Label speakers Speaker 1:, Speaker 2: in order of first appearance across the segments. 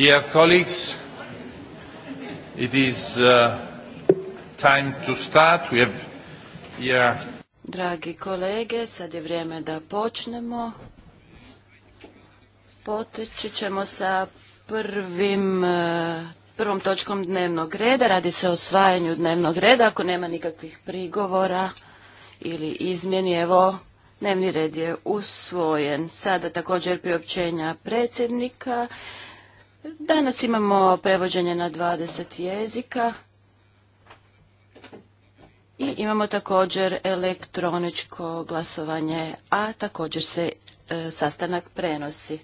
Speaker 1: Dear colleagues, it is uh, time to start. We have here...
Speaker 2: Dragi kolege, sad je vrijeme da počnemo. Poteći ćemo sa prvim uh, prvom točkom dnevnog reda. Radi se o osvajanju dnevnog reda. Ako nema nikakvih prigovora ili izmjeni, evo, dnevni red je usvojen. Sada također priopćenja predsjednika. Danas imamo prevođenje na 20 jezika i imamo također elektroničko glasovanje, a također se e, sastanak prenosi.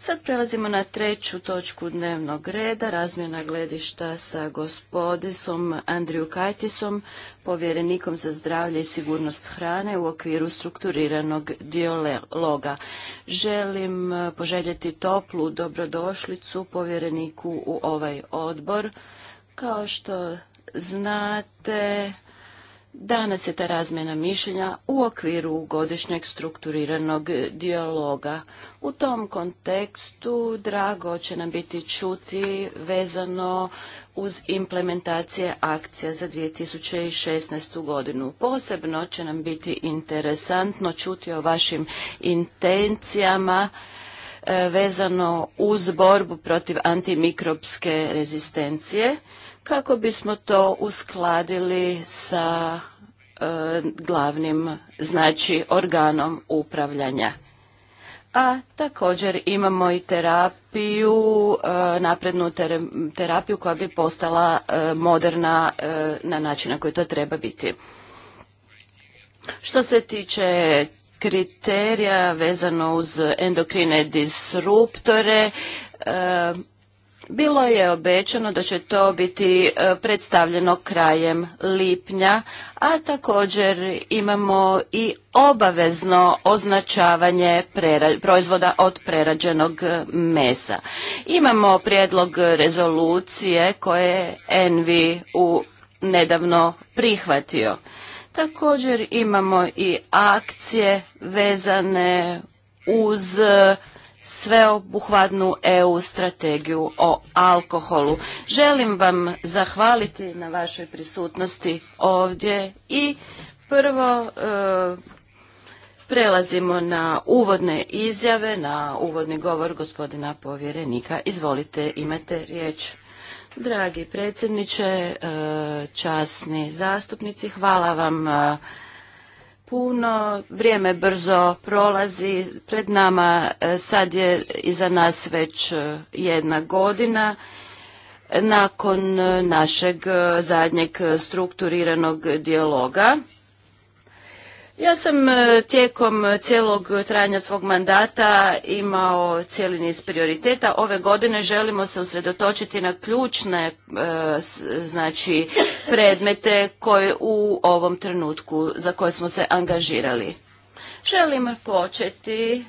Speaker 2: Sad prelazimo na treću točku dnevnog reda, razmjena gledišta sa gospodisom Andriju Kajtisom, povjerenikom za zdravlje i sigurnost hrane u okviru strukturiranog dialoga. Želim e, poželjeti toplu dobrodošlicu povjereniku u ovaj odbor. Kao što znate, Danas je ta razmjena mišljenja u okviru godišnjeg strukturiranog dijaloga. U tom kontekstu drago će nam biti čuti vezano uz implementacije akcija za 2016. godinu. Posebno će nam biti interesantno čuti o vašim intencijama E, vezano uz borbu protiv antimikropske rezistencije kako bismo to uskladili sa e, glavnim znači organom upravljanja a također imamo i terapiju, e, naprednu terapiju koja bi postala moderna na način na koji to treba biti. Što se tiče kriterija vezano uz endokrine disruptore. E, bilo je obećano da će to biti e, predstavljeno krajem lipnja, a također imamo i obavezno označavanje proizvoda od prerađenog mesa. Imamo prijedlog rezolucije koje je Envi u nedavno prihvatio. Također imamo i akcije vezane uz sveobuhvatnu EU strategiju o alkoholu. Želim vam zahvaliti na vašoj prisutnosti ovdje i prvo e, prelazimo na uvodne izjave, na uvodni govor gospodina povjerenika. Izvolite, imate riječ. Dragi predsjedniče, e, časni zastupnici, hvala vam e, puno. Vrijeme brzo prolazi pred nama. E, sad je iza nas već jedna godina. Nakon našeg zadnjeg strukturiranog dijaloga ja sam e, tijekom cijelog trajanja svog mandata imao cijeli niz prioriteta. Ove godine želimo se usredotočiti na ključne e, znači, predmete koje u ovom trenutku za koje smo se angažirali. Želim početi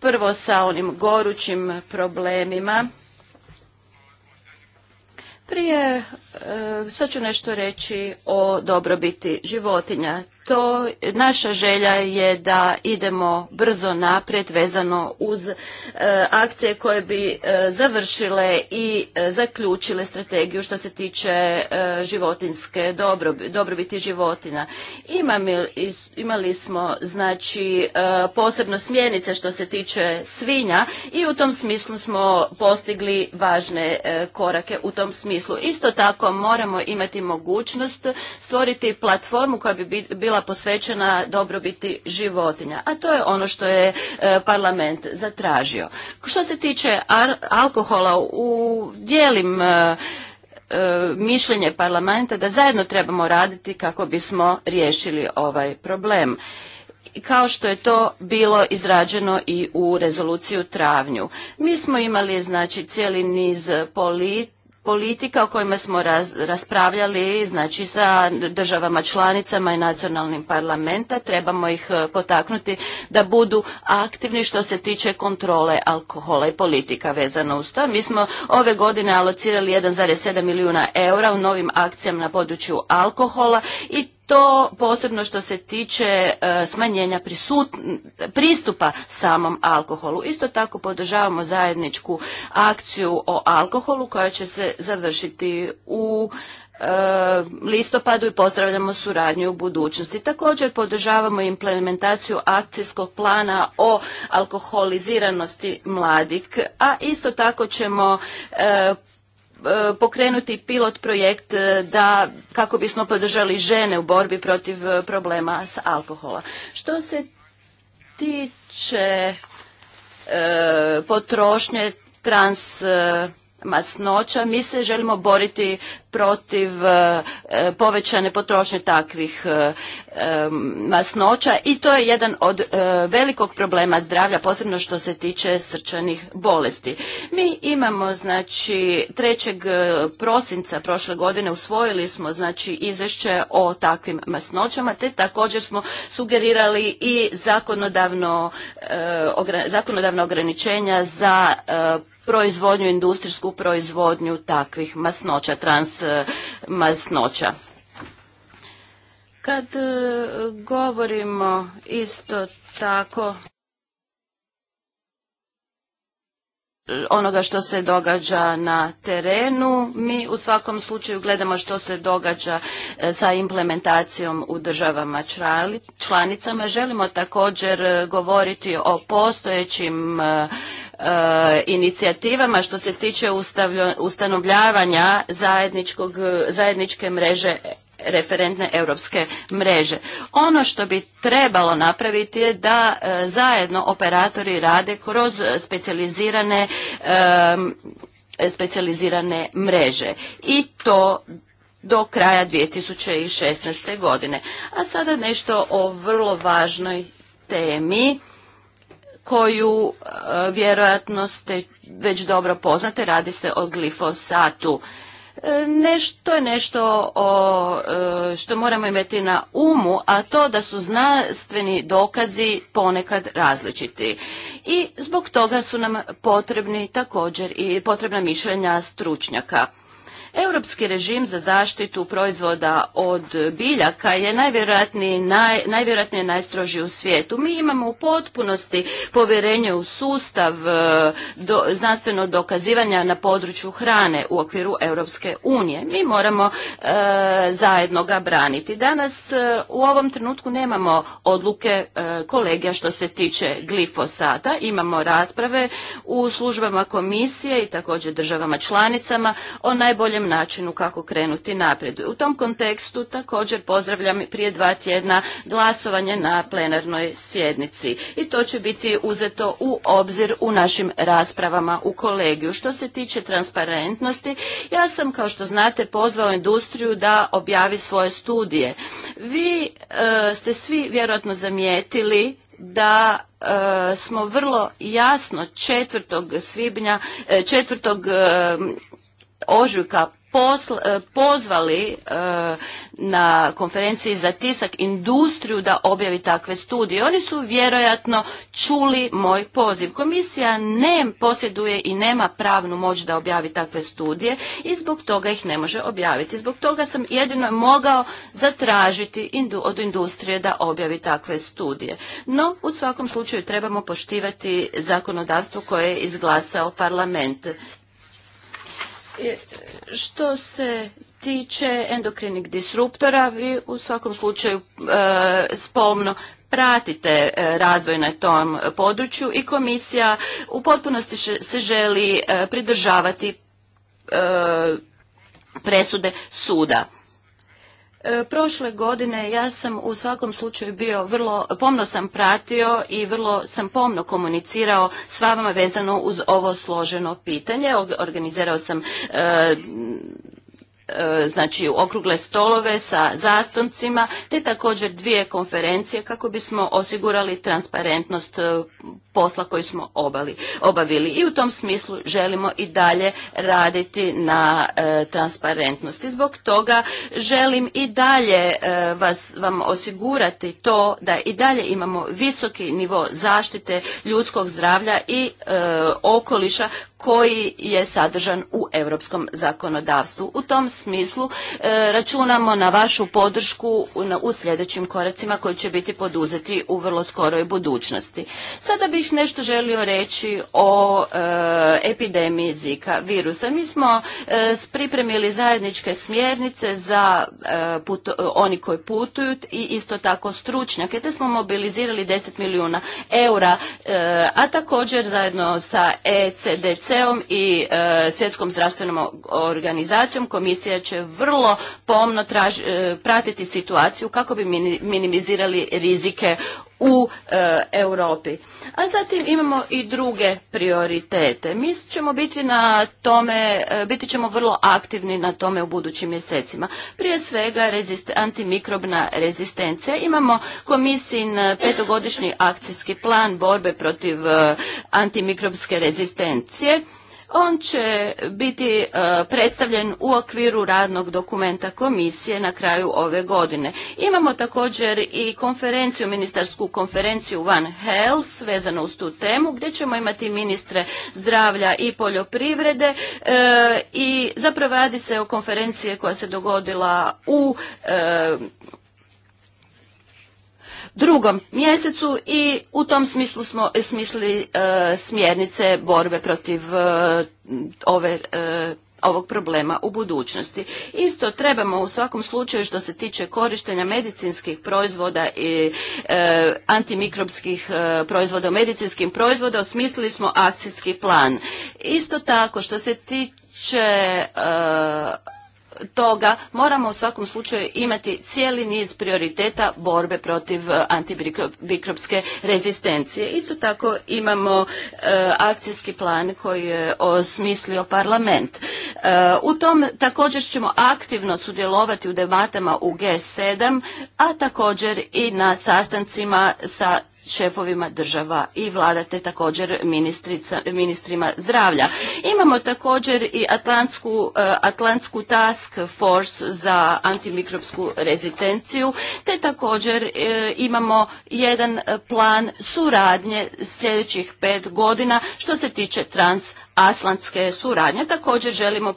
Speaker 2: prvo sa onim gorućim problemima. Prije E, sad ću nešto reći o dobrobiti životinja. To naša želja je da idemo brzo naprijed vezano uz e, akcije koje bi e, završile i zaključile strategiju što se tiče životinske dobrobiti životinja. imali smo znači posebno smjenice što se tiče svinja i u tom smislu smo postigli važne korake u tom smislu. Isto tako moramo imati mogućnost stvoriti platformu koja bi bila posvećena dobrobiti životinja. A to je ono što je e, parlament zatražio. Što se tiče alkohola, u dijelim e, e, mišljenje parlamenta da zajedno trebamo raditi kako bismo riješili ovaj problem kao što je to bilo izrađeno i u rezoluciju travnju. Mi smo imali znači cijeli niz politika politika o kojima smo raspravljali znači sa državama članicama i nacionalnim parlamenta trebamo ih e, potaknuti da budu aktivni što se tiče kontrole alkohola i politika vezano uz to. Mi smo ove godine alocirali 1,7 milijuna eura u novim akcijama na području alkohola i to posebno što se tiče e, smanjenja pristupa samom alkoholu. Isto tako podržavamo zajedničku akciju o alkoholu koja će se završiti u e, listopadu i pozdravljamo suradnju u budućnosti. Također podržavamo implementaciju akcijskog plana o alkoholiziranosti mladih, a isto tako ćemo e, E, pokrenuti pilot projekt e, da kako bismo podržali žene u borbi protiv e, problema s alkohola. Što se tiče potrošnje trans masnoća. Mi se želimo boriti protiv e, e, povećane potrošnje takvih e, masnoća i to je jedan od velikog problema zdravlja, posebno što se tiče srčanih bolesti. Mi imamo, znači, 3. prosinca prošle godine usvojili smo, znači, izvješće o takvim masnoćama, te također smo sugerirali i zakonodavno, zakonodavno ograničenja za proizvodnju, industrijsku proizvodnju takvih masnoća, trans eh, masnoća. Kad eh, govorimo isto tako onoga što se događa na terenu. Mi u svakom slučaju gledamo što se događa e, sa implementacijom u državama članicama. Želimo također e, govoriti o postojećim e, inicijativama što se tiče ustanovljavanja zajedničke mreže referentne europske mreže. Ono što bi trebalo napraviti je da e, zajedno operatori rade kroz specijalizirane specijalizirane mreže i to do kraja 2016. godine. A sada nešto o vrlo važnoj temi koju e, vjerojatno ste već dobro poznate, radi se o glifosatu. E, to je nešto e, što moramo imati na umu, a to da su znanstveni dokazi ponekad različiti. I zbog toga su nam potrebni također i potrebna mišljenja stručnjaka. Europski režim za zaštitu proizvoda od biljaka je najvjerojatnije najstroži u svijetu. Mi imamo u potpunosti povjerenje u sustav e, do, dokazivanja na području hrane u okviru Europske unije. Mi moramo e, zajedno ga braniti. Danas e, u ovom trenutku nemamo odluke kolegija što se tiče glifosata. Imamo rasprave u službama komisije i također državama članicama o najboljem načinu kako krenuti naprijed. U tom kontekstu također pozdravljam prije dva tjedna glasovanje na plenarnoj sjednici i to će biti uzeto u obzir u našim raspravama u kolegiju. Što se tiče transparentnosti, ja sam kao što znate pozvao industriju da objavi svoje studije. Vi e, ste svi vjerojatno zamijetili da e, smo vrlo jasno 4. svibnja, 4. E, ožujka e, pozvali e, na konferenciji za tisak industriju da objavi takve studije. Oni su vjerojatno čuli moj poziv. Komisija ne posjeduje i nema pravnu moć da objavi takve studije i zbog toga ih ne može objaviti. Zbog toga sam jedino mogao zatražiti od industrije da objavi takve studije. No, u svakom slučaju trebamo poštivati zakonodavstvo koje je izglasao parlament. E, što se tiče endokrinih disruptora, vi u svakom slučaju e, spomno pratite e, razvoj na tom području i komisija u potpunosti se želi pridržavati presude suda. E, prošle godine ja sam u svakom slučaju bio vrlo, pomno sam pratio i vrlo sam pomno komunicirao s vama vezano uz ovo složeno pitanje. Organizirao sam e, E, znači okrugle stolove sa zastoncima, te također dvije konferencije kako bismo osigurali transparentnost e, posla koji smo obali, obavili i u tom smislu želimo i dalje raditi na e, transparentnosti. Zbog toga želim i dalje vas, vam osigurati to da i dalje imamo visoki nivo zaštite ljudskog zdravlja i okoliša koji je sadržan u europskom zakonodavstvu. U tom smislu e, računamo na vašu podršku u sljedećim koracima koji će biti poduzeti u vrlo skoroj budućnosti. Sada bih nešto želio reći o e, epidemiji zika virusa. Mi smo e, pripremili zajedničke smjernice za oni koji putuju i isto tako stručnjake, te smo mobilizirali 10 milijuna eura, a također zajedno sa ECDC-om i Svjetskom zdravstvenom organizacijom Komisije da će vrlo pomno e, pratiti situaciju kako bi minimizirali rizike u e, Europi. A zatim imamo i druge prioritete. Mi ćemo biti na tome, e, biti ćemo vrlo aktivni na tome u budućim mjesecima. Prije svega antimikrobna rezistencija. Imamo komisijin petogodišnji akcijski plan borbe protiv antimikrobske rezistencije on će biti e, predstavljen u okviru radnog dokumenta komisije na kraju ove godine. Imamo također i konferenciju, ministarsku konferenciju One Health vezano uz tu temu gdje ćemo imati ministre zdravlja i poljoprivrede e, i zapravo radi se o konferenciji koja se dogodila u e, drugom mjesecu i u tom smislu smo e, smislili e, smjernice borbe protiv e, ove ovog problema u budućnosti. Isto trebamo u svakom slučaju što se tiče korištenja medicinskih proizvoda i e, antimikrobskih proizvoda u medicinskim proizvoda osmislili smo akcijski plan. Isto tako što se tiče toga moramo u svakom slučaju imati cijeli niz prioriteta borbe protiv e, antibikropske rezistencije. Isto tako imamo e, akcijski plan koji je osmislio parlament. E, u tom također ćemo aktivno sudjelovati u debatama u G7, a također i na sastancima sa šefovima država i vlada te također ministrima zdravlja. Imamo također i Atlantsku, e, Atlantsku task force za antimikropsku rezistenciju te također e, imamo jedan plan suradnje sljedećih pet godina što se tiče trans aslantske suradnje. Također želimo e,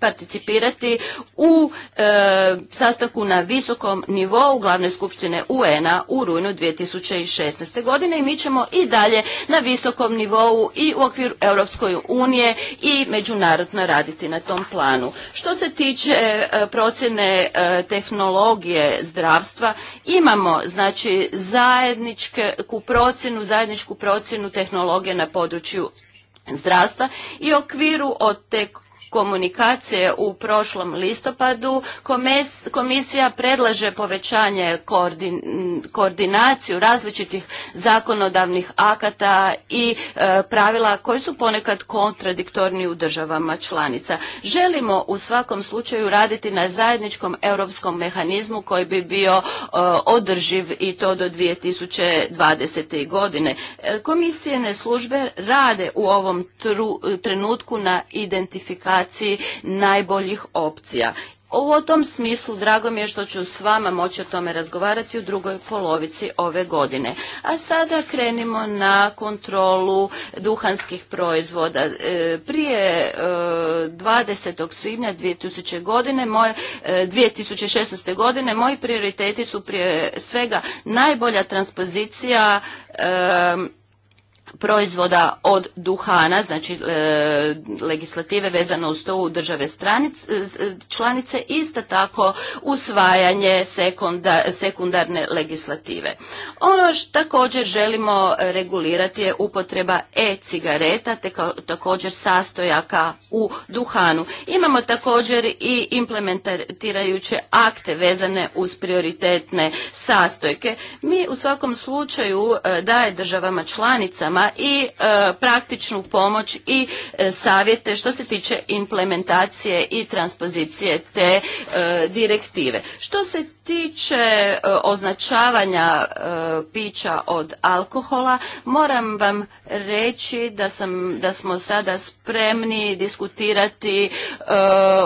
Speaker 2: participirati u e, sastavku na visokom nivou glavne skupštine UN-a u rujnu 2016. godine i mi ćemo i dalje na visokom nivou i u okviru Europskoj unije i međunarodno raditi na tom planu. Što se tiče e, procjene tehnologije zdravstva, imamo znači zajedničku procjenu, zajedničku procjenu tehnologije na području zdravstva i okviru od tek komunikacije u prošlom listopadu komisija predlaže povećanje koordinaciju različitih zakonodavnih akata i e, pravila koji su ponekad kontradiktorni u državama članica. Želimo u svakom slučaju raditi na zajedničkom europskom mehanizmu koji bi bio e, održiv i to do 2020. godine. E, komisijene službe rade u ovom trenutku na identifikaciju prezentaciji najboljih opcija. U tom smislu drago mi je što ću s vama moći o tome razgovarati u drugoj polovici ove godine. A sada krenimo na kontrolu duhanskih proizvoda. E, prije 20. E, svibnja 2000. godine, moje, 2016. E, godine moji prioriteti su prije svega najbolja transpozicija proizvoda od duhana, znači e, legislative vezano uz to u države e, e, članice, isto tako usvajanje sekundarne legislative. Ono što također želimo regulirati je upotreba e-cigareta te također sastojaka u duhanu. Imamo također i implementirajuće akte vezane uz prioritetne sastojke. Mi u svakom slučaju daje državama članicama i e, praktičnu pomoć i e, savjete što se tiče implementacije i transpozicije te e, direktive. Što se tiče označavanja pića od alkohola, moram vam reći da, sam, da smo sada spremni diskutirati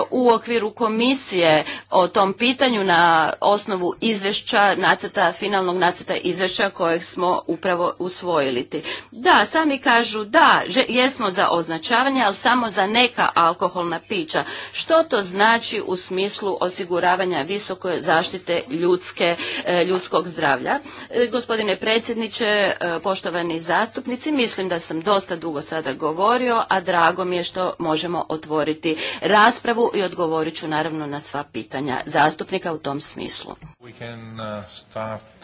Speaker 2: u okviru komisije o tom pitanju na osnovu izvješća nacrta, finalnog nacrta izvješća kojeg smo upravo usvojili. Da, da, sami kažu da, jesmo za označavanje, ali samo za neka alkoholna pića. Što to znači u smislu osiguravanja visoke zaštite ljudske, e, ljudskog zdravlja? E, gospodine predsjedniče, e, poštovani zastupnici, mislim da sam dosta dugo sada govorio, a drago mi je što možemo otvoriti raspravu i odgovorit ću naravno na sva pitanja zastupnika u tom smislu.
Speaker 1: Uh,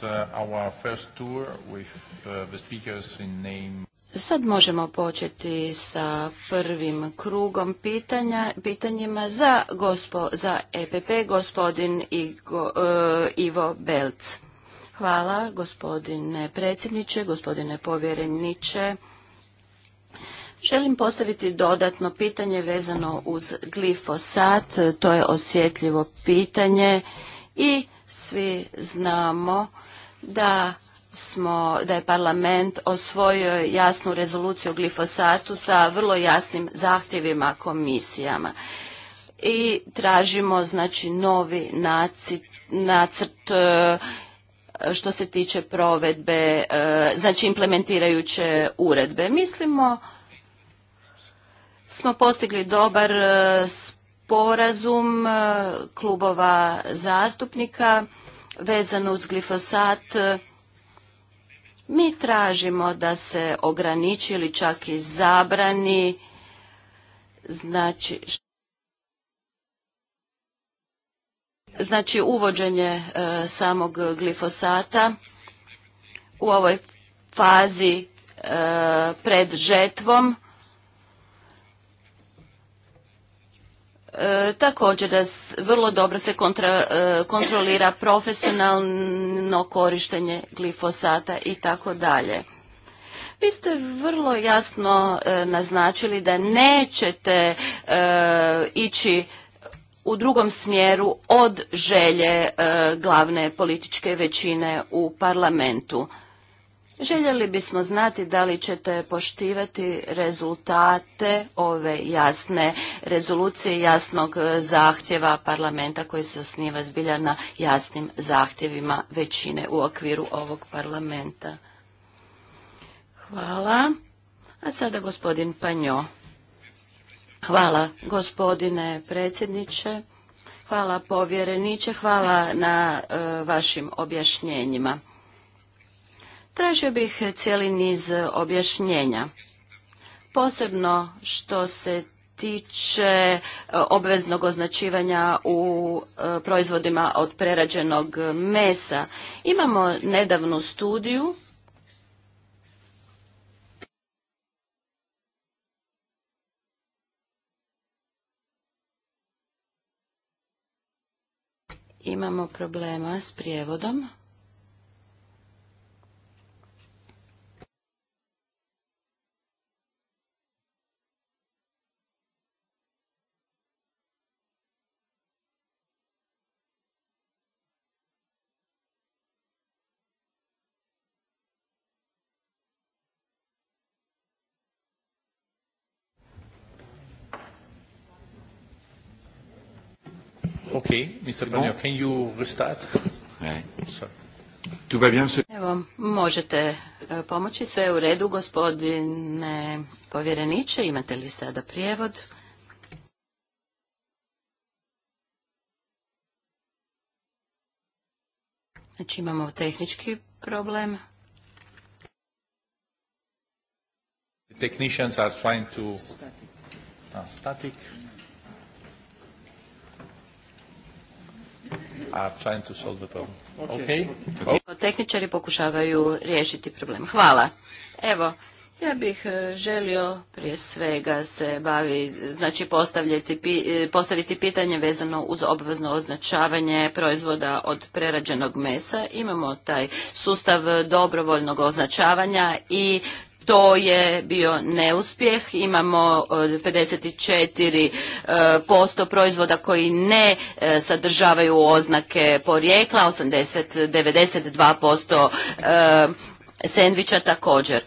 Speaker 1: Uh, our first uh,
Speaker 2: Sad možemo početi sa prvim krugom pitanja, pitanjima za, gospo, za EPP, gospodin Igo, uh, Ivo Belc. Hvala gospodine predsjedniče, gospodine povjereniče. Želim postaviti dodatno pitanje vezano uz glifosat, to je osjetljivo pitanje i svi znamo da smo, da je parlament osvojio jasnu rezoluciju o glifosatu sa vrlo jasnim zahtjevima komisijama. I tražimo znači novi nacrt e, što se tiče provedbe, e, znači implementirajuće uredbe. Mislimo smo postigli dobar e, sporazum klubova zastupnika vezano uz glifosat e, mi tražimo da se ograniči ili čak i zabrani znači znači uvođenje e, samog glifosata u ovoj fazi e, pred žetvom E, također da vrlo dobro se e, kontrolira profesionalno korištenje glifosata i tako dalje. Vi ste vrlo jasno e, naznačili da nećete ići u drugom smjeru od želje glavne političke većine u parlamentu. Željeli bismo znati da li ćete poštivati rezultate ove jasne rezolucije, jasnog e, zahtjeva parlamenta koji se osniva zbilja na jasnim zahtjevima većine u okviru ovog parlamenta. Hvala. A sada gospodin Panjo. Hvala gospodine predsjedniče. Hvala povjereniče, hvala na e, vašim objašnjenjima. Tražio bih cijeli niz objašnjenja, posebno što se tiče e, obveznog označivanja u e, proizvodima od prerađenog mesa. Imamo nedavnu studiju Imamo problema s prijevodom. Okay, Mr. Bon. can you restart? Tu va bien, Evo, možete e, pomoći, sve je u redu, gospodine povjereniče, imate li sada prijevod? Znači imamo tehnički problem.
Speaker 1: The technicians are trying to... Ah, static. static. are trying to
Speaker 2: Tehničari pokušavaju riješiti problem. Hvala. Evo, ja bih e, želio prije svega se bavi, znači e, postaviti pitanje vezano uz obvezno označavanje proizvoda od prerađenog mesa. Imamo taj sustav dobrovoljnog označavanja i to je bio neuspjeh. Imamo 54% e, e, proizvoda koji ne e, sadržavaju oznake porijekla, 80, 92% sendviča također.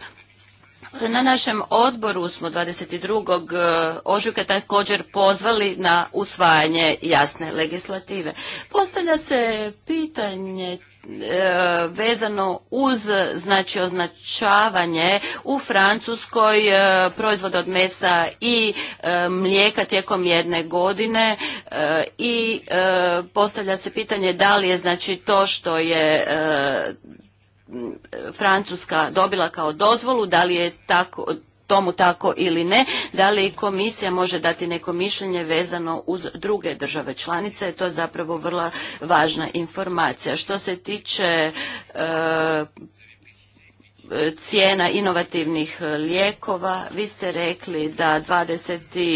Speaker 2: Na našem odboru smo 22. ožujka također pozvali na usvajanje jasne legislative. Postavlja se pitanje E, vezano uz znači označavanje u Francuskoj e, proizvoda od mesa i e, mlijeka tijekom jedne godine i postavlja se pitanje da li je znači to što je Francuska dobila kao dozvolu, da li je tako tomu tako ili ne, da li komisija može dati neko mišljenje vezano uz druge države članice, to zapravo vrlo važna informacija. Što se tiče e, cijena inovativnih e, lijekova. Vi ste rekli da 26.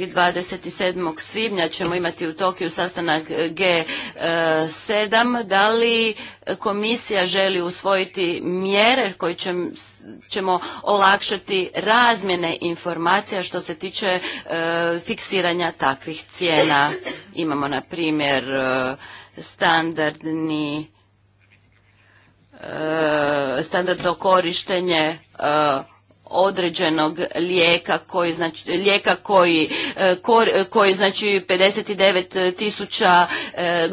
Speaker 2: i 27. svibnja ćemo imati u Tokiju sastanak G7. Da li komisija želi usvojiti mjere koje ćemo olakšati razmjene informacija što se tiče e, fiksiranja takvih cijena? Imamo na primjer e, standardni E, standardno korištenje e, određenog lijeka koji znači lijeka koji, e, koji znači 59 tisuća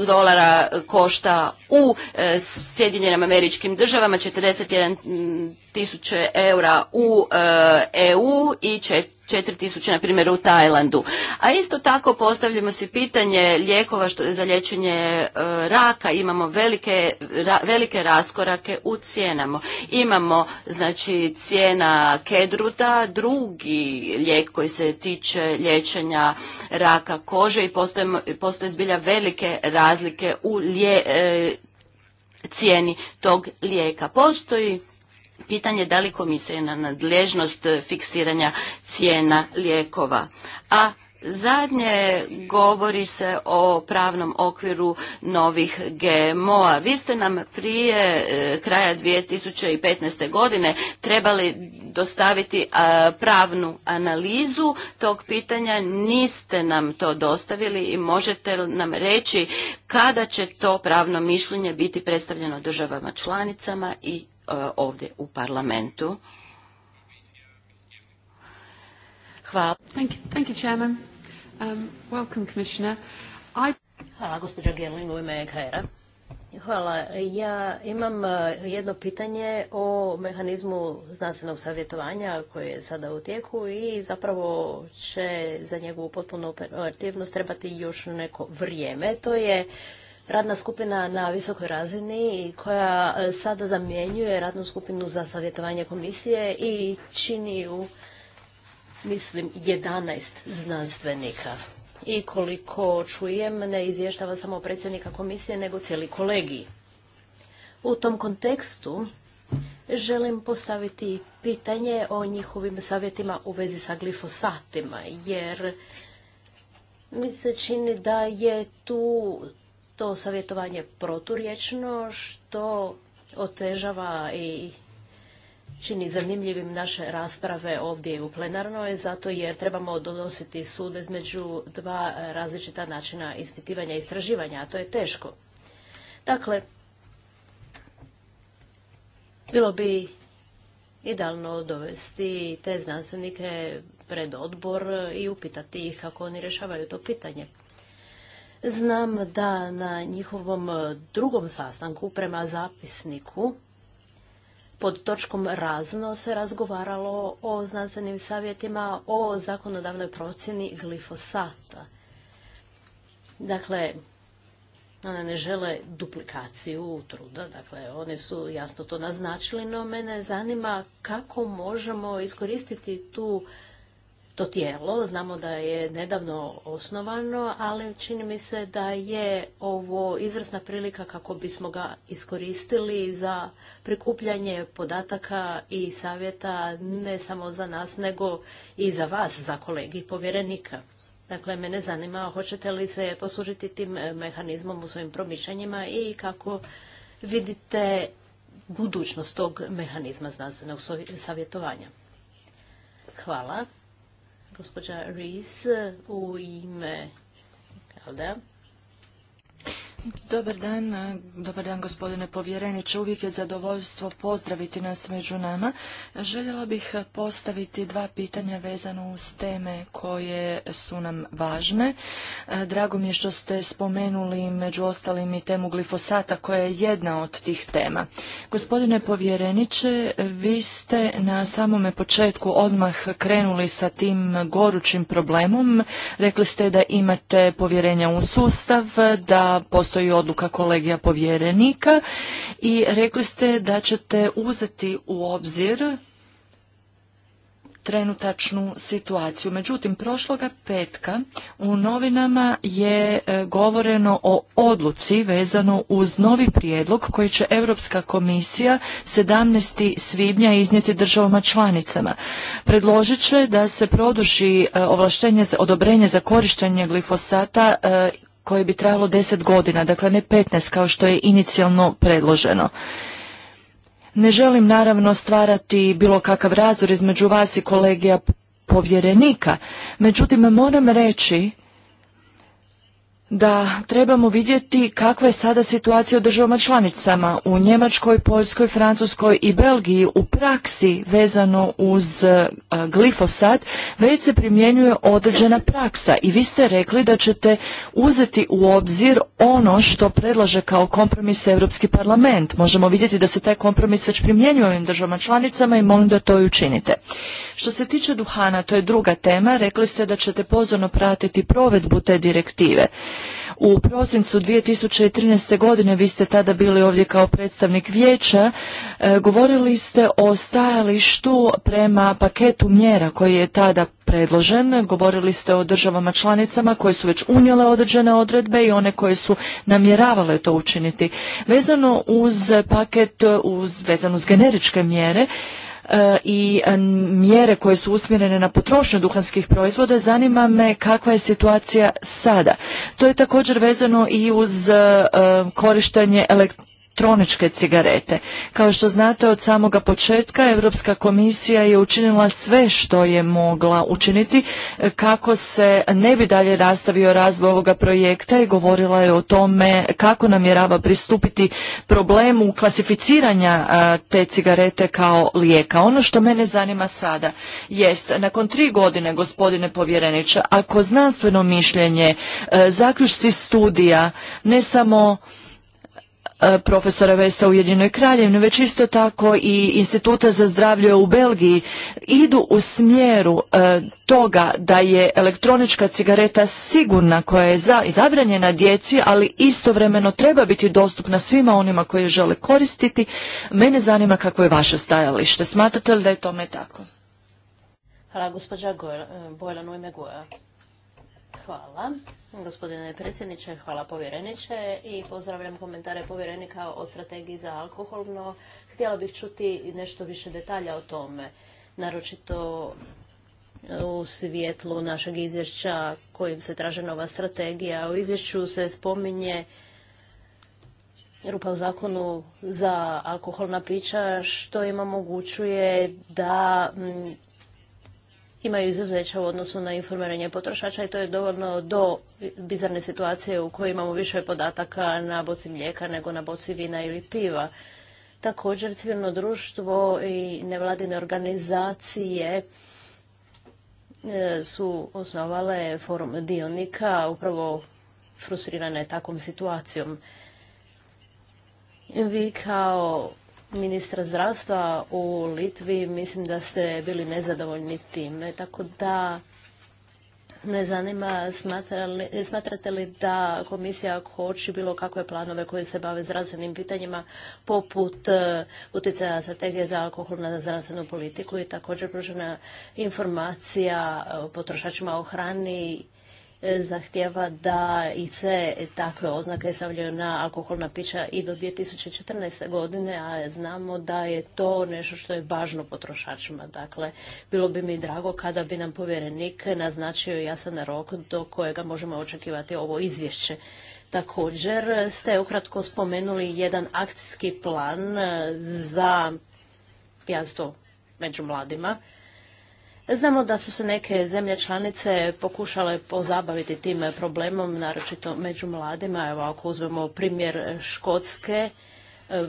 Speaker 2: dolara košta u Sjedinjenim američkim državama, 41.000 tisuće eura u EU i 4000, na primjer, u Tajlandu. A isto tako postavljamo si pitanje lijekova što je za liječenje e, raka. Imamo velike, velike raskorake u cijenama. Imamo, znači, cijena kedruta, drugi lijek koji se tiče liječenja raka kože i postoje, zbilja velike razlike u e, cijeni tog lijeka. Postoji Pitanje je da li komisija je na nadležnost e, fiksiranja cijena lijekova. A Zadnje govori se o pravnom okviru novih GMO-a. Vi ste nam prije e, kraja 2015. godine trebali dostaviti pravnu analizu tog pitanja. Niste nam to dostavili i možete nam reći kada će to pravno mišljenje biti predstavljeno državama članicama i Eh, ovdje u parlamentu.
Speaker 1: Hvala. Thank you, Chairman. Um,
Speaker 3: welcome, Commissioner. Hvala, gospođo Gerling, u ime EKR-a. Hvala. Ja imam eh, jedno pitanje o mehanizmu znanstvenog savjetovanja koji je sada u tijeku i zapravo će za njegovu potpunu operativnost trebati još neko vrijeme. To je radna skupina na visokoj razini koja e, sada zamjenjuje radnu skupinu za savjetovanje komisije i čini ju, mislim, 11 znanstvenika. I koliko čujem, ne izvještava samo predsjednika komisije, nego cijeli kolegiji. U tom kontekstu želim postaviti pitanje o njihovim savjetima u vezi sa glifosatima, jer mi se čini da je tu to savjetovanje proturječno, što otežava i čini zanimljivim naše rasprave ovdje u plenarnoj, zato jer trebamo donositi sud između dva različita načina ispitivanja i istraživanja, a to je teško. Dakle, bilo bi idealno dovesti te znanstvenike pred odbor i upitati ih kako oni rješavaju to pitanje. Znam da na njihovom e, drugom sastanku prema zapisniku pod točkom razno se razgovaralo o znanstvenim savjetima o zakonodavnoj procjeni glifosata. Dakle, one ne žele duplikaciju truda, dakle oni su jasno to naznačili, no mene zanima kako možemo iskoristiti tu to tijelo. Znamo da je nedavno osnovano, ali čini mi se da je ovo izvrsna prilika kako bismo ga iskoristili za prikupljanje podataka i savjeta ne samo za nas, nego i za vas, za kolegi povjerenika. Dakle, mene zanima hoćete li se poslužiti tim mehanizmom u svojim promišljanjima i kako vidite budućnost tog mehanizma znanstvenog savjetovanja. Hvala gospođa Rees u ime Alda.
Speaker 1: Dobar dan, dobar dan gospodine povjereniče. Uvijek je zadovoljstvo pozdraviti nas među nama. Željela bih postaviti dva pitanja vezano uz teme koje su nam važne. Drago mi je što ste spomenuli među ostalim i temu glifosata koja je jedna od tih tema. Gospodine povjereniče, vi ste na samome početku odmah krenuli sa tim gorućim problemom. Rekli ste da imate povjerenja u sustav, da postoje postoji odluka kolegija povjerenika i rekli ste da ćete uzeti u obzir trenutačnu situaciju. Međutim, prošloga petka u novinama je e, govoreno o odluci vezano uz novi prijedlog koji će Europska komisija 17. svibnja iznijeti državama članicama. Predložit će da se produži e, ovlaštenje za odobrenje za korištenje glifosata e, koje bi trajalo 10 godina, dakle ne 15 kao što je inicijalno predloženo. Ne želim naravno stvarati bilo kakav razor između vas i kolegija povjerenika, međutim moram reći da trebamo vidjeti kakva je sada situacija u državama članicama u Njemačkoj, Poljskoj, Francuskoj i Belgiji u praksi vezano uz e, glifosat već se primjenjuje određena praksa i vi ste rekli da ćete uzeti u obzir ono što predlaže kao kompromis Europski parlament. Možemo vidjeti da se taj kompromis već primjenjuje u ovim državama članicama i molim da to i učinite. Što se tiče duhana, to je druga tema, rekli ste da ćete pozorno pratiti provedbu te direktive. U prosincu 2013. godine, vi ste tada bili ovdje kao predstavnik vijeća, e, govorili ste o stajalištu prema paketu mjera koji je tada predložen, govorili ste o državama članicama koje su već unijele određene odredbe i one koje su namjeravale to učiniti. Vezano uz paket, uz, vezano uz generičke mjere, E, i e, mjere koje su usmjerene na potrošnju duhanskih proizvoda, zanima me kakva je situacija sada. To je također vezano i uz e, korištenje elektronika elektroničke cigarete. Kao što znate od samoga početka Europska komisija je učinila sve što je mogla učiniti e, kako se ne bi dalje nastavio razvoj ovoga projekta i govorila je o tome kako namjerava pristupiti problemu klasificiranja e, te cigarete kao lijeka. Ono što mene zanima sada jest nakon tri godine gospodine povjereniče ako znanstveno mišljenje e, zaključci studija ne samo E, profesora Vesta u Jedinoj već isto tako i Instituta za zdravlje u Belgiji idu u smjeru e, toga da je elektronička cigareta sigurna koja je zabranjena djeci, ali istovremeno treba biti dostupna svima onima koji je žele koristiti. Mene zanima kako je vaše stajalište. Smatrate li da je tome tako?
Speaker 3: Hvala, gospođa e, Bojlan u ime Hvala. Gospodine predsjedniče, hvala povjereniče i pozdravljam komentare povjerenika o strategiji za alkohol, no htjela bih čuti nešto više detalja o tome, naročito u svijetlu našeg izvješća kojim se traže nova strategija. U izvješću se spominje rupa u zakonu za alkoholna pića što im omogućuje da imaju izuzeća u odnosu na informiranje potrošača i to je dovoljno do bizarne situacije u kojoj imamo više podataka na boci mlijeka nego na boci vina ili piva. Također civilno društvo i nevladine organizacije e, su osnovale forum dionika upravo frustrirane takvom situacijom. Vi kao ministra zdravstva u Litvi, mislim da ste bili nezadovoljni time. Tako da me zanima, smatrate li da komisija hoće bilo kakve planove koji se bave zdravstvenim pitanjima poput e, utjecaja strategije za alkohol na zdravstvenu politiku i također pružena informacija potrošačima o hrani E, zahtjeva da i se takve oznake stavljaju na alkoholna pića i do 2014. godine, a znamo da je to nešto što je važno potrošačima. Dakle, bilo bi mi drago kada bi nam povjerenik naznačio jasan rok do kojega možemo očekivati ovo izvješće. Također ste ukratko spomenuli jedan akcijski plan za pijanstvo među mladima. Znamo da su se neke zemlje članice pokušale pozabaviti tim problemom, naročito među mladima. Evo, ako uzmemo primjer Škotske, e,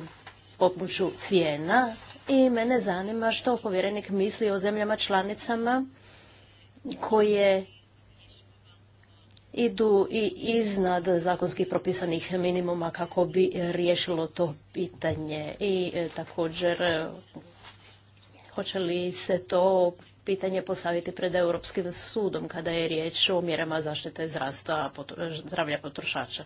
Speaker 3: pomoću cijena i mene zanima što povjerenik misli o zemljama članicama koje idu i iznad zakonskih propisanih minimuma kako bi riješilo to pitanje i e, također e, hoće li se to pitanje postaviti pred Europskim sudom kada je riječ o mjerama zaštite zdravstva, zdravlja potrošača.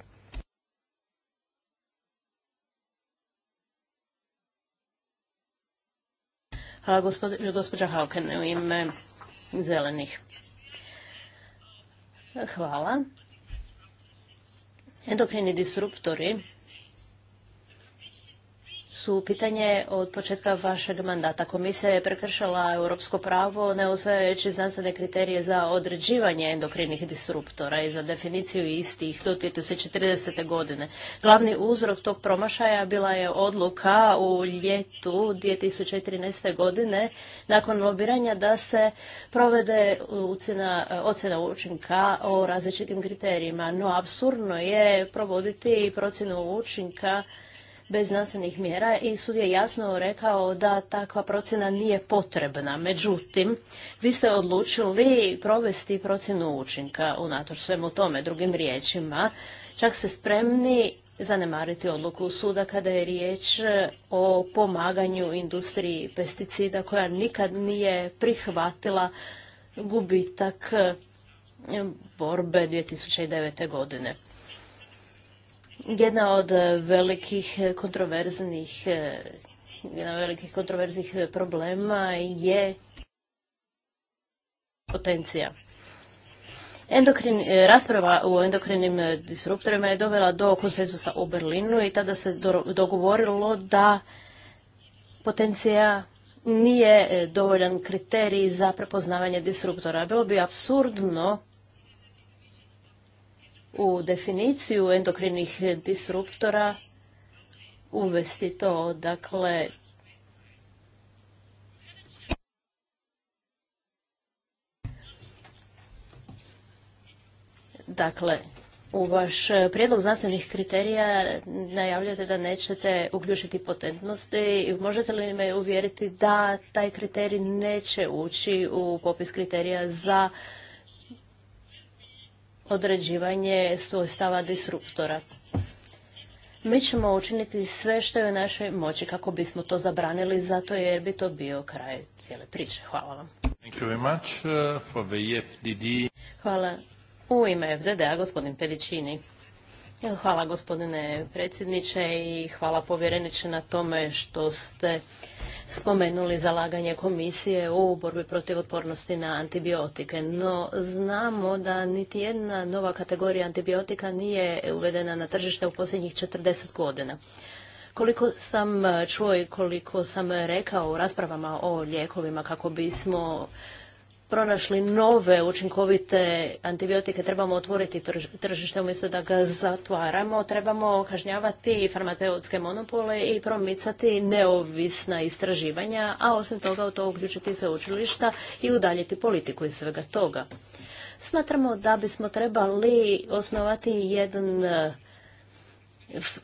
Speaker 3: Hvala gospođa Hauken u ime zelenih. Hvala. Endokrini disruptori su pitanje od početka vašeg mandata. Komisija je prekršala europsko pravo ne usvajajući znanstvene kriterije za određivanje endokrinih disruptora i za definiciju istih do 2040. godine. Glavni uzrok tog promašaja bila je odluka u ljetu 2013. godine nakon lobiranja da se provede ocjena učinka o različitim kriterijima. No, absurdno je provoditi procjenu učinka bez znanstvenih mjera i sud je jasno rekao da takva procjena nije potrebna. Međutim, vi ste odlučili provesti procjenu učinka unatoč svemu tome, drugim riječima. Čak se spremni zanemariti odluku suda kada je riječ o pomaganju industriji pesticida koja nikad nije prihvatila gubitak borbe 2009. godine. E, e, e, jedna od velikih kontroverznih jedna od velikih kontroverznih problema je potencija. rasprava u endokrinim disruptorima je dovela do konsenzusa u Berlinu i tada se dogovorilo da potencija nije dovoljan kriterij za prepoznavanje disruptora. Bilo bi absurdno u definiciju endokrinih disruptora uvesti to, dakle, Dakle, u vaš prijedlog znanstvenih kriterija najavljate da nećete uključiti potentnosti. Možete li me uvjeriti da taj kriterij neće ući u popis kriterija za određivanje svojstava disruptora. Mi ćemo učiniti sve što je u našoj moći kako bismo to zabranili, zato jer bi to bio kraj cijele priče. Hvala vam. Hvala. U ime FDD-a, gospodin Pedicini. Hvala gospodine predsjedniče i hvala povjereniče na tome što ste spomenuli zalaganje komisije u borbi protiv otpornosti na antibiotike, no znamo da niti jedna nova kategorija antibiotika nije uvedena na tržište u posljednjih 40 godina. Koliko sam čuo i koliko sam rekao u raspravama o lijekovima kako bismo pronašli nove učinkovite antibiotike, trebamo otvoriti tržište umjesto da ga zatvaramo, trebamo kažnjavati farmaceutske monopole i promicati neovisna istraživanja, a osim toga u to uključiti učilišta i udaljiti politiku iz svega toga. Smatramo da bismo trebali osnovati jedan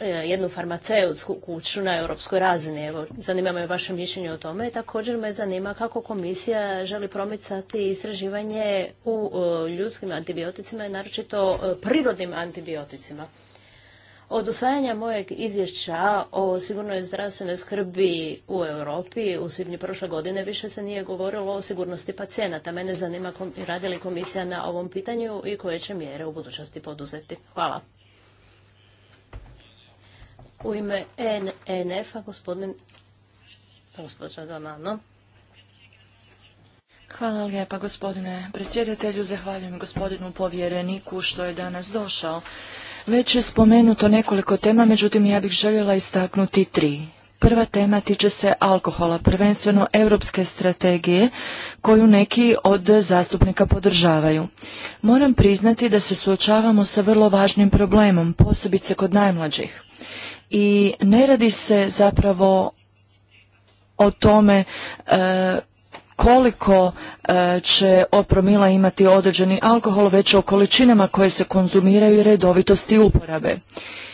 Speaker 3: E, jednu farmaceutsku kuću na europskoj razini. Evo, zanima me vaše mišljenje o tome. Također me zanima kako komisija želi promicati istraživanje u e, ljudskim antibioticima i naročito e, prirodnim antibioticima. Od usvajanja mojeg izvješća o sigurnoj zdravstvenoj skrbi u Europi u svibnju prošle godine više se nije govorilo o sigurnosti pacijenata. Mene zanima radi li komisija na ovom pitanju i koje će mjere u budućnosti poduzeti. Hvala. U ime NNF-a gospodin
Speaker 1: gospođa Donano. Hvala lijepa gospodine predsjedatelju, zahvaljujem gospodinu povjereniku što je danas došao. Već je spomenuto nekoliko tema, međutim ja bih željela istaknuti tri. Prva tema tiče se alkohola, prvenstveno europske strategije koju neki od zastupnika podržavaju. Moram priznati da se suočavamo sa vrlo važnim problemom, posebice kod najmlađih i ne radi se zapravo o tome e, koliko e, će opromila imati određeni alkohol, već o količinama koje se konzumiraju i redovitosti uporabe.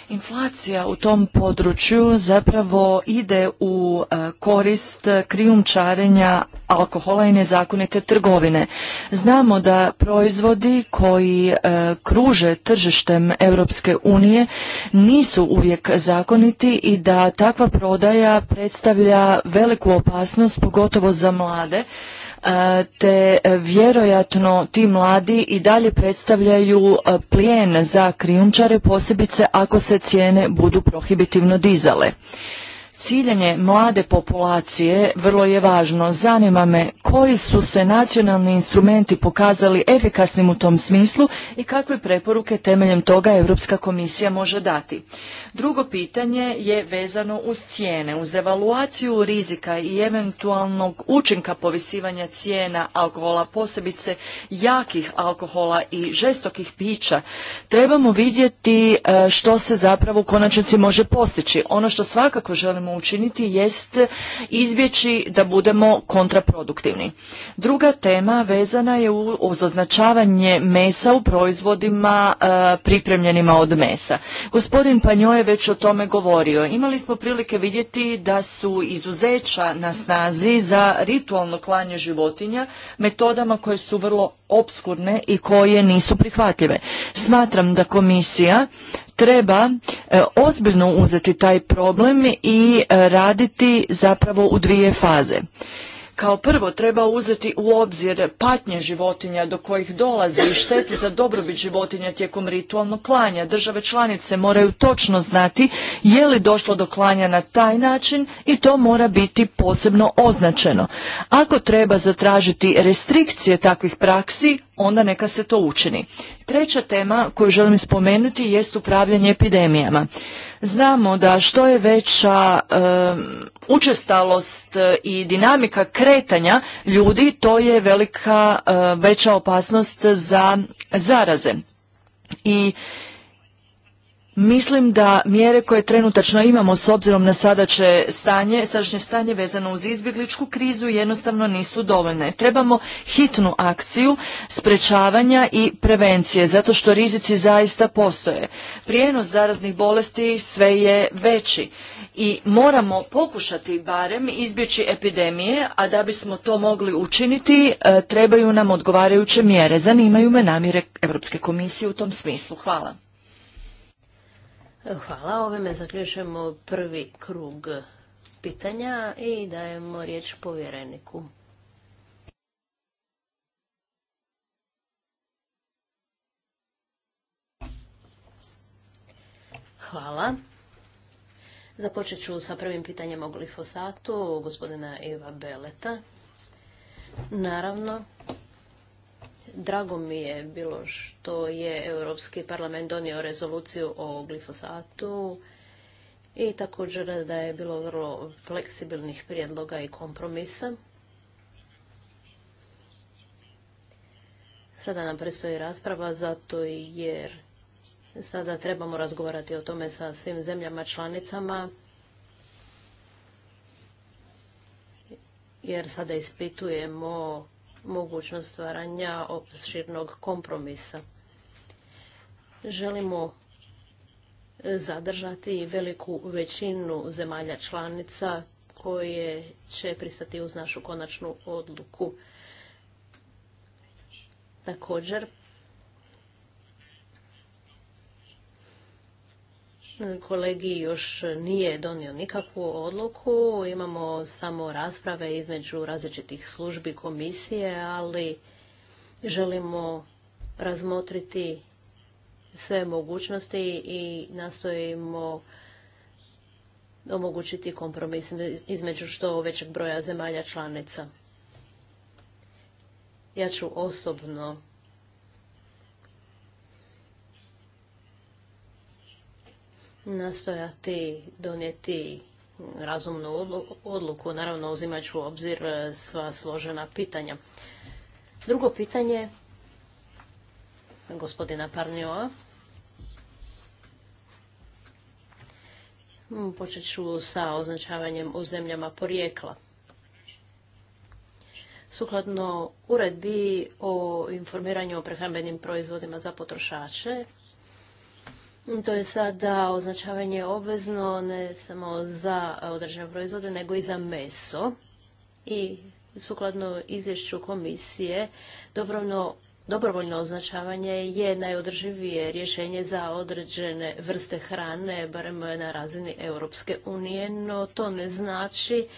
Speaker 1: Inflacija u tom području zapravo ide u e, korist krijumčarenja alkohola i nezakonite trgovine. Znamo da proizvodi koji e, kruže tržištem Europske unije nisu uvijek zakoniti i da takva prodaja predstavlja veliku opasnost pogotovo za mlade E, te e, vjerojatno ti mladi i dalje predstavljaju e, plijen za krijumčare, posebice ako se cijene budu prohibitivno dizale. Ciljanje mlade populacije vrlo je važno. Zanima me koji su se nacionalni instrumenti pokazali efikasnim u tom smislu i kakve preporuke temeljem toga Europska komisija može dati. Drugo pitanje je vezano uz cijene. Uz evaluaciju rizika i eventualnog učinka povisivanja cijena alkohola, posebice jakih alkohola i žestokih pića, trebamo vidjeti e, što se zapravo u konačnici može postići. Ono što svakako želim mu učiniti jest izbjeći da budemo kontraproduktivni. Druga tema vezana je uz označavanje mesa u proizvodima e, pripremljenima od mesa. Gospodin Panjo je već o tome govorio. Imali smo prilike vidjeti da su izuzeća na snazi za ritualno klanje životinja metodama koje su vrlo obskurne i koje nisu prihvatljive. Smatram da komisija treba e, ozbiljno uzeti taj problem i e, raditi zapravo u dvije faze. Kao prvo treba uzeti u obzir patnje životinja do kojih dolazi i štete za dobrobit životinja tijekom ritualnog klanja. Države članice moraju točno znati je li došlo do klanja na taj način i to mora biti posebno označeno. Ako treba zatražiti restrikcije takvih praksi, onda neka se to učini. Treća tema koju želim spomenuti jest upravljanje epidemijama. Znamo da što je veća učestalost e, i dinamika kretanja ljudi, to je velika e, veća opasnost za zaraze. I Mislim da mjere koje trenutačno imamo s obzirom na sadašnje stanje, sadašnje stanje vezano uz izbjegličku krizu jednostavno nisu dovoljne. Trebamo hitnu akciju sprečavanja i prevencije, zato što rizici zaista postoje. Prijenos zaraznih bolesti sve je veći i moramo pokušati barem izbjeći epidemije, a da bismo to mogli učiniti e, trebaju nam odgovarajuće mjere. Zanimaju me namjere Europske komisije u tom smislu. Hvala.
Speaker 3: Hvala. Ovime zaključujemo prvi krug pitanja i dajemo riječ povjereniku. Hvala. Započet ću sa prvim pitanjem o glifosatu gospodina Iva Beleta. Naravno, Drago mi je bilo što je Europski parlament donio rezoluciju o glifosatu i također da je bilo vrlo fleksibilnih prijedloga i kompromisa. Sada nam predstoji rasprava zato jer sada trebamo razgovarati o tome sa svim zemljama članicama jer sada ispitujemo mogućnost stvaranja opširnog kompromisa. Želimo zadržati veliku većinu zemalja članica koje će pristati uz našu konačnu odluku. Također, Kolegi još nije donio nikakvu odluku, imamo samo rasprave između različitih službi komisije, ali želimo razmotriti sve mogućnosti i nastojimo omogućiti kompromis između što većeg broja zemalja članica. Ja ću osobno nastojati donijeti razumnu odluku, naravno uzimajući u obzir e, sva složena pitanja. Drugo pitanje gospodina Parnioa, mm, Počet ću sa označavanjem u zemljama porijekla. Sukladno uredbi o informiranju o prehrambenim proizvodima za potrošače, to je sada označavanje obvezno ne samo za određene proizvode, nego i za meso. I sukladno izvješću komisije, dobrovoljno označavanje je najodrživije rješenje za određene vrste hrane, barem na razini Europske unije, no to ne znači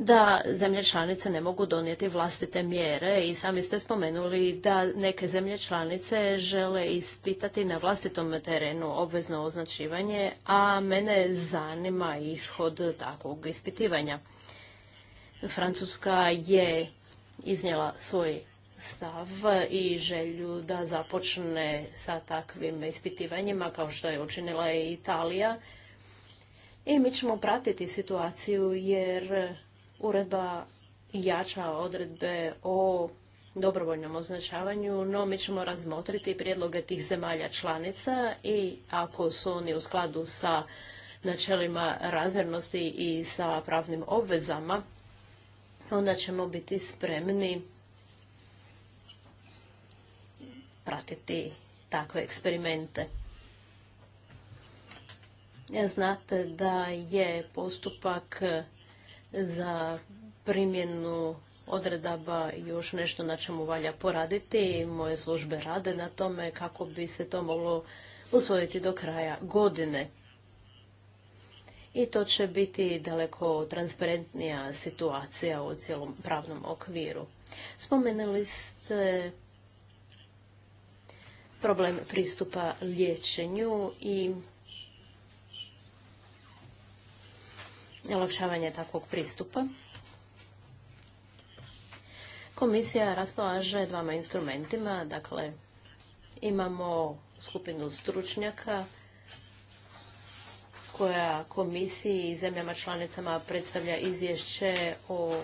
Speaker 3: da zemlje članice ne mogu donijeti vlastite mjere i sami ste spomenuli da neke zemlje članice žele ispitati na vlastitom terenu obvezno označivanje, a mene zanima ishod takvog ispitivanja. Francuska je iznijela svoj stav i želju da započne sa takvim ispitivanjima kao što je učinila i Italija. I mi ćemo pratiti situaciju jer uredba jača odredbe o dobrovoljnom označavanju, no mi ćemo razmotriti prijedloge tih zemalja članica i ako su oni u skladu sa načelima razmjernosti i sa pravnim obvezama, onda ćemo biti spremni pratiti takve eksperimente. Znate da je postupak za primjenu odredaba još nešto na čemu valja poraditi. Moje službe rade na tome kako bi se to moglo usvojiti do kraja godine. I to će biti daleko transparentnija situacija u cijelom pravnom okviru. Spomenuli ste problem pristupa liječenju i olakšavanje takvog pristupa. Komisija raspolaže dvama instrumentima, dakle imamo skupinu stručnjaka koja komisiji i zemljama članicama predstavlja izvješće o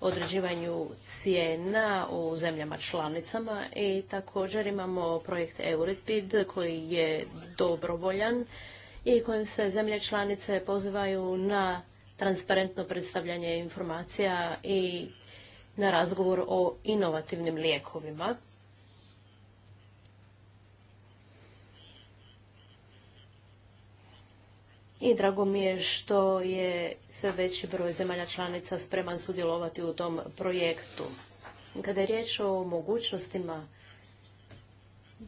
Speaker 3: određivanju cijena u zemljama članicama i također imamo projekt Euripid koji je dobrovoljan i kojim se zemlje članice pozivaju na transparentno predstavljanje informacija i na razgovor o inovativnim lijekovima. I drago mi je što je sve veći broj zemalja članica spreman sudjelovati u tom projektu. Kada je riječ o mogućnostima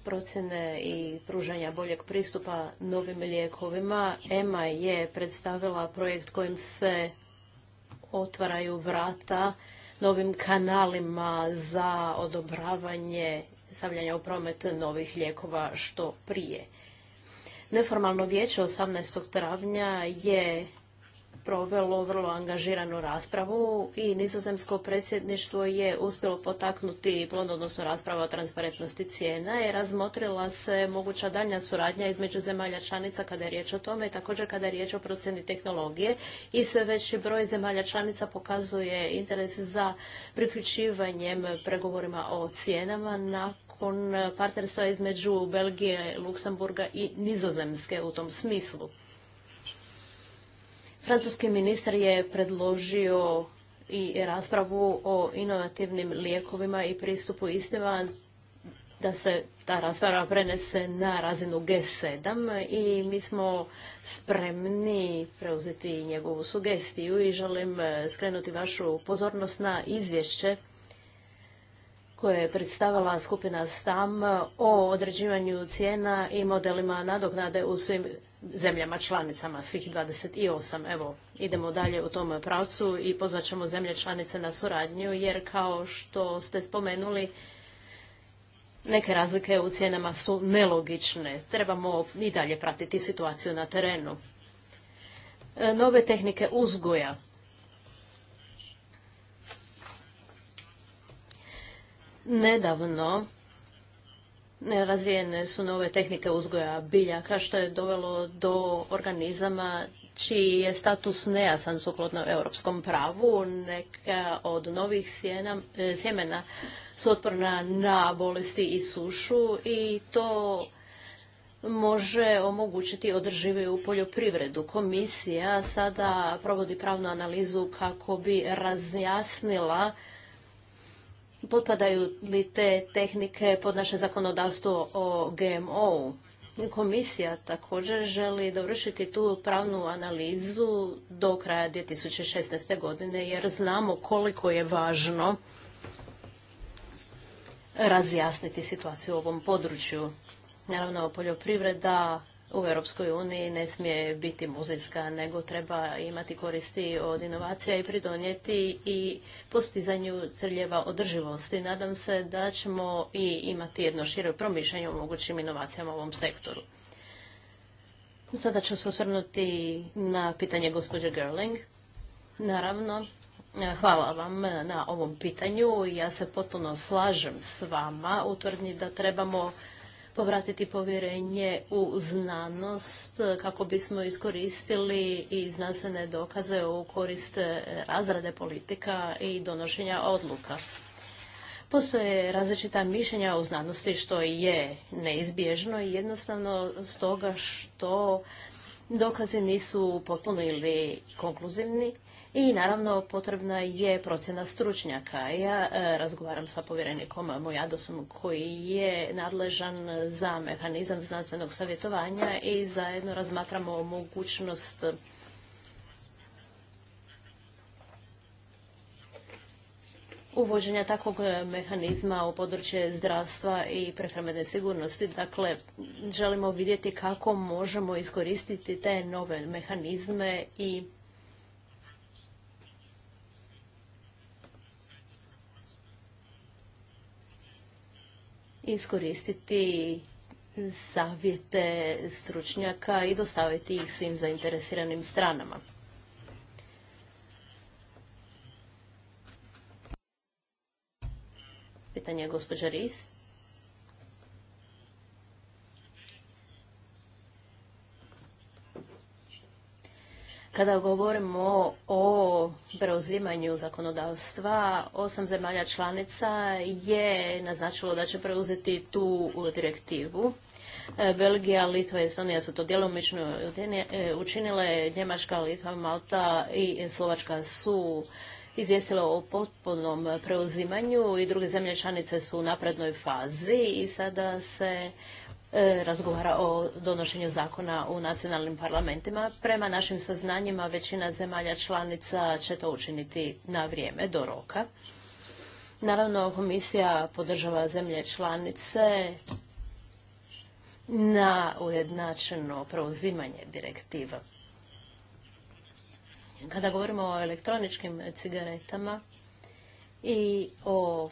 Speaker 3: procjene i pružanja boljeg pristupa novim lijekovima, EMA je predstavila projekt kojim se otvaraju vrata novim kanalima za odobravanje stavljanja u promet novih lijekova što prije. Neformalno vijeće 18. travnja je provelo vrlo angažiranu raspravu i nizozemsko predsjedništvo je uspjelo potaknuti odnosno rasprava o transparentnosti cijena i razmotrila se moguća daljnja suradnja između zemalja članica kada je riječ o tome i također kada je riječ o procjeni tehnologije i sve veći broj zemalja članica pokazuje interes za priključivanjem pregovorima o cijenama nakon partnerstva između Belgije, Luksemburga i Nizozemske u tom smislu. Francuski ministar je predložio i raspravu o inovativnim lijekovima i pristupu istima da se ta rasprava prenese na razinu G7 i mi smo spremni preuzeti njegovu sugestiju i želim eh, skrenuti vašu pozornost na izvješće koje je predstavila skupina STAM o određivanju cijena i modelima nadoknade u svim zemljama članicama, svih 28. Evo, idemo dalje u tom pravcu i ćemo zemlje članice na suradnju, jer kao što ste spomenuli, neke razlike u cijenama su nelogične. Trebamo i dalje pratiti situaciju na terenu. E, nove tehnike uzgoja. Nedavno razvijene su nove tehnike uzgoja biljaka što je dovelo do organizama čiji je status nejasan sukladno europskom pravu. Neka od novih e, sjemena su otporna na bolesti i sušu i to može omogućiti održiviju poljoprivredu. Komisija sada provodi pravnu analizu kako bi razjasnila potpadaju li te tehnike pod naše zakonodavstvo o gmo Komisija također želi dovršiti tu pravnu analizu do kraja 2016. godine jer znamo koliko je važno
Speaker 1: razjasniti
Speaker 3: situaciju u ovom području. Naravno, poljoprivreda u Europskoj uniji ne smije biti muzejska, nego treba imati koristi od inovacija i pridonijeti i postizanju ciljeva održivosti. Nadam se da ćemo i imati jedno šire promišljanje o mogućim inovacijama u ovom sektoru. Sada ću se osvrnuti na pitanje gospođe Gerling. Naravno, Hvala vam na ovom pitanju. Ja se potpuno slažem s vama u tvrdnji da trebamo povratiti povjerenje u znanost kako bismo iskoristili i znanstvene dokaze u korist e, razrade politika i donošenja odluka. Postoje različita mišljenja o znanosti što je neizbježno i jednostavno stoga što dokazi nisu potpuno ili konkluzivni i naravno potrebna je procjena stručnjaka. Ja e, razgovaram sa povjerenikom Mojadosom koji je nadležan za mehanizam znanstvenog savjetovanja i zajedno razmatramo mogućnost uvođenja takvog mehanizma u područje zdravstva i prehrambene sigurnosti. Dakle, želimo vidjeti kako možemo iskoristiti te nove mehanizme i iskoristiti savjete stručnjaka i dostaviti ih svim zainteresiranim stranama. Pitanje je gospođa Ris. Kada govorimo o preuzimanju zakonodavstva, osam zemalja članica je naznačilo da će preuzeti tu direktivu. E, Belgija, Litva i Estonija su to djelomično e, učinile, Njemačka, Litva, Malta i Slovačka su izvijestile o potpunom preuzimanju i druge zemlje članice su u naprednoj fazi i sada se E, razgovara o donošenju zakona u nacionalnim parlamentima. Prema našim saznanjima većina zemalja članica će to učiniti na vrijeme, do roka. Naravno, komisija podržava zemlje članice na ujednačeno preuzimanje direktiva. Kada govorimo o elektroničkim cigaretama i o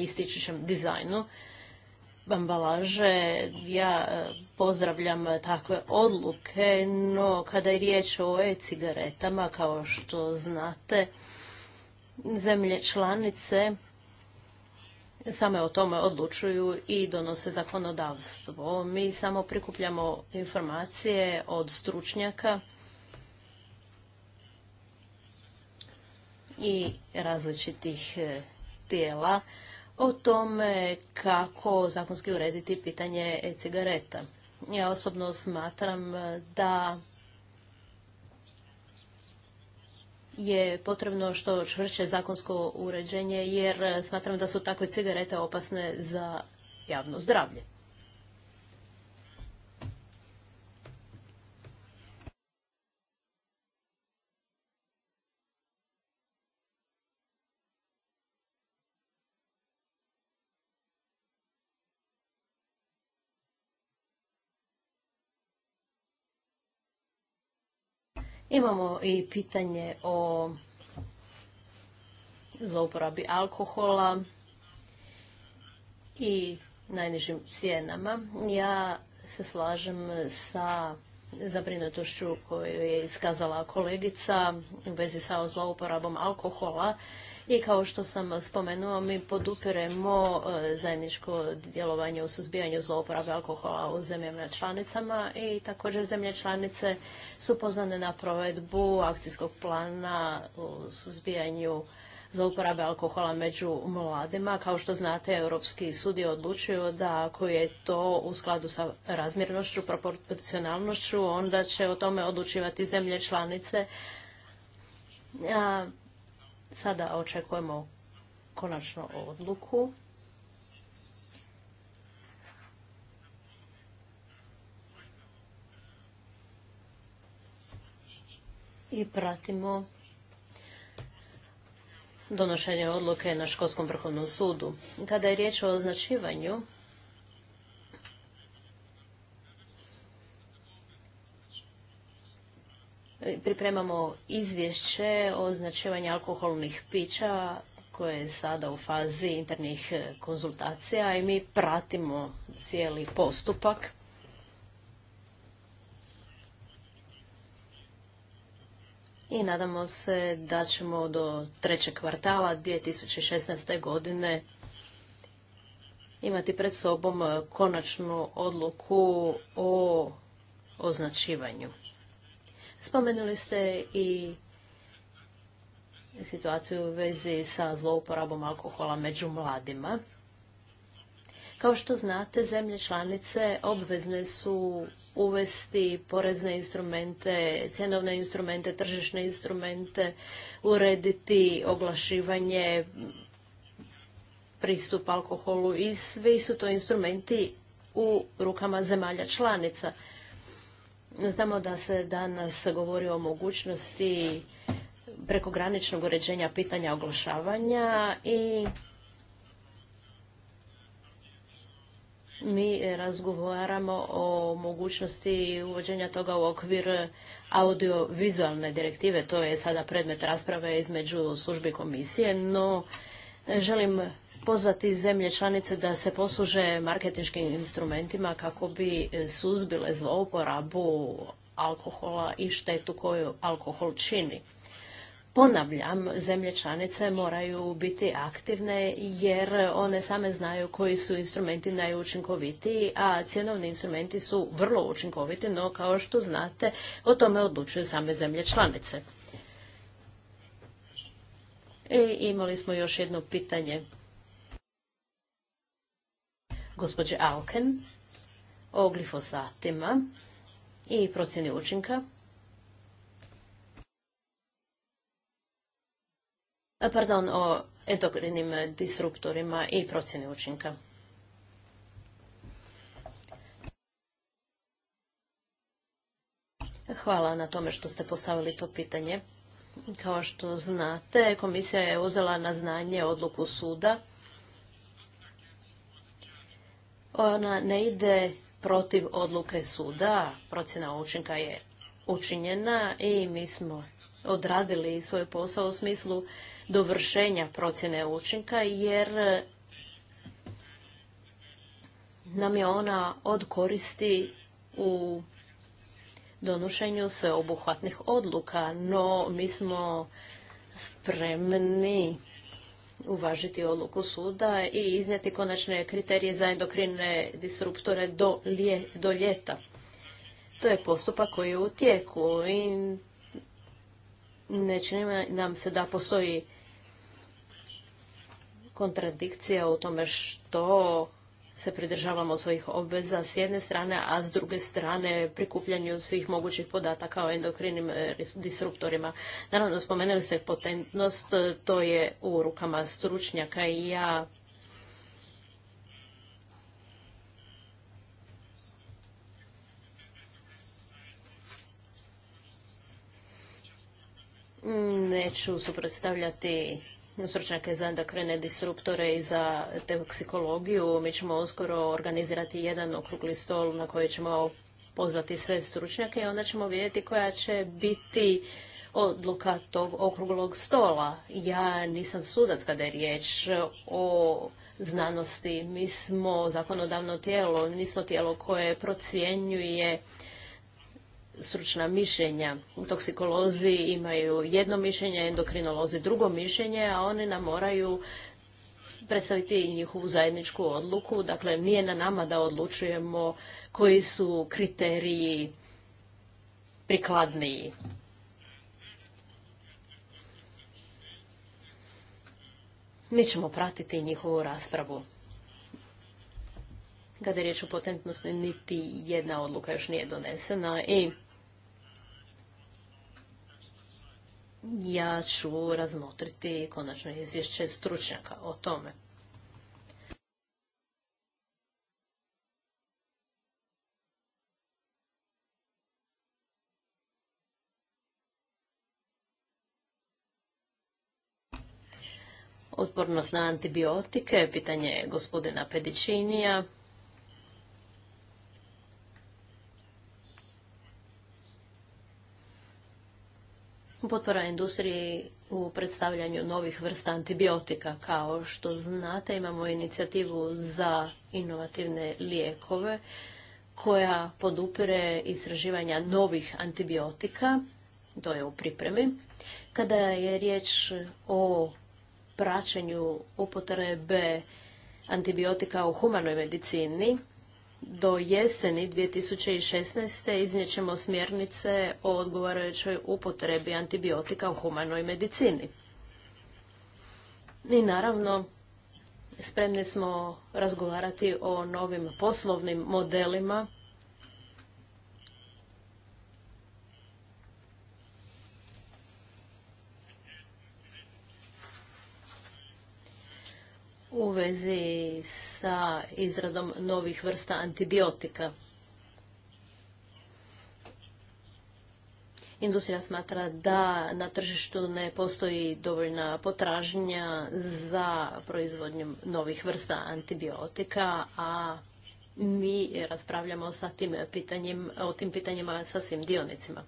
Speaker 3: ističućem dizajnu ambalaže. Ja e, pozdravljam takve odluke, no kada je riječ o e-cigaretama, kao što znate, zemlje članice same o tome odlučuju i donose zakonodavstvo. Mi samo prikupljamo informacije od stručnjaka i različitih e, tijela o tome kako zakonski urediti pitanje e-cigareta. Ja osobno smatram da je potrebno što čvršće zakonsko uređenje jer smatram da su takve cigarete opasne za javno zdravlje. Imamo i pitanje o zlouporabi alkohola i najnižim cijenama. Ja se slažem sa zabrinutošću koju je iskazala kolegica u vezi sa zlouporabom alkohola. I kao što sam spomenuo, mi podupiremo e, zajedničko djelovanje u suzbijanju zlouporabe alkohola u zemljama članicama i također zemlje članice su poznane na provedbu akcijskog plana u suzbijanju zlouporabe alkohola među mladima. Kao što znate, Europski sud je odlučio da ako je to u skladu sa razmjernošću, proporcionalnošću, onda će o tome odlučivati zemlje članice. sada očekujemo konačnu odluku. i pratimo donošenje odluke na Škotskom vrhovnom sudu. Kada je riječ o označivanju, pripremamo izvješće o označivanju alkoholnih pića koje je sada u fazi internih konzultacija i mi pratimo cijeli postupak. i nadamo se da ćemo do trećeg kvartala 2016. godine imati pred sobom konačnu odluku o označivanju. Spomenuli ste i situaciju u vezi sa zlouporabom alkohola među mladima. Kao što znate, zemlje članice obvezne su uvesti porezne instrumente, cjenovne instrumente, tržišne instrumente, urediti oglašivanje, pristup alkoholu i svi su to instrumenti u rukama zemalja članica. Znamo da se danas govori o mogućnosti prekograničnog uređenja pitanja oglašavanja i mi razgovaramo o mogućnosti uvođenja toga u okvir audiovizualne direktive. To je sada predmet rasprave između službi komisije, no želim pozvati zemlje članice da se posluže marketinškim instrumentima kako bi suzbile zlouporabu alkohola i štetu koju alkohol čini. Ponavljam, zemlje članice moraju biti aktivne jer one same znaju koji su instrumenti najučinkovitiji, a cjenovni instrumenti su vrlo učinkoviti, no kao što znate o tome odlučuju same zemlje članice. I e, imali smo još jedno pitanje gospođe Auken o glifosatima i procjeni učinka. E, pardon, o endokrinim disruptorima i procjeni učinka. Hvala na tome što ste postavili to pitanje. Kao što znate, komisija je uzela na znanje odluku suda. Ona ne ide protiv odluke suda, procjena učinka je učinjena i mi smo odradili svoj posao u smislu dovršenja procjene učinka jer nam je ona od koristi u donošenju sveobuhvatnih odluka, no mi smo spremni uvažiti odluku suda i iznijeti konačne kriterije za endokrine disruptore do, do ljeta. To je postupak koji je u tijeku i ne čini nam se da postoji kontradikcija u tome što se pridržavamo svojih obveza s jedne strane, a s druge strane prikupljanju svih mogućih podataka o endokrinim e, disruptorima. Naravno, spomenuli ste potentnost, to je u rukama stručnjaka i ja Neću suprotstavljati stručnjake za endokrine disruptore i za teoksikologiju. Mi ćemo uskoro organizirati jedan okrugli stol na koji ćemo pozvati sve stručnjake i onda ćemo vidjeti koja će biti odluka tog okruglog stola. Ja nisam sudac kada je riječ o znanosti. Mi smo zakonodavno tijelo, nismo tijelo koje procjenjuje stručna mišljenja. Toksikolozi imaju jedno mišljenje, endokrinolozi drugo mišljenje, a oni nam moraju predstaviti njihovu zajedničku odluku. Dakle, nije na nama da odlučujemo koji su kriteriji prikladniji. Mi ćemo pratiti njihovu raspravu. Kada je riječ o potentnosti, niti jedna odluka još nije donesena i ja ću razmotriti konačno izvješće stručnjaka o tome. Otpornost na antibiotike, pitanje gospodina Pedičinija. potpora industriji u predstavljanju novih vrsta antibiotika. Kao što znate, imamo inicijativu za inovativne lijekove koja podupire istraživanja novih antibiotika. To je u pripremi. Kada je riječ o praćenju upotrebe antibiotika u humanoj medicini, do jeseni 2016. iznjećemo smjernice o odgovarajućoj upotrebi antibiotika u humanoj medicini. I naravno, spremni smo razgovarati o novim poslovnim modelima u vezi s sa izradom novih vrsta antibiotika. Industrija smatra da na tržištu ne postoji dovoljna potražnja za proizvodnjom novih vrsta antibiotika, a mi raspravljamo sa tim pitanjem, o tim pitanjima sa svim dionicima.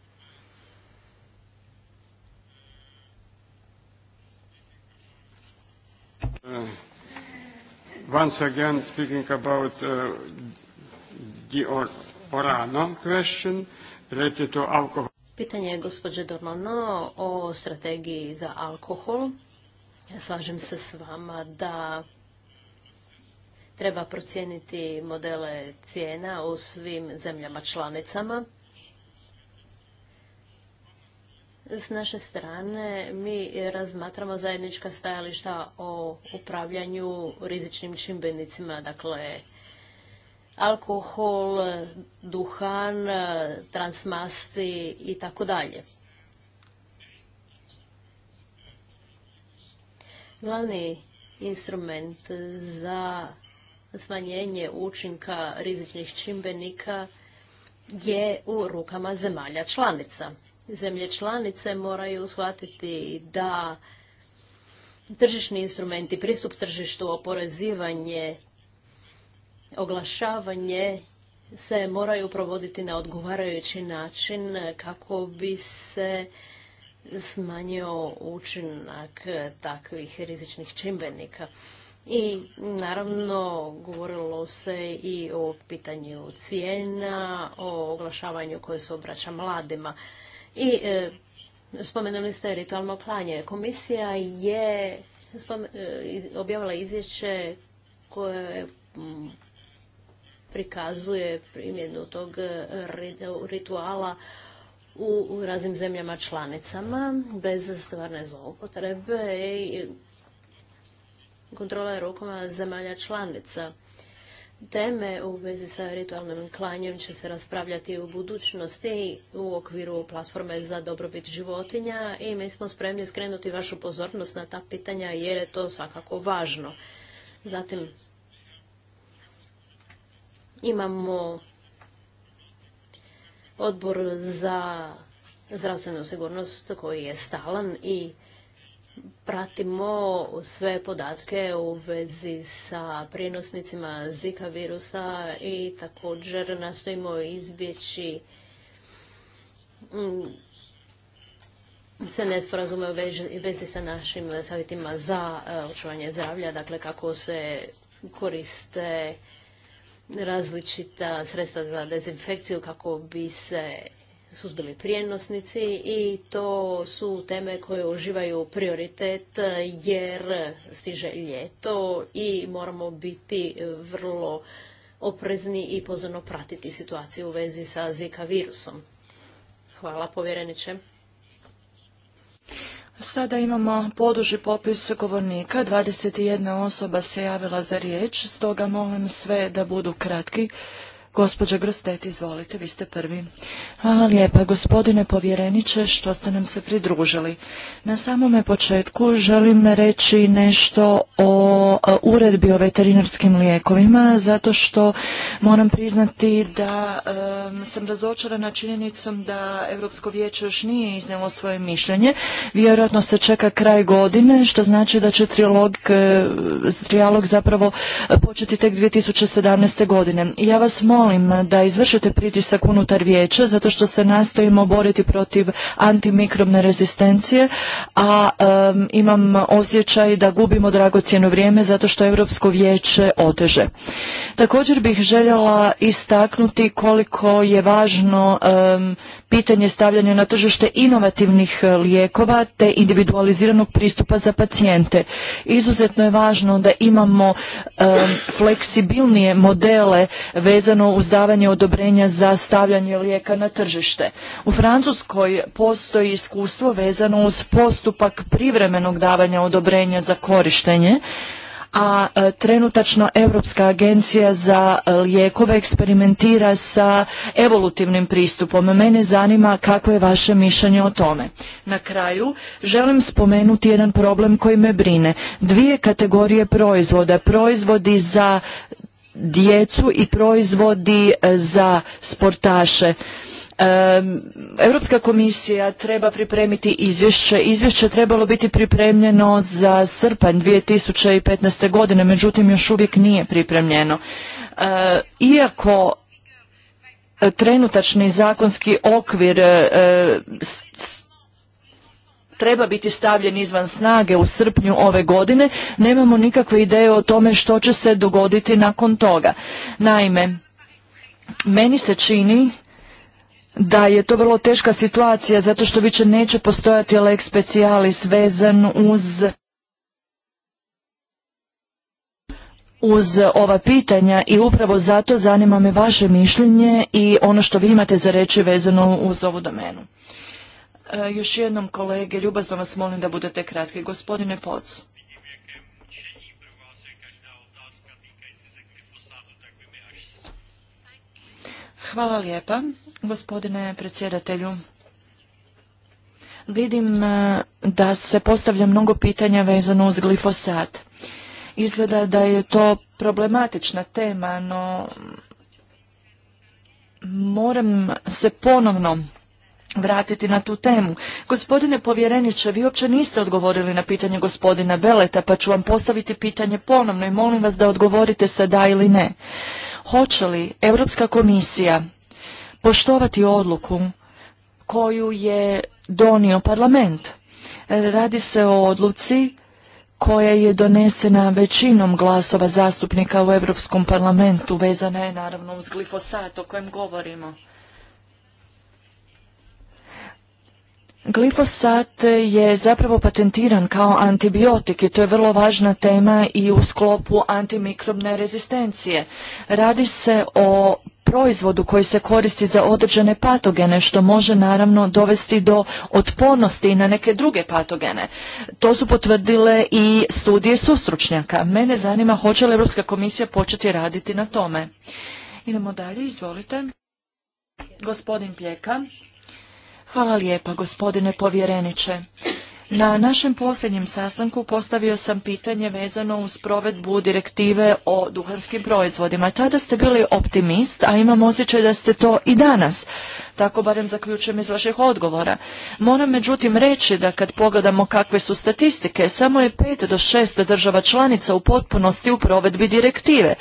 Speaker 2: Uh, once again speaking about uh, question related to alcohol.
Speaker 3: Pitanje je gospođe Dornano o strategiji za alkohol. Ja slažem se s vama da treba procijeniti modele cijena u svim zemljama članicama. S naše strane mi razmatramo zajednička stajališta o upravljanju rizičnim čimbenicima, dakle alkohol, duhan, transmasti i tako dalje. Glavni instrument za smanjenje učinka rizičnih čimbenika je u rukama zemalja članica zemlje članice moraju shvatiti da tržišni instrumenti, pristup tržištu, oporezivanje, oglašavanje se moraju provoditi na odgovarajući način kako bi se smanjio učinak takvih rizičnih čimbenika. I naravno govorilo se i o pitanju cijena, o oglašavanju koje se obraća mladima. I e, spomenuli ste ritualno klanje. Komisija je e, objavila izvješće koje mm, prikazuje primjenu tog e, rituala u, raznim zemljama članicama bez stvarne zloupotrebe i kontrola rukama zemalja članica. Teme u vezi sa ritualnim klanjem će se raspravljati u budućnosti u okviru platforme za dobrobit životinja i mi smo spremni skrenuti vašu pozornost na ta pitanja jer je to svakako važno. Zatim imamo odbor za zdravstvenu sigurnost koji je stalan i pratimo sve podatke u vezi sa prijenosnicima Zika virusa i također nastojimo izbjeći mm, se ne sporazume u vezi sa našim savjetima za e, očuvanje zdravlja, dakle kako se koriste različita sredstva za dezinfekciju kako bi se suzbili prijenosnici i to su teme koje uživaju prioritet jer stiže ljeto i moramo biti vrlo oprezni i pozorno pratiti situaciju u vezi sa Zika virusom. Hvala povjereniče.
Speaker 1: Sada imamo poduži popis govornika, 21 osoba se javila za riječ, stoga molim sve da budu kratki Gospođa Grstet izvolite, vi ste prvi. Hvala lijepa, gospodine povjereniče, što ste nam se pridružili. Na samome početku želim reći nešto o e, uredbi o veterinarskim lijekovima, zato što moram priznati da sam razočarana činjenicom da Europsko vijeće još nije iznijelo svoje mišljenje. Vjerojatno se čeka kraj godine, što znači da će trilog, e, zapravo početi tek 2017. godine. Ja vas molim molim da izvršite pritisak unutar vijeća zato što se nastojimo boriti protiv antimikrobne rezistencije, a imam osjećaj da gubimo dragocjeno vrijeme zato što Europsko vijeće oteže. Također bih željela istaknuti koliko je važno pitanje stavljanja na tržište inovativnih e, lijekova te individualiziranog pristupa za pacijente. Izuzetno je važno da imamo e, fleksibilnije modele vezano uz davanje odobrenja za stavljanje lijeka na tržište. U Francuskoj postoji iskustvo vezano uz postupak privremenog davanja odobrenja za korištenje a e, trenutačno Europska agencija za e, lijekove eksperimentira sa evolutivnim pristupom. Mene zanima kako je vaše mišljenje o tome. Na kraju želim spomenuti jedan problem koji me brine. Dvije kategorije proizvoda, proizvodi za djecu i proizvodi e, za sportaše. Europska komisija treba pripremiti izvješće. Izvješće trebalo biti pripremljeno za srpanj 2015. godine, međutim još uvijek nije pripremljeno. iako trenutačni zakonski okvir treba biti stavljen izvan snage u srpnju ove godine, nemamo nikakve ideje o tome što će se dogoditi nakon toga. Naime, meni se čini da je to vrlo teška situacija zato što više neće postojati lek specialis vezan uz ova pitanja i upravo zato zanima me vaše mišljenje i ono što vi imate za reći vezano uz ovu domenu. E, još jednom kolege, ljubazno vas molim da budete kratki. Gospodine Poc. Hvala lijepa, gospodine predsjedatelju. Vidim e, da se postavlja mnogo pitanja vezano uz glifosat. Izgleda da je to problematična tema, no moram se ponovno vratiti na tu temu. Gospodine povjereniče, vi uopće niste odgovorili na pitanje gospodina Beleta, pa ću vam postaviti pitanje ponovno i molim vas da odgovorite sada da ili ne hoće li Europska komisija poštovati odluku koju je donio parlament. Radi se o odluci koja je donesena većinom glasova zastupnika u Europskom parlamentu, vezana je naravno uz glifosat o kojem govorimo. Glifosat je zapravo patentiran kao antibiotik i to je vrlo važna tema i u sklopu antimikrobne rezistencije. Radi se o proizvodu koji se koristi za određene patogene, što može naravno dovesti do otpornosti na neke druge patogene. To su potvrdile i studije sustručnjaka. Mene zanima hoće li Europska komisija početi raditi na tome. Idemo dalje, izvolite. Gospodin Pljeka. Hvala lijepa, gospodine povjereniče. Na našem posljednjem sastanku postavio sam pitanje vezano uz provedbu direktive o duhanskim proizvodima. Tada ste bili optimist, a imam osjećaj da ste to i danas. Tako barem zaključujem iz vaših odgovora. Moram međutim reći da kad pogledamo kakve su statistike, samo je pet do šest država članica u potpunosti u provedbi direktive,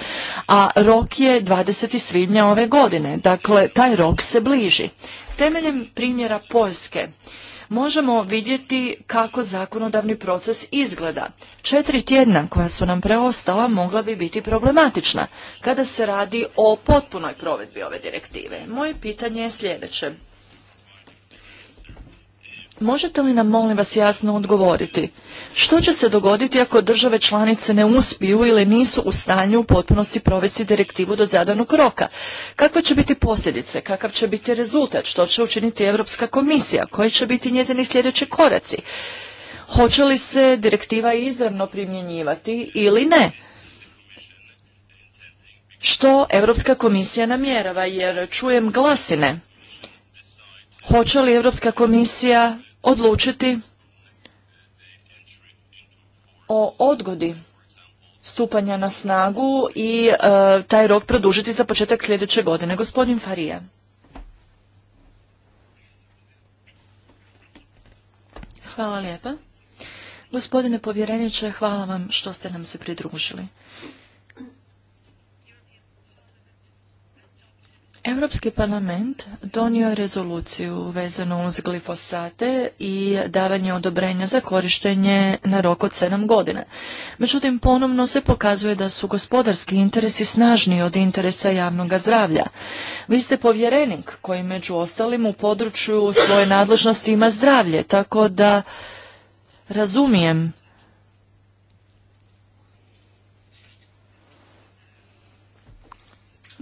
Speaker 1: a rok je 20. svibnja ove godine. Dakle, taj rok se bliži. Temeljem primjera Poljske možemo vidjeti kako zakonodavni proces izgleda. Četiri tjedna koja su nam preostala mogla bi biti problematična kada se radi o potpunoj provedbi ove direktive. Moje pitanje je sljedeće. Možete li nam, molim vas, jasno odgovoriti? Što će se dogoditi ako države članice ne uspiju ili nisu u stanju u potpunosti provesti direktivu do zadanog roka? Kakve će biti posljedice? Kakav će biti rezultat? Što će učiniti Europska komisija? Koji će biti njezini sljedeći koraci? Hoće li se direktiva izravno primjenjivati ili ne? Što Europska komisija namjerava? Jer čujem glasine Hoće li Europska komisija odlučiti o odgodi stupanja na snagu i e, taj rok produžiti za početak sljedeće godine. Gospodin Farija. Hvala lijepa. Gospodine povjereniče, hvala vam što ste nam se pridružili. Europski parlament donio je rezoluciju vezanu uz glifosate i davanje odobrenja za korištenje na rok od sedam godina. Međutim, ponovno se pokazuje da su gospodarski interesi snažniji od interesa javnog zdravlja. Vi ste povjerenik koji među ostalim u području svoje nadležnosti ima zdravlje, tako da razumijem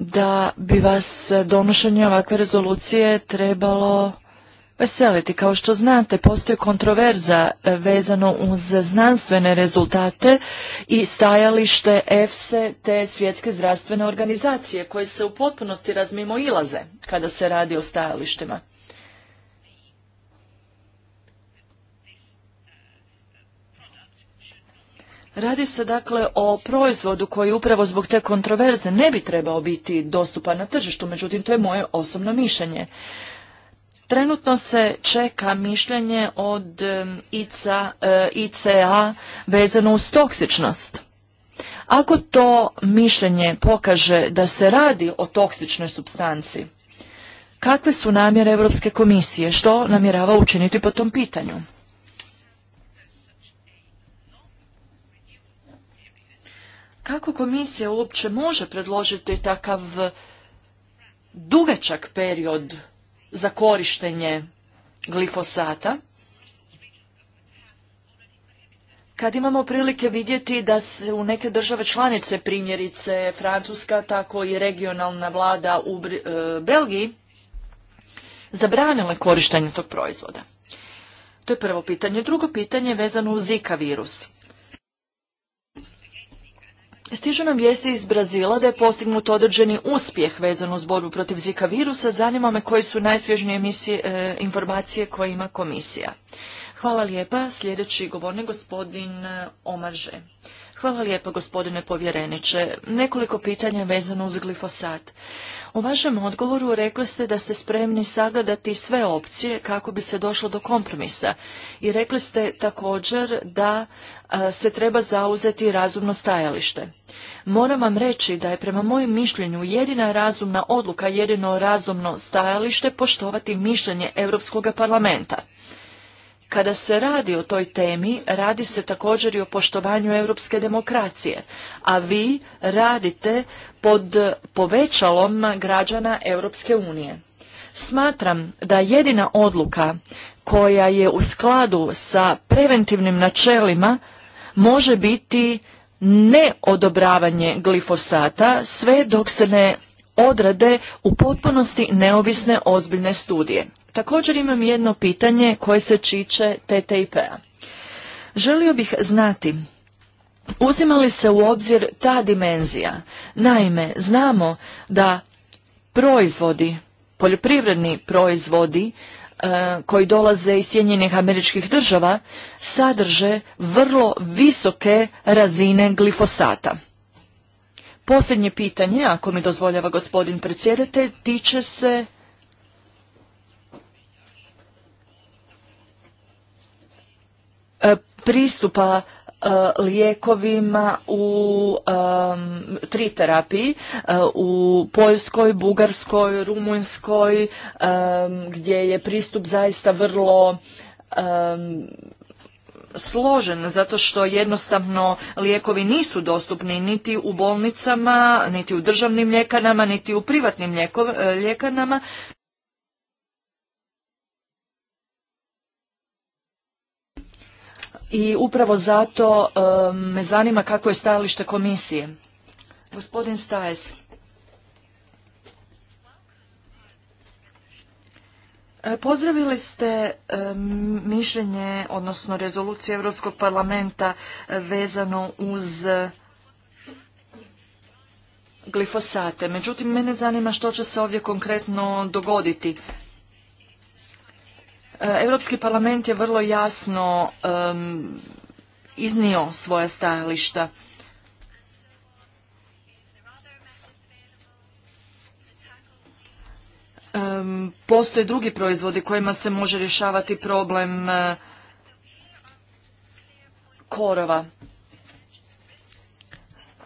Speaker 1: da bi vas donošenje ovakve rezolucije trebalo veseliti. Kao što znate, postoji kontroverza e, vezano uz znanstvene rezultate i stajalište EFSE te svjetske zdravstvene organizacije koje se u potpunosti razmimo ilaze kada se radi o stajalištima. Radi se dakle o proizvodu koji upravo zbog te kontroverze ne bi trebao biti dostupan na tržištu, međutim to je moje osobno mišljenje. Trenutno se čeka mišljenje od ICA, e, ICA vezano uz toksičnost. Ako to mišljenje pokaže da se radi o toksičnoj substanci, kakve su namjere Europske komisije, što namjerava učiniti po tom pitanju? kako komisija uopće može predložiti takav dugačak period za korištenje glifosata, kad imamo prilike vidjeti da se u neke države članice, primjerice Francuska, tako i regionalna vlada u e, Belgiji, zabranile korištenje tog proizvoda. To je prvo pitanje. Drugo pitanje je vezano uz Zika virus. Stižu nam vijesti iz Brazila da je postignut određeni uspjeh vezan uz borbu protiv zika virusa. Zanima me koje su najsvježnije e, informacije koje ima komisija. Hvala lijepa. Sljedeći govornik gospodin e, Omarže. Hvala lijepa gospodine povjereniče. Nekoliko pitanja vezano uz glifosat. U vašem odgovoru rekli ste da ste spremni sagledati sve opcije kako bi se došlo do kompromisa i rekli ste također da e, se treba zauzeti razumno stajalište. Moram vam reći da je prema mojem mišljenju jedina razumna odluka, jedino razumno stajalište poštovati mišljenje Europskog parlamenta. Kada se radi o toj temi, radi se također i o poštovanju europske demokracije, a vi radite pod povećalom građana Europske unije. Smatram da jedina odluka koja je u skladu sa preventivnim načelima može biti neodobravanje glifosata sve dok se ne odrade u potpunosti neovisne ozbiljne studije. Također imam jedno pitanje koje se čiče TTIP-a. Želio bih znati uzima li se u obzir ta dimenzija. Naime, znamo da proizvodi, poljoprivredni proizvodi e, koji dolaze iz Sjedinjenih američkih država sadrže vrlo visoke razine glifosata. Posljednje pitanje, ako mi dozvoljava gospodin predsjedatelj, tiče se E, pristupa e, lijekovima u e, tri terapiji u Poljskoj, Bugarskoj, Rumunjskoj gdje je pristup zaista vrlo složen zato što jednostavno lijekovi nisu dostupni niti u bolnicama, niti u državnim ljekarnama, niti u privatnim lijekanama. i upravo zato um, me zanima kako je stajalište komisije. Gospodin Stajes. E, pozdravili ste um, mišljenje, odnosno rezoluciju Europskog parlamenta vezano uz glifosate. Međutim, mene zanima što će se ovdje konkretno dogoditi. E, Europski parlament je vrlo jasno iznio svoja stajališta. postoje drugi proizvodi kojima se može rješavati problem e, korova.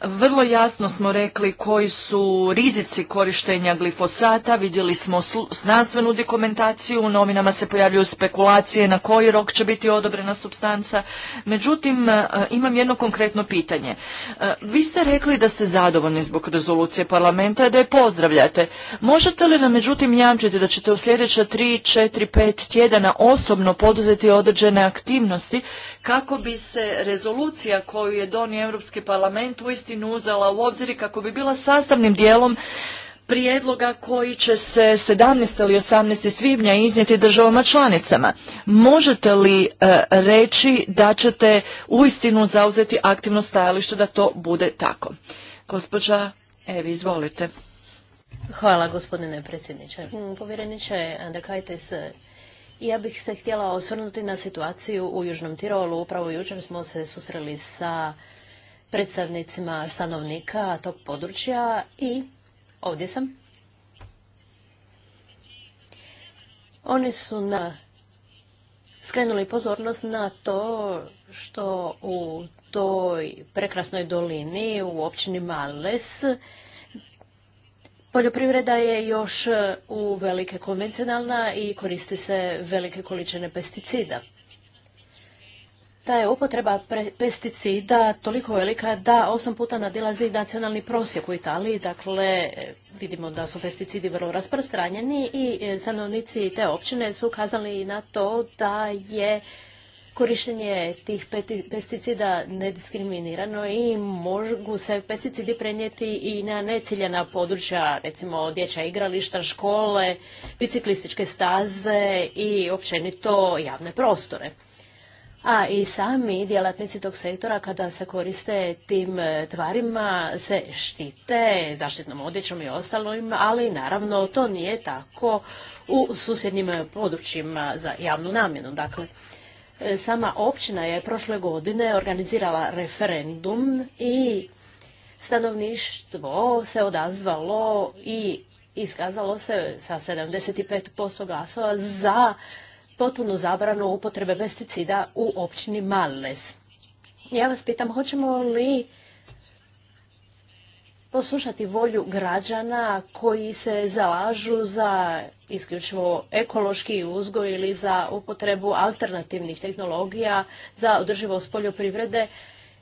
Speaker 1: Vrlo jasno smo rekli koji su rizici korištenja glifosata, vidjeli smo znanstvenu dokumentaciju, u novinama se pojavljuju spekulacije na koji rok će biti odobrena substanca. Međutim, e, imam jedno konkretno pitanje. E, vi ste rekli da ste zadovoljni zbog rezolucije parlamenta i da je pozdravljate. Možete li nam međutim jamčiti da ćete u sljedeća 3, 4, 5 tjedana osobno poduzeti određene aktivnosti kako bi se rezolucija koju je donio Europski parlament uistinu uzela u obzir i kako bi bila sastavnim dijelom prijedloga koji će se 17. ili 18. svibnja iznijeti državama članicama. Možete li e, reći da ćete uistinu zauzeti aktivno stajalište da to bude tako? Gospođa Evi, izvolite. Hvala gospodine predsjedniče.
Speaker 3: Povjereniče Andrkajtes, ja bih se htjela osvrnuti na situaciju u Južnom Tirolu. Upravo jučer smo se susreli sa predstavnicima stanovnika tog područja i ovdje sam. Oni su na skrenuli pozornost na to što u toj prekrasnoj dolini u općini Males Poljoprivreda je još e, u velike konvencionalna i koristi se velike količine pesticida. Ta je upotreba pesticida toliko velika da osam puta nadilazi nacionalni prosjek u Italiji. Dakle, vidimo da su pesticidi vrlo rasprostranjeni i e, stanovnici te općine su ukazali na to da je korištenje tih pesticida nediskriminirano i mogu se pesticidi prenijeti i na neciljena područja, recimo dječja igrališta, škole, biciklističke staze i općenito javne prostore. A i sami djelatnici tog sektora kada se koriste tim e, tvarima se štite zaštitnom odjećom i ostalom, ali naravno to nije tako u susjednim područjima za javnu namjenu. Dakle, E, sama općina je prošle godine organizirala referendum i stanovništvo se odazvalo i iskazalo se sa 75% glasova za potpunu zabranu upotrebe pesticida u općini Malnes. Ja vas pitam, hoćemo li poslušati volju građana koji se zalažu za isključivo ekološki uzgoj ili za upotrebu alternativnih tehnologija za održivost poljoprivrede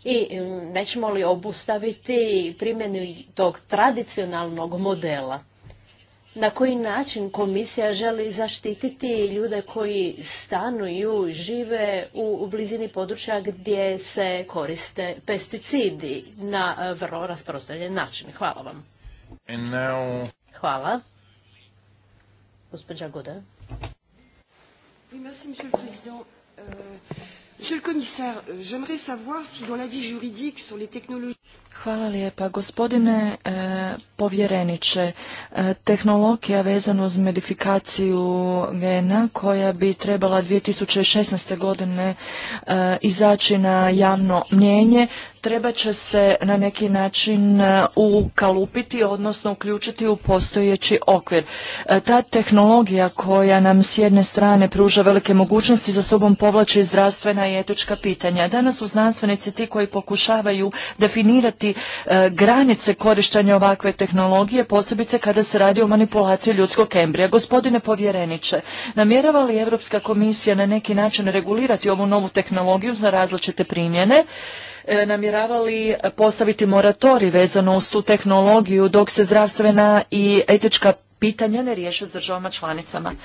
Speaker 3: i mm, nećemo li obustaviti primjenu tog tradicionalnog modela na koji način komisija želi zaštititi ljude koji stanuju, žive u blizini područja gdje se koriste pesticidi na e, vrlo rasprostavljen način. Hvala vam. Hvala.
Speaker 1: Gospođa Gude. Merci, Hvala lijepa. Gospodine euh, povjereniče. E, tehnologija vezana uz modifikaciju gena koja bi trebala 2016. godine e, izaći na javno mnjenje treba će se na neki način e, ukalupiti, odnosno uključiti u postojeći okvir. Ta tehnologija koja nam s jedne strane pruža velike mogućnosti za sobom povlači zdravstvena i etička pitanja. Danas su znanstvenici ti koji pokušavaju definirati granice korištenja ovakve tehnologije tehnologije, posebice kada se radi o manipulaciji ljudskog embrija. Gospodine povjereniče, namjerava li Europska komisija na neki način regulirati ovu novu tehnologiju za različite primjene? E, namjeravali postaviti moratori vezano uz tu tehnologiju dok se zdravstvena i etička pitanja ne riješe s državama članicama.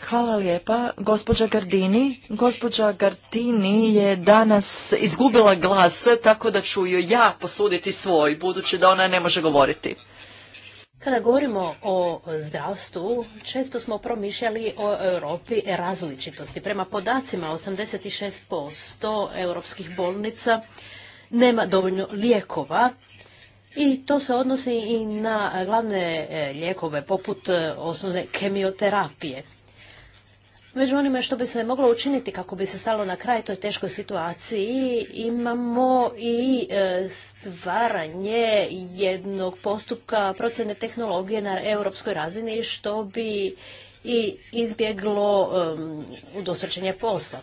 Speaker 1: Hvala lijepa. Gospođa Gardini. Gospođa Gardini je danas izgubila glas, tako da ću joj ja posuditi svoj, budući da ona ne može govoriti.
Speaker 3: Kada govorimo o zdravstvu, često smo promišljali o Europi različitosti. Prema podacima 86% europskih bolnica nema dovoljno lijekova, i to se odnosi i na glavne e, lijekove poput e, osnovne kemioterapije. Među onime što bi se moglo učiniti kako bi se stalo na kraj toj teškoj situaciji imamo i e, stvaranje jednog postupka procjene tehnologije na europskoj razini što bi i izbjeglo um, posla.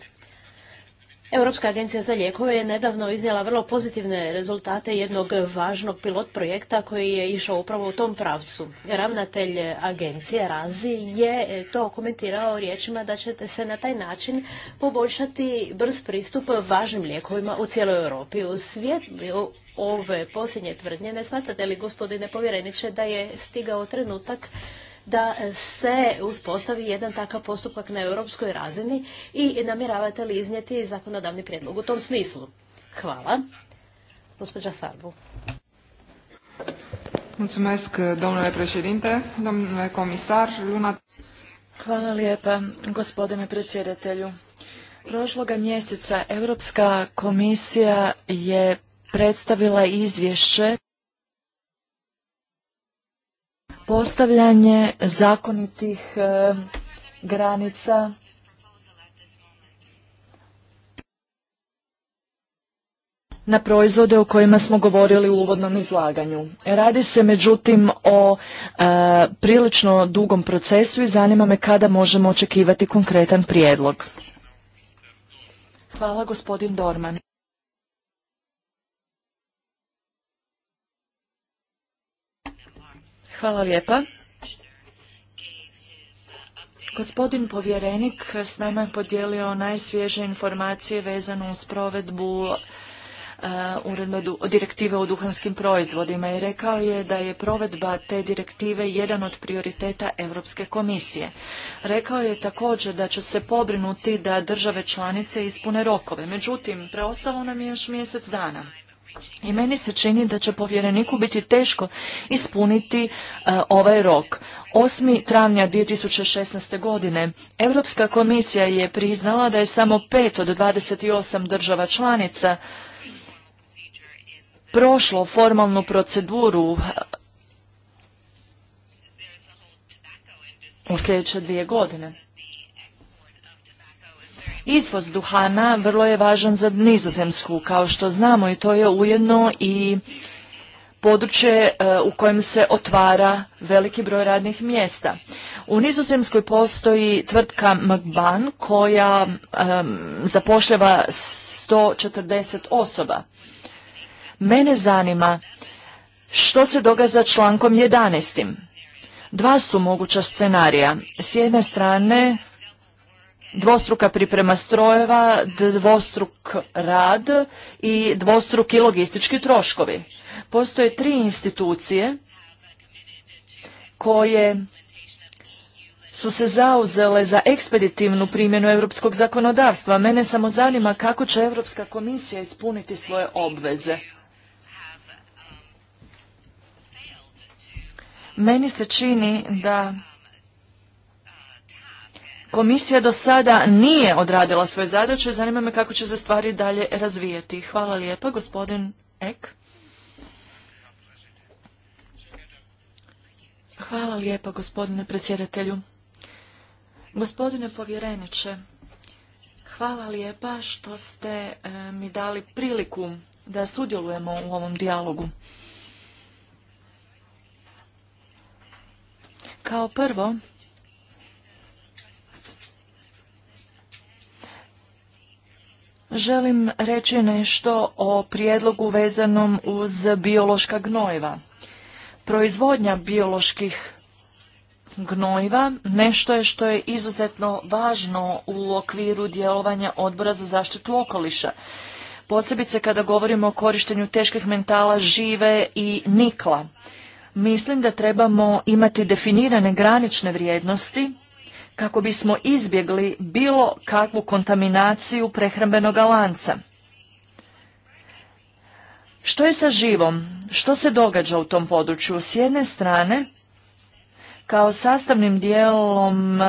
Speaker 3: Europska agencija za lijekove je nedavno iznijela vrlo pozitivne rezultate jednog važnog pilot projekta koji je išao upravo u tom pravcu. Ravnatelj agencije Razi je to komentirao riječima da ćete se na taj način poboljšati brz pristup važnim lijekovima u cijeloj Europi. U svijetu ove posljednje tvrdnje ne smatrate li gospodine povjereniče da je stigao trenutak da se uspostavi jedan takav postupak na europskoj razini i namjeravate li iznijeti zakonodavni prijedlog u tom smislu? Hvala. Gospođa Sarbu.
Speaker 1: Hvala lijepa, gospodine predsjedatelju. Prošloga mjeseca Europska komisija je predstavila izvješće postavljanje zakonitih e, granica na proizvode o kojima smo govorili u uvodnom izlaganju. Radi se međutim o e, prilično dugom procesu i zanima me kada možemo očekivati konkretan prijedlog. Hvala gospodin Dorman. Hvala lijepa. Gospodin povjerenik s nama je podijelio najsvježe informacije vezano uz provedbu e, direktive o duhanskim proizvodima i rekao je da je provedba te direktive jedan od prioriteta Europske komisije. Rekao je također da će se pobrinuti da države članice ispune rokove. Međutim, preostalo nam je još mjesec dana. I meni se čini da će povjereniku biti teško ispuniti e, ovaj rok. 8. travnja 2016. godine Europska komisija je priznala da je samo 5 od 28 država članica prošlo formalnu proceduru e, u sljedeće dvije godine. Izvoz duhana vrlo je važan za nizozemsku, kao što znamo i to je ujedno i područje e, u kojem se otvara veliki broj radnih mjesta. U Nizozemskoj postoji tvrtka McBan koja zapošljava 140 osoba. Mene zanima što se događa člankom 11. Dva su moguća scenarija. S jedne strane dvostruka priprema strojeva, dvostruk rad i dvostruki logistički troškovi. Postoje tri institucije koje su se zauzele za ekspeditivnu primjenu europskog zakonodavstva. Mene samo zanima kako će Europska komisija ispuniti svoje obveze. Meni se čini da komisija do sada nije odradila svoje zadaće. Zanima me kako će se stvari dalje razvijeti. Hvala lijepa, gospodin Ek. Hvala lijepa, gospodine predsjedatelju. Gospodine povjereniče, hvala lijepa što ste e, mi dali priliku da sudjelujemo u ovom dijalogu. Kao prvo, Želim reći nešto o prijedlogu vezanom uz biološka gnojiva. Proizvodnja bioloških gnojiva nešto je što je izuzetno važno u okviru djelovanja odbora za zaštitu okoliša. Posebice kada govorimo o korištenju teških mentala žive i nikla. Mislim da trebamo imati definirane granične vrijednosti kako bismo izbjegli bilo kakvu kontaminaciju prehrambenog lanca. Što je sa živom? Što se događa u tom području? S jedne strane, kao sastavnim dijelom e,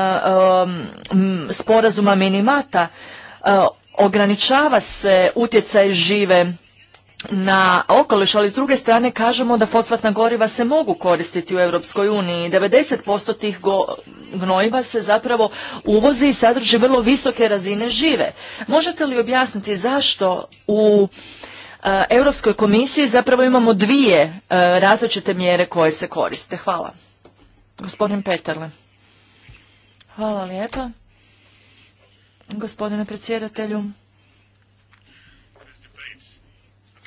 Speaker 1: um, sporazuma minimata, e, ograničava se utjecaj žive na okoliš, ali s druge strane kažemo da fosfatna goriva se mogu koristiti u Europskoj uniji. 90% tih gnojiva se zapravo uvozi i sadrži vrlo visoke razine žive. Možete li objasniti zašto u e, Europskoj komisiji zapravo imamo dvije e, različite mjere koje se koriste? Hvala. Gospodin Peterle. Hvala lijepa. Gospodine predsjedatelju.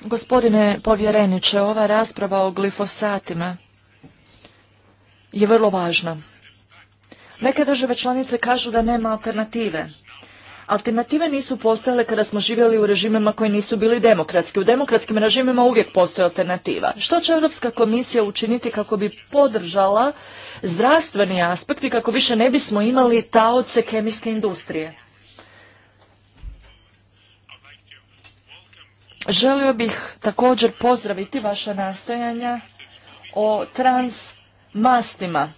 Speaker 1: Gospodine povjereniče, ova rasprava o glifosatima je vrlo važna. Neke države članice kažu da nema alternative. Alternative nisu postojale kada smo živjeli u režimima koji nisu bili demokratski. U demokratskim režimima uvijek postoje alternativa. Što će Europska komisija učiniti kako bi podržala zdravstveni aspekt i kako više ne bismo imali taoce kemijske industrije? Želio bih također pozdraviti vaša nastojanja o transmastima.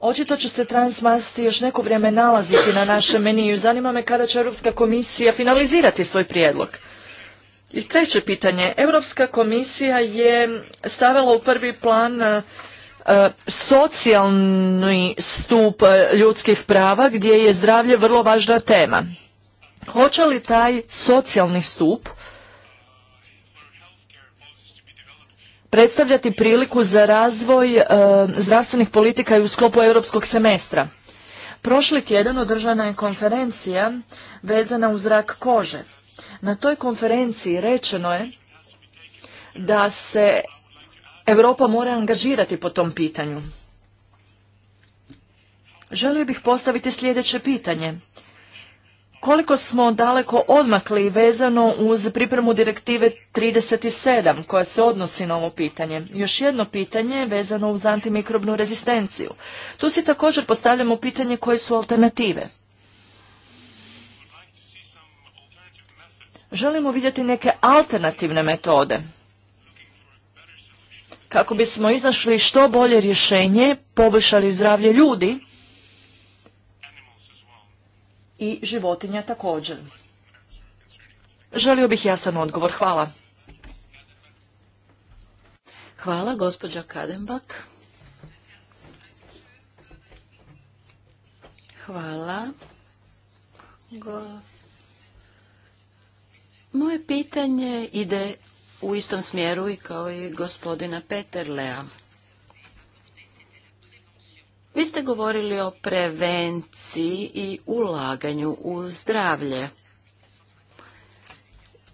Speaker 1: Očito će se transmasti još neko vrijeme nalaziti na našem meniju. Zanima me kada će Europska komisija finalizirati svoj prijedlog. I treće pitanje. Europska komisija je stavila u prvi plan e, socijalni stup ljudskih prava gdje je zdravlje vrlo važna tema. Hoće li taj socijalni stup predstavljati priliku za razvoj e, zdravstvenih politika i u sklopu europskog semestra? Prošli tjedan održana je konferencija vezana uz rak kože. Na toj konferenciji rečeno je da se Europa mora angažirati po tom pitanju. Želio bih postaviti sljedeće pitanje koliko smo daleko odmakli vezano uz pripremu direktive 37 koja se odnosi na ovo pitanje. Još jedno pitanje vezano uz antimikrobnu rezistenciju. Tu si također postavljamo pitanje koje su alternative. Želimo vidjeti neke alternativne metode kako bismo iznašli što bolje rješenje, poboljšali zdravlje ljudi i životinja također. Želio bih jasan odgovor. Hvala. Hvala, gospođa Kadenbak.
Speaker 2: Hvala. Moje pitanje ide u istom smjeru i kao i gospodina Peterlea. Vi ste govorili o prevenciji i ulaganju u zdravlje.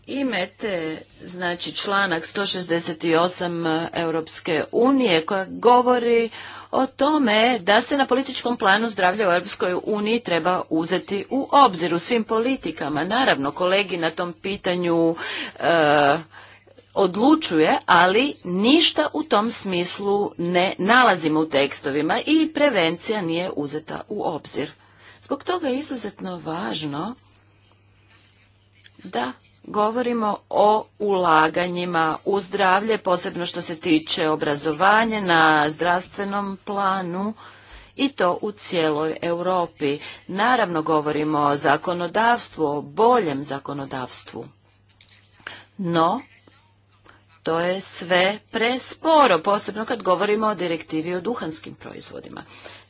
Speaker 2: Imate znači članak 168 Europske unije koja govori o tome da se na političkom planu zdravlja u Europskoj uniji treba uzeti u obzir u svim politikama. Naravno, kolegi na tom pitanju e, odlučuje, ali ništa u tom smislu ne nalazimo u tekstovima i prevencija nije uzeta u obzir. Zbog toga je izuzetno važno da govorimo o ulaganjima u zdravlje, posebno što se tiče obrazovanja na zdravstvenom planu i to u cijeloj Europi. Naravno govorimo o zakonodavstvu, o boljem zakonodavstvu. No, to je sve presporo, posebno kad govorimo o direktivi o duhanskim proizvodima.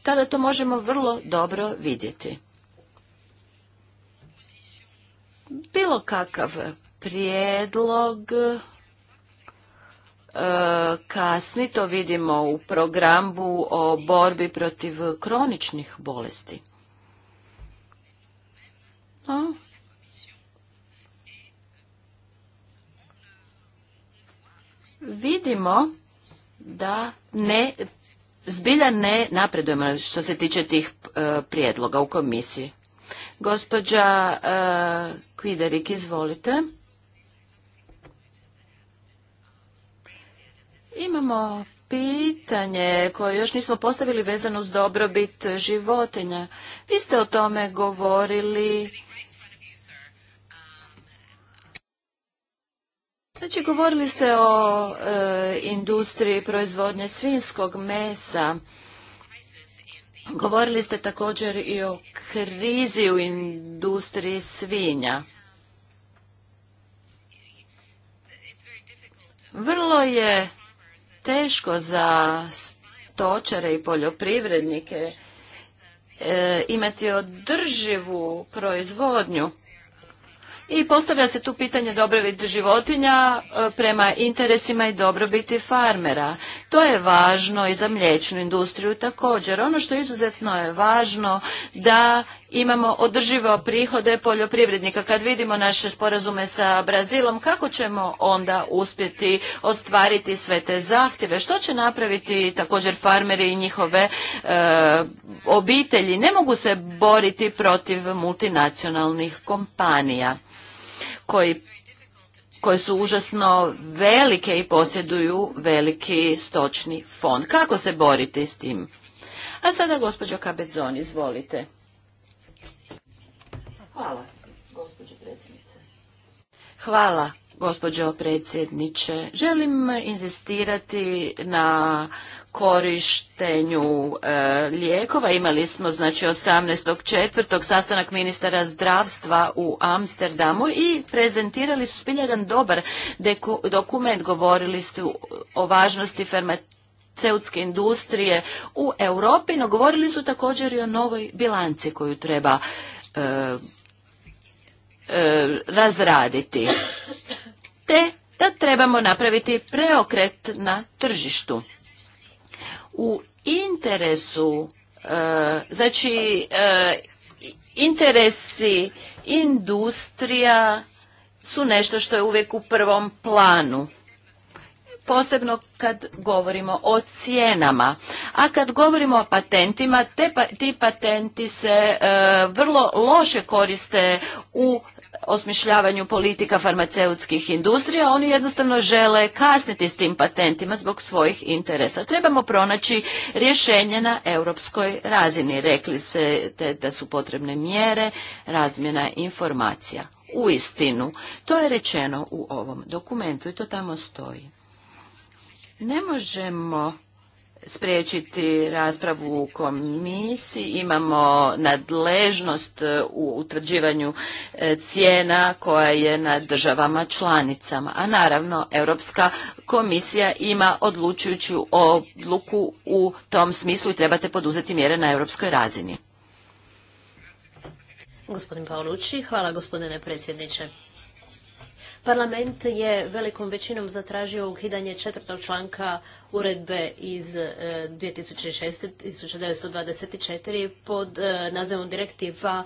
Speaker 2: Tada to možemo vrlo dobro vidjeti. Bilo kakav prijedlog e, kasni, to vidimo u programu o borbi protiv kroničnih bolesti. No, vidimo da ne zbilja ne napredujemo što se tiče tih e, prijedloga u komisiji. Gospođa e, Kviderik, izvolite. Imamo pitanje koje još nismo postavili vezano uz dobrobit životinja. Vi ste o tome govorili Znači, govorili ste o e, industriji proizvodnje svinskog mesa. Govorili ste također i o krizi u industriji svinja. Vrlo je teško za stočare i poljoprivrednike e, imati održivu proizvodnju i postavlja se tu pitanje dobrobit životinja e, prema interesima i dobrobiti farmera. To je važno i za mliječnu industriju također. Ono što izuzetno je važno da imamo održivo prihode poljoprivrednika. Kad vidimo naše sporazume sa Brazilom, kako ćemo onda uspjeti ostvariti sve te zahtjeve? Što će napraviti također farmeri i njihove e, obitelji? Ne mogu se boriti protiv multinacionalnih kompanija koji koje su užasno velike i posjeduju veliki stočni fond. Kako se borite s tim? A sada gospođo Kabezon, izvolite. Hvala, gospođo predsjednice. Hvala, gospođo predsjedniče. Želim inzistirati na korištenju e, lijekova. Imali smo znači 18.4. sastanak ministara zdravstva u Amsterdamu i prezentirali su jedan dobar dokument. Govorili su o važnosti farmaceutske industrije u Europi, no govorili su također i o novoj bilanci koju treba e, e, razraditi. Te da trebamo napraviti preokret na tržištu u interesu, e, znači e, interesi industrija su nešto što je uvijek u prvom planu posebno kad govorimo o cijenama. A kad govorimo o patentima, te pa, ti patenti se e, vrlo loše koriste u osmišljavanju politika farmaceutskih industrija, oni jednostavno žele kasniti s tim patentima zbog svojih interesa. Trebamo pronaći rješenje na europskoj razini. Rekli se da su potrebne mjere, razmjena informacija. U istinu, to je rečeno u ovom dokumentu i to tamo stoji. Ne možemo spriječiti raspravu u komisiji. Imamo nadležnost e, u utvrđivanju e, cijena koja je na državama članicama. A naravno, Europska komisija ima odlučujuću odluku u tom smislu i trebate poduzeti mjere na europskoj razini.
Speaker 3: Gospodin Paolucci, hvala gospodine predsjedniče. Parlament je velikom većinom zatražio ukidanje četvrtog članka uredbe iz 1924 e, pod e, nazivom direktiva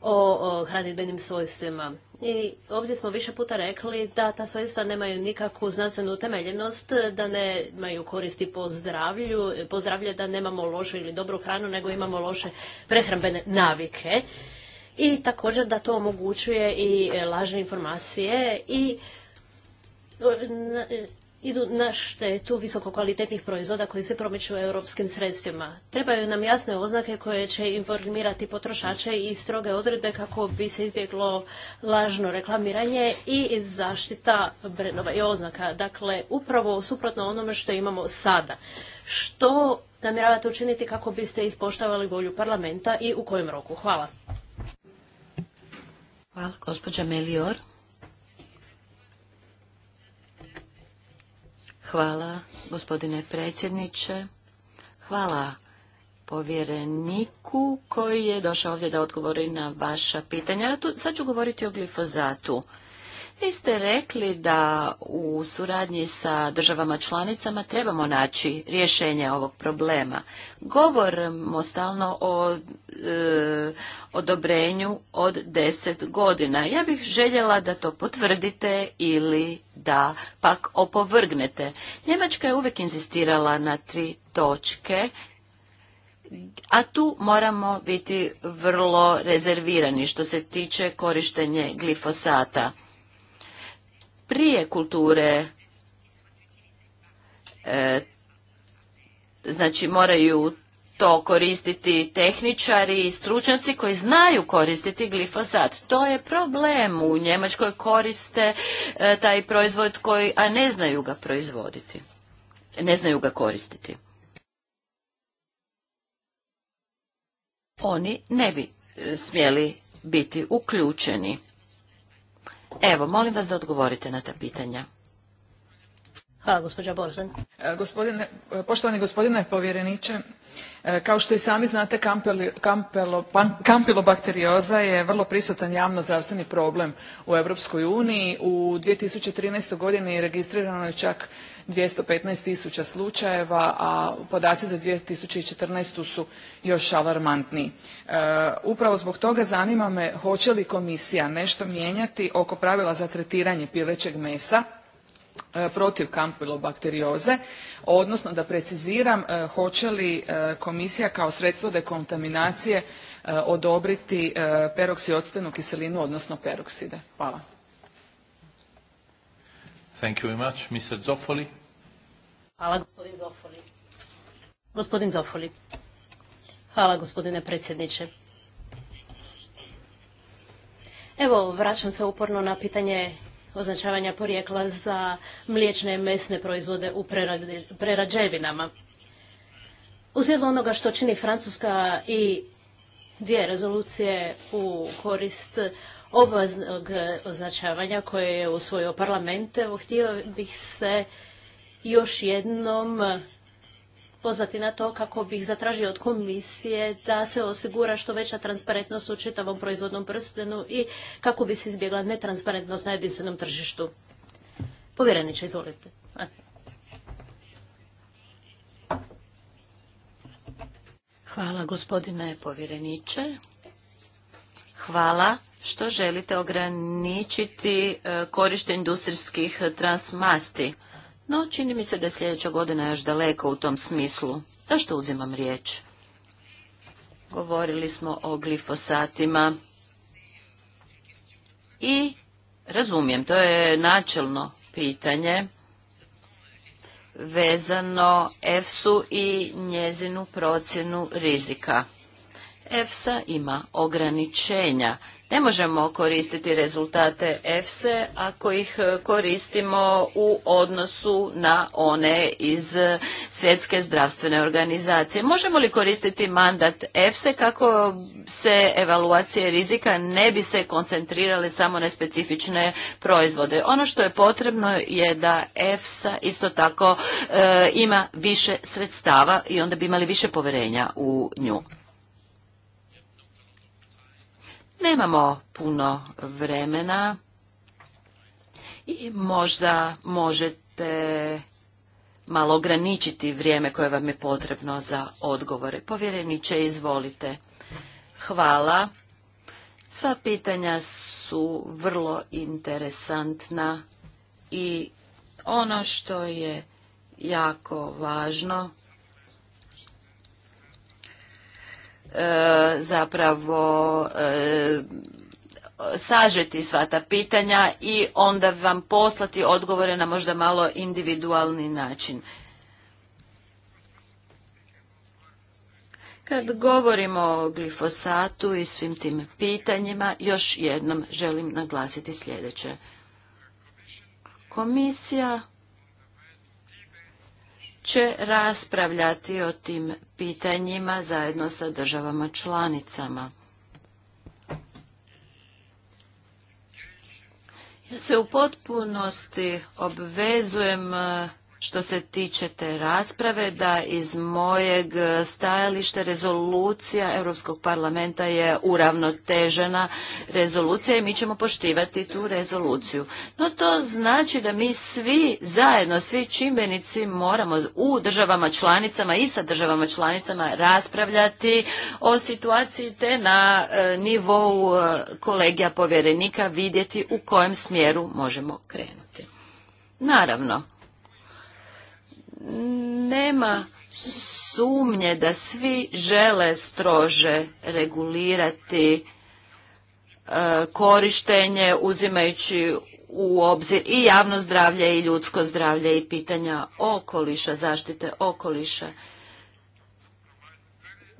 Speaker 3: o hranidbenim svojstvima. I ovdje smo više puta rekli da ta svojstva nemaju nikakvu znanstvenu utemeljenost, da ne imaju koristi po zdravlju, zdravlje da nemamo lošu ili dobru hranu, nego imamo loše prehrambene navike i također da to omogućuje i e, lažne informacije i e, e, idu na štetu visokokvalitetnih proizvoda koji se promiču europskim sredstvima. Trebaju nam jasne oznake koje će informirati potrošače i stroge odredbe kako bi se izbjeglo lažno reklamiranje i zaštita brendova i oznaka. Dakle, upravo suprotno onome što imamo sada. Što namjeravate učiniti kako biste ispoštavali volju parlamenta i u kojem roku? Hvala. Hvala, gospođa
Speaker 2: Melior. Hvala, gospodine predsjedniče. Hvala povjereniku koji je došao ovdje da odgovori na vaša pitanja. Sad ću govoriti o glifozatu. Vi ste rekli da u suradnji sa državama članicama trebamo naći rješenje ovog problema. Govorimo stalno o e, odobrenju od 10 godina. Ja bih željela da to potvrdite ili da pak opovrgnete. Njemačka je uvijek inzistirala na tri točke a tu moramo biti vrlo rezervirani što se tiče korištenje glifosata prije kulture e, znači moraju to koristiti tehničari i stručnjaci koji znaju koristiti glifosat. To je problem. U Njemačkoj koriste e, taj proizvod koji, a ne znaju ga proizvoditi. Ne znaju ga koristiti. Oni ne bi smjeli biti uključeni. Evo, molim vas da odgovorite na ta pitanja.
Speaker 3: Hvala, gospođa
Speaker 1: Borzan. E, poštovani gospodine povjereniče, e, kao što i sami znate, kampilobakterioza je vrlo prisutan javnozdravstveni problem u Europskoj uniji. U 2013. godini registrirano je čak 215 tisuća slučajeva, a podaci za 2014. su još alarmantniji. E, upravo zbog toga zanima me hoće li komisija nešto mijenjati oko pravila za tretiranje pilećeg mesa e, protiv kampilobakterioze, odnosno da preciziram e, hoće li komisija kao sredstvo dekontaminacije odobriti peroksiocitenu kiselinu, odnosno perokside. Hvala. Thank you very much. Mr. Zofoli.
Speaker 3: Hvala, gospodin Zofoli. Gospodin Zofoli. Hvala gospodine predsjedniče. Evo, vraćam se uporno na pitanje označavanja porijekla za mliječne i mesne proizvode u prerađevinama. U svjetlu onoga što čini Francuska i dvije rezolucije u korist obveznog označavanja koje je usvojio parlament, htio bih se još jednom pozvati na to kako bih zatražio od komisije da se osigura što veća transparentnost u čitavom proizvodnom prstenu i kako bi se izbjegla netransparentnost na jedinstvenom tržištu. Povjereniče, izvolite. Hvala
Speaker 2: gospodine povjereniče. Hvala što želite ograničiti e, korištenje industrijskih transmasti. No, čini mi se da je sljedeća godina još daleko u tom smislu. Zašto uzimam riječ? Govorili smo o glifosatima i razumijem, to je načelno pitanje vezano EFSU i njezinu procjenu rizika. EFSA ima ograničenja ne možemo koristiti rezultate EFSE ako ih e, koristimo u odnosu na one iz svjetske zdravstvene organizacije. Možemo li koristiti mandat EFSE kako se evaluacije rizika ne bi se koncentrirale samo na specifične proizvode? Ono što je potrebno je da EFSA isto tako e, ima više sredstava i onda bi imali više poverenja u nju. Nemamo puno vremena i možda možete malo ograničiti vrijeme koje vam je potrebno za odgovore. Povjereniče, izvolite. Hvala. Sva pitanja su vrlo interesantna i ono što je jako važno E, zapravo e, sažeti sva ta pitanja i onda vam poslati odgovore na možda malo individualni način. Kad govorimo o glifosatu i svim tim pitanjima, još jednom želim naglasiti sljedeće. Komisija će raspravljati o tim pitanjima zajedno sa državama članicama. Ja se u potpunosti obvezujem što se tiče te rasprave da iz mojeg e, stajališta rezolucija Europskog parlamenta je uravnotežena rezolucija i mi ćemo poštivati tu rezoluciju. No to znači da mi svi zajedno, svi čimbenici moramo u državama članicama i sa državama članicama raspravljati o situaciji te na e, nivou e, kolegija povjerenika vidjeti u kojem smjeru možemo krenuti. Naravno, nema sumnje da svi žele strože regulirati e, korištenje uzimajući u obzir i javno zdravlje i ljudsko zdravlje i pitanja okoliša, zaštite okoliša.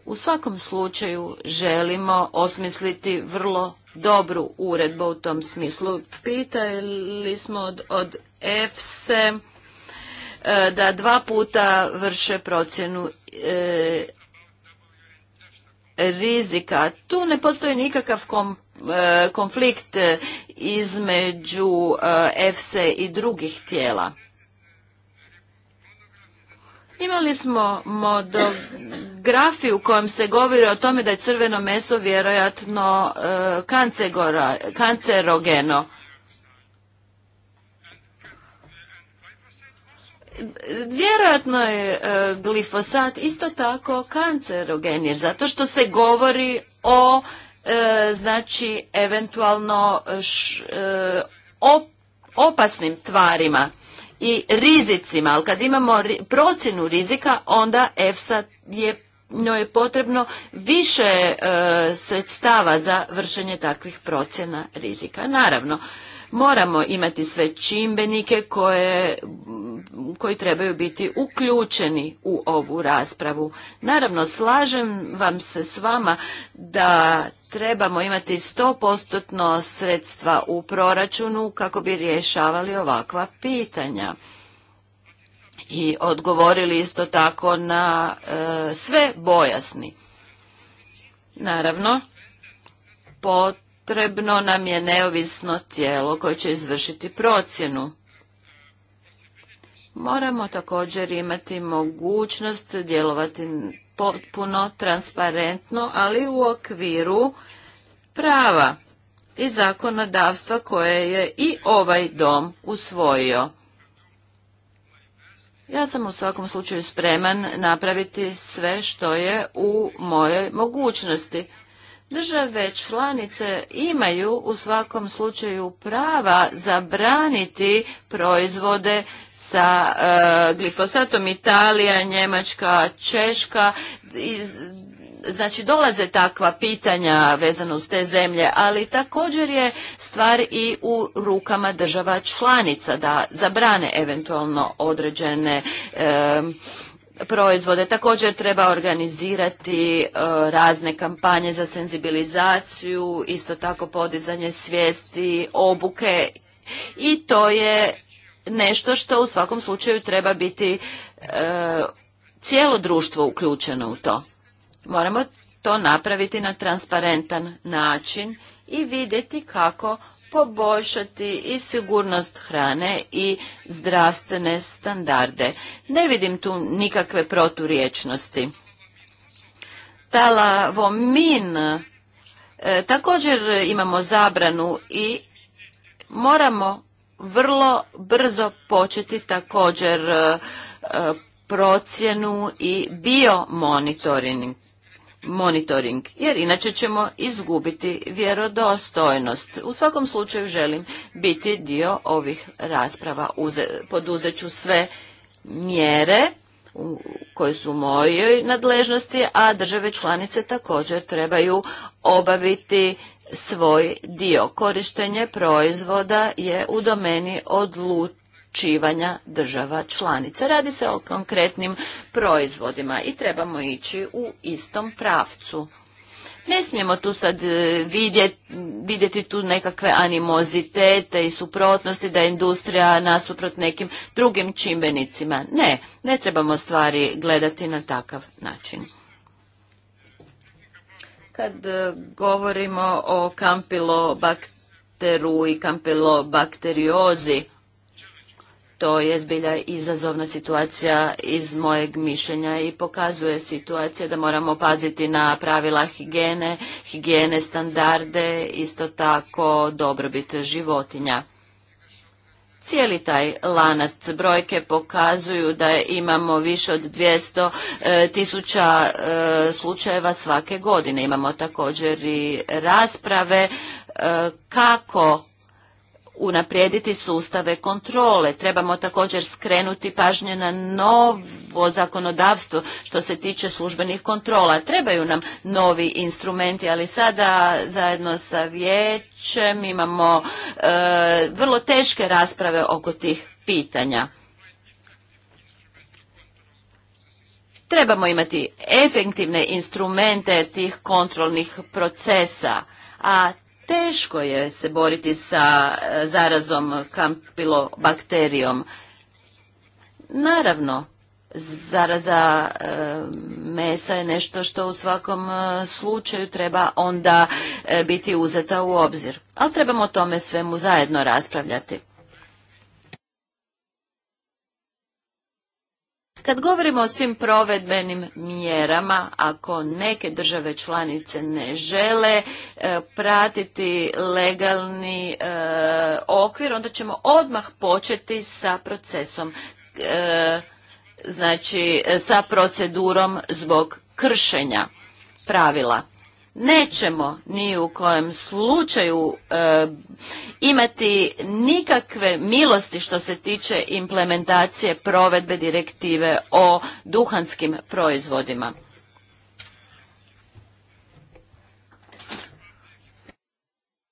Speaker 2: U svakom slučaju želimo osmisliti vrlo dobru uredbu u tom smislu. Pitali smo od, od EFSE E, da dva puta vrše procjenu e, rizika. Tu ne postoji nikakav e, konflikt između EFSE i drugih tijela. Imali smo modografiju u kojem se govori o tome da je crveno meso vjerojatno kancerogeno. Vjerojatno je e, glifosat isto tako kancerogen, jer zato što se govori o e, znači eventualno e, opasnim tvarima i rizicima, ali kad imamo procjenu rizika, onda EFSA je njoj je potrebno više sredstava za vršenje takvih procjena rizika. Naravno, moramo imati sve čimbenike koje, koji trebaju biti uključeni u ovu raspravu. Naravno, slažem vam se s vama da trebamo imati 100% sredstva u proračunu kako bi rješavali ovakva pitanja i odgovorili isto tako na e, sve bojasni. Naravno, po Trebno nam je neovisno tijelo koje će izvršiti procjenu. Moramo također imati mogućnost djelovati potpuno transparentno, ali u okviru prava i zakonodavstva koje je i ovaj dom usvojio. Ja sam u svakom slučaju spreman napraviti sve što je u mojoj mogućnosti. Države članice imaju u svakom slučaju prava zabraniti proizvode sa e, glifosatom Italija, Njemačka, Češka iz Znači dolaze takva pitanja vezano uz te zemlje, ali također je stvar i u rukama država članica da zabrane eventualno određene e, proizvode. Također treba organizirati e, razne kampanje za senzibilizaciju, isto tako podizanje svijesti, obuke i to je nešto što u svakom slučaju treba biti e, cijelo društvo uključeno u to. Moramo to napraviti na transparentan način i vidjeti kako poboljšati i sigurnost hrane i zdravstvene standarde. Ne vidim tu nikakve proturiječnosti. Talavomin e, također imamo zabranu i moramo vrlo brzo početi također e, procjenu i biomonitoring monitoring, jer inače ćemo izgubiti vjerodostojnost. U svakom slučaju želim biti dio ovih rasprava. poduzet ću sve mjere koje su u mojoj nadležnosti, a države članice također trebaju obaviti svoj dio. Korištenje proizvoda je u domeni odlučenja odlučivanja država članica. Radi se o konkretnim proizvodima i trebamo ići u istom pravcu. Ne smijemo tu sad e, vidjeti, vidjeti tu nekakve animozitete i suprotnosti da je industrija nasuprot nekim drugim čimbenicima. Ne, ne trebamo stvari gledati na takav način. Kad e, govorimo o kampilobakteru i kampilobakteriozi, to je zbilja izazovna situacija iz mojeg mišljenja i pokazuje situacija da moramo paziti na pravila higijene, higijene standarde, isto tako dobrobit životinja. Cijeli taj lanac brojke pokazuju da imamo više od 200 e, tisuća e, slučajeva svake godine. Imamo također i rasprave e, kako unaprijediti sustave kontrole. Trebamo također skrenuti pažnje na novo zakonodavstvo što se tiče službenih kontrola. Trebaju nam novi instrumenti, ali sada zajedno sa vijećem imamo e, vrlo teške rasprave oko tih pitanja. Trebamo imati efektivne instrumente tih kontrolnih procesa, a teško je se boriti sa e, zarazom kampilobakterijom. Naravno, zaraza e, mesa je nešto što u svakom e, slučaju treba onda biti uzeta u obzir. Ali trebamo o tome svemu zajedno raspravljati. Kad govorimo o svim provedbenim mjerama, ako neke države članice ne žele e, pratiti legalni e, okvir, onda ćemo odmah početi sa procesom, e, znači sa procedurom zbog kršenja pravila nećemo ni u kojem slučaju e, imati nikakve milosti što se tiče implementacije provedbe direktive o duhanskim proizvodima.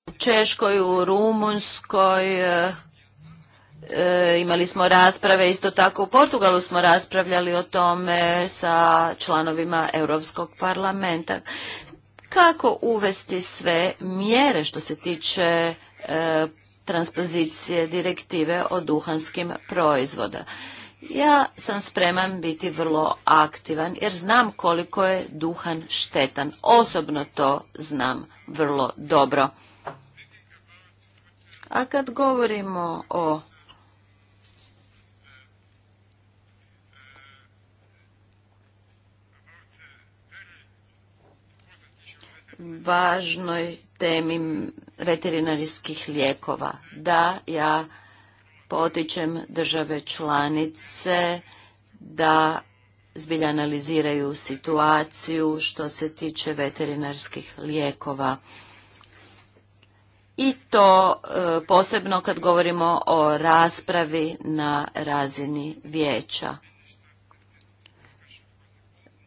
Speaker 2: U Češkoj, u Rumunskoj e, e, imali smo rasprave, isto tako u Portugalu smo raspravljali o tome sa članovima Europskog parlamenta kako uvesti sve mjere što se tiče e, transpozicije direktive o duhanskim proizvoda. Ja sam spreman biti vrlo aktivan jer znam koliko je duhan štetan. Osobno to znam vrlo dobro. A kad govorimo o važnoj temi veterinarskih lijekova. Da, ja potičem države članice da zbilja analiziraju situaciju što se tiče veterinarskih lijekova. I to e, posebno kad govorimo o raspravi na razini vijeća.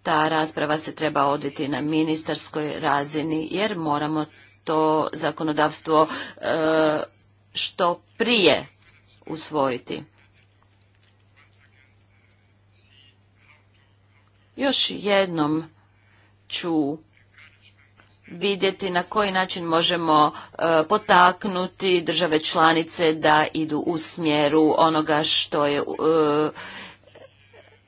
Speaker 2: Ta rasprava se treba odviti na ministarskoj razini jer moramo to zakonodavstvo e, što prije usvojiti. Još jednom ću vidjeti na koji način možemo e, potaknuti države članice da idu u smjeru onoga što je e,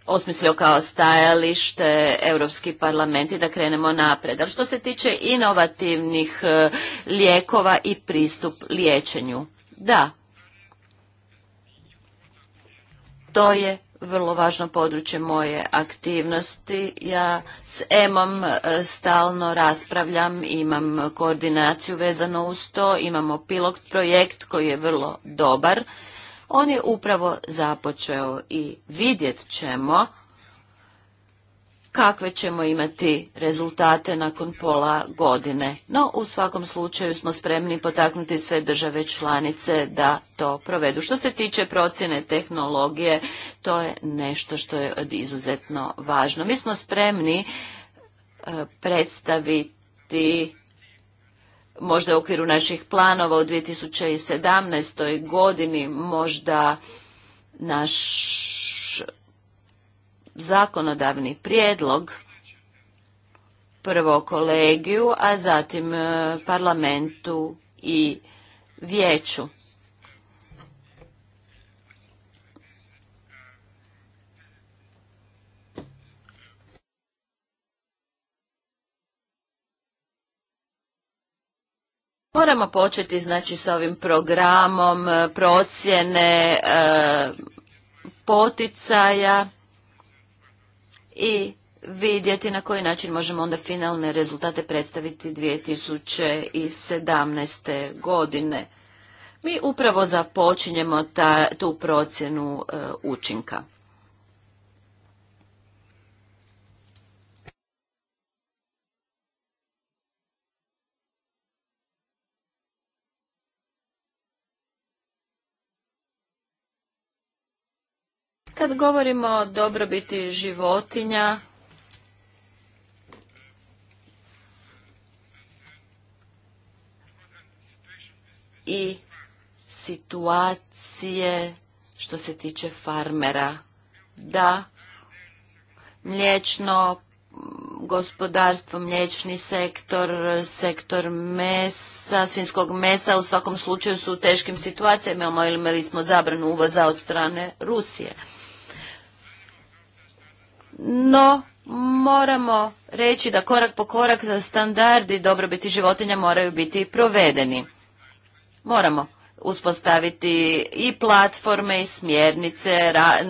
Speaker 2: osmislio kao stajalište Europski parlament i da krenemo napred. Ali što se tiče inovativnih e, lijekova i pristup liječenju, da, to je vrlo važno područje moje aktivnosti. Ja s EMOM e, stalno raspravljam, imam koordinaciju vezano uz to, imamo pilot projekt koji je vrlo dobar on je upravo započeo i vidjet ćemo kakve ćemo imati rezultate nakon pola godine. No, u svakom slučaju smo spremni potaknuti sve države članice da to provedu. Što se tiče procjene tehnologije, to je nešto što je izuzetno važno. Mi smo spremni e, predstaviti možda u okviru naših planova u 2017. godini možda naš zakonodavni prijedlog prvo kolegiju, a zatim eh, parlamentu i vijeću. Moramo početi znači sa ovim programom e, procjene e, poticaja i vidjeti na koji način možemo onda finalne rezultate predstaviti 2017. godine. Mi upravo započinjemo ta, tu procjenu e, učinka. Kad govorimo o dobrobiti životinja, i situacije što se tiče farmera. Da, mliječno gospodarstvo, mliječni sektor, sektor mesa, svinskog mesa u svakom slučaju su u teškim situacijama. imali smo zabranu uvoza od strane Rusije no moramo reći da korak po korak standardi dobrobiti životinja moraju biti provedeni. Moramo uspostaviti i platforme i smjernice,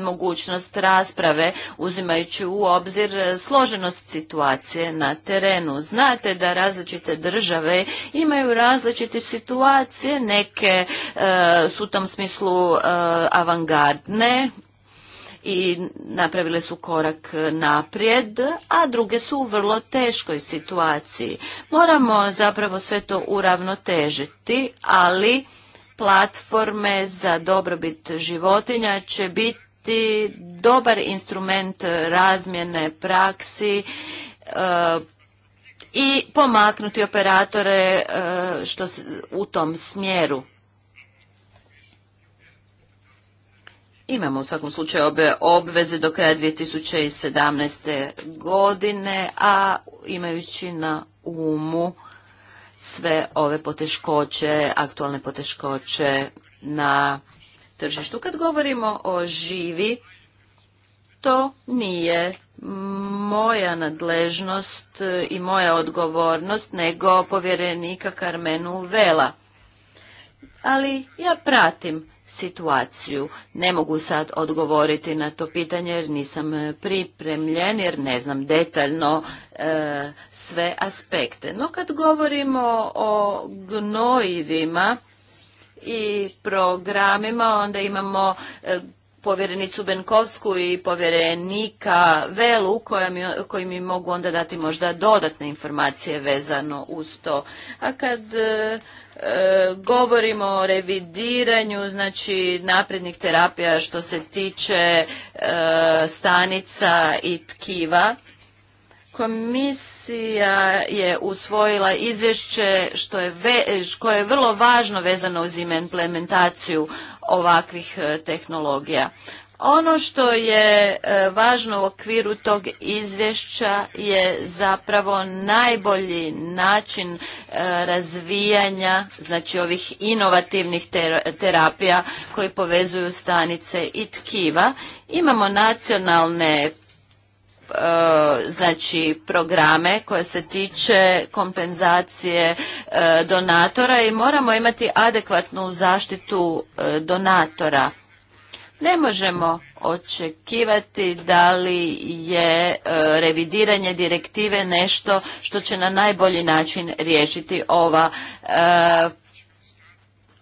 Speaker 2: mogućnost rasprave, uzimajući u obzir složenost situacije na terenu. Znate da različite države imaju različite situacije, neke e, su u tom smislu e, avangardne, i napravile su korak naprijed, a druge su u vrlo teškoj situaciji. Moramo zapravo sve to uravnotežiti, ali platforme za dobrobit životinja će biti dobar instrument razmjene praksi, e, i pomaknuti operatore e, što u tom smjeru. Imamo u svakom slučaju obe obveze do kraja 2017. godine, a imajući na umu sve ove poteškoće, aktualne poteškoće na tržištu. Kad govorimo o živi, to nije moja nadležnost i moja odgovornost, nego povjerenika Karmenu Vela. Ali ja pratim situaciju. Ne mogu sad odgovoriti na to pitanje jer nisam pripremljen, jer ne znam detaljno e, sve aspekte. No kad govorimo o gnojivima i programima, onda imamo e, povjerenicu Benkovsku i povjerenika Velu koji mi mogu onda dati možda dodatne informacije vezano uz to. A kad e, e, govorimo o revidiranju znači naprednih terapija što se tiče e, stanica i tkiva, Komisija je usvojila izvješće što je, je vrlo važno vezano uz implementaciju ovakvih e, tehnologija. Ono što je e, važno u okviru tog izvješća je zapravo najbolji način e, razvijanja znači ovih inovativnih terapija koji povezuju stanice i tkiva. Imamo nacionalne Eh, znači programe koje se tiče kompenzacije eh, donatora i moramo imati adekvatnu zaštitu eh, donatora. Ne možemo očekivati da li je revidiranje direktive nešto što će na najbolji način riješiti ova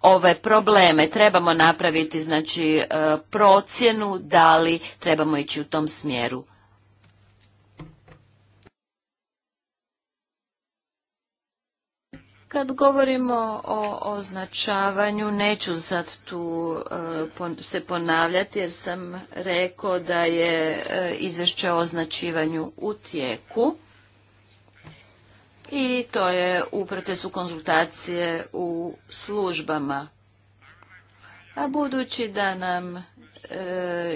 Speaker 2: ove probleme. Trebamo napraviti znači procjenu da li trebamo ići u tom smjeru Kad govorimo o označavanju, neću sad tu e, se ponavljati jer sam rekao da je e, izvješće o označivanju u tijeku i to je u procesu konzultacije u službama. A budući da nam e,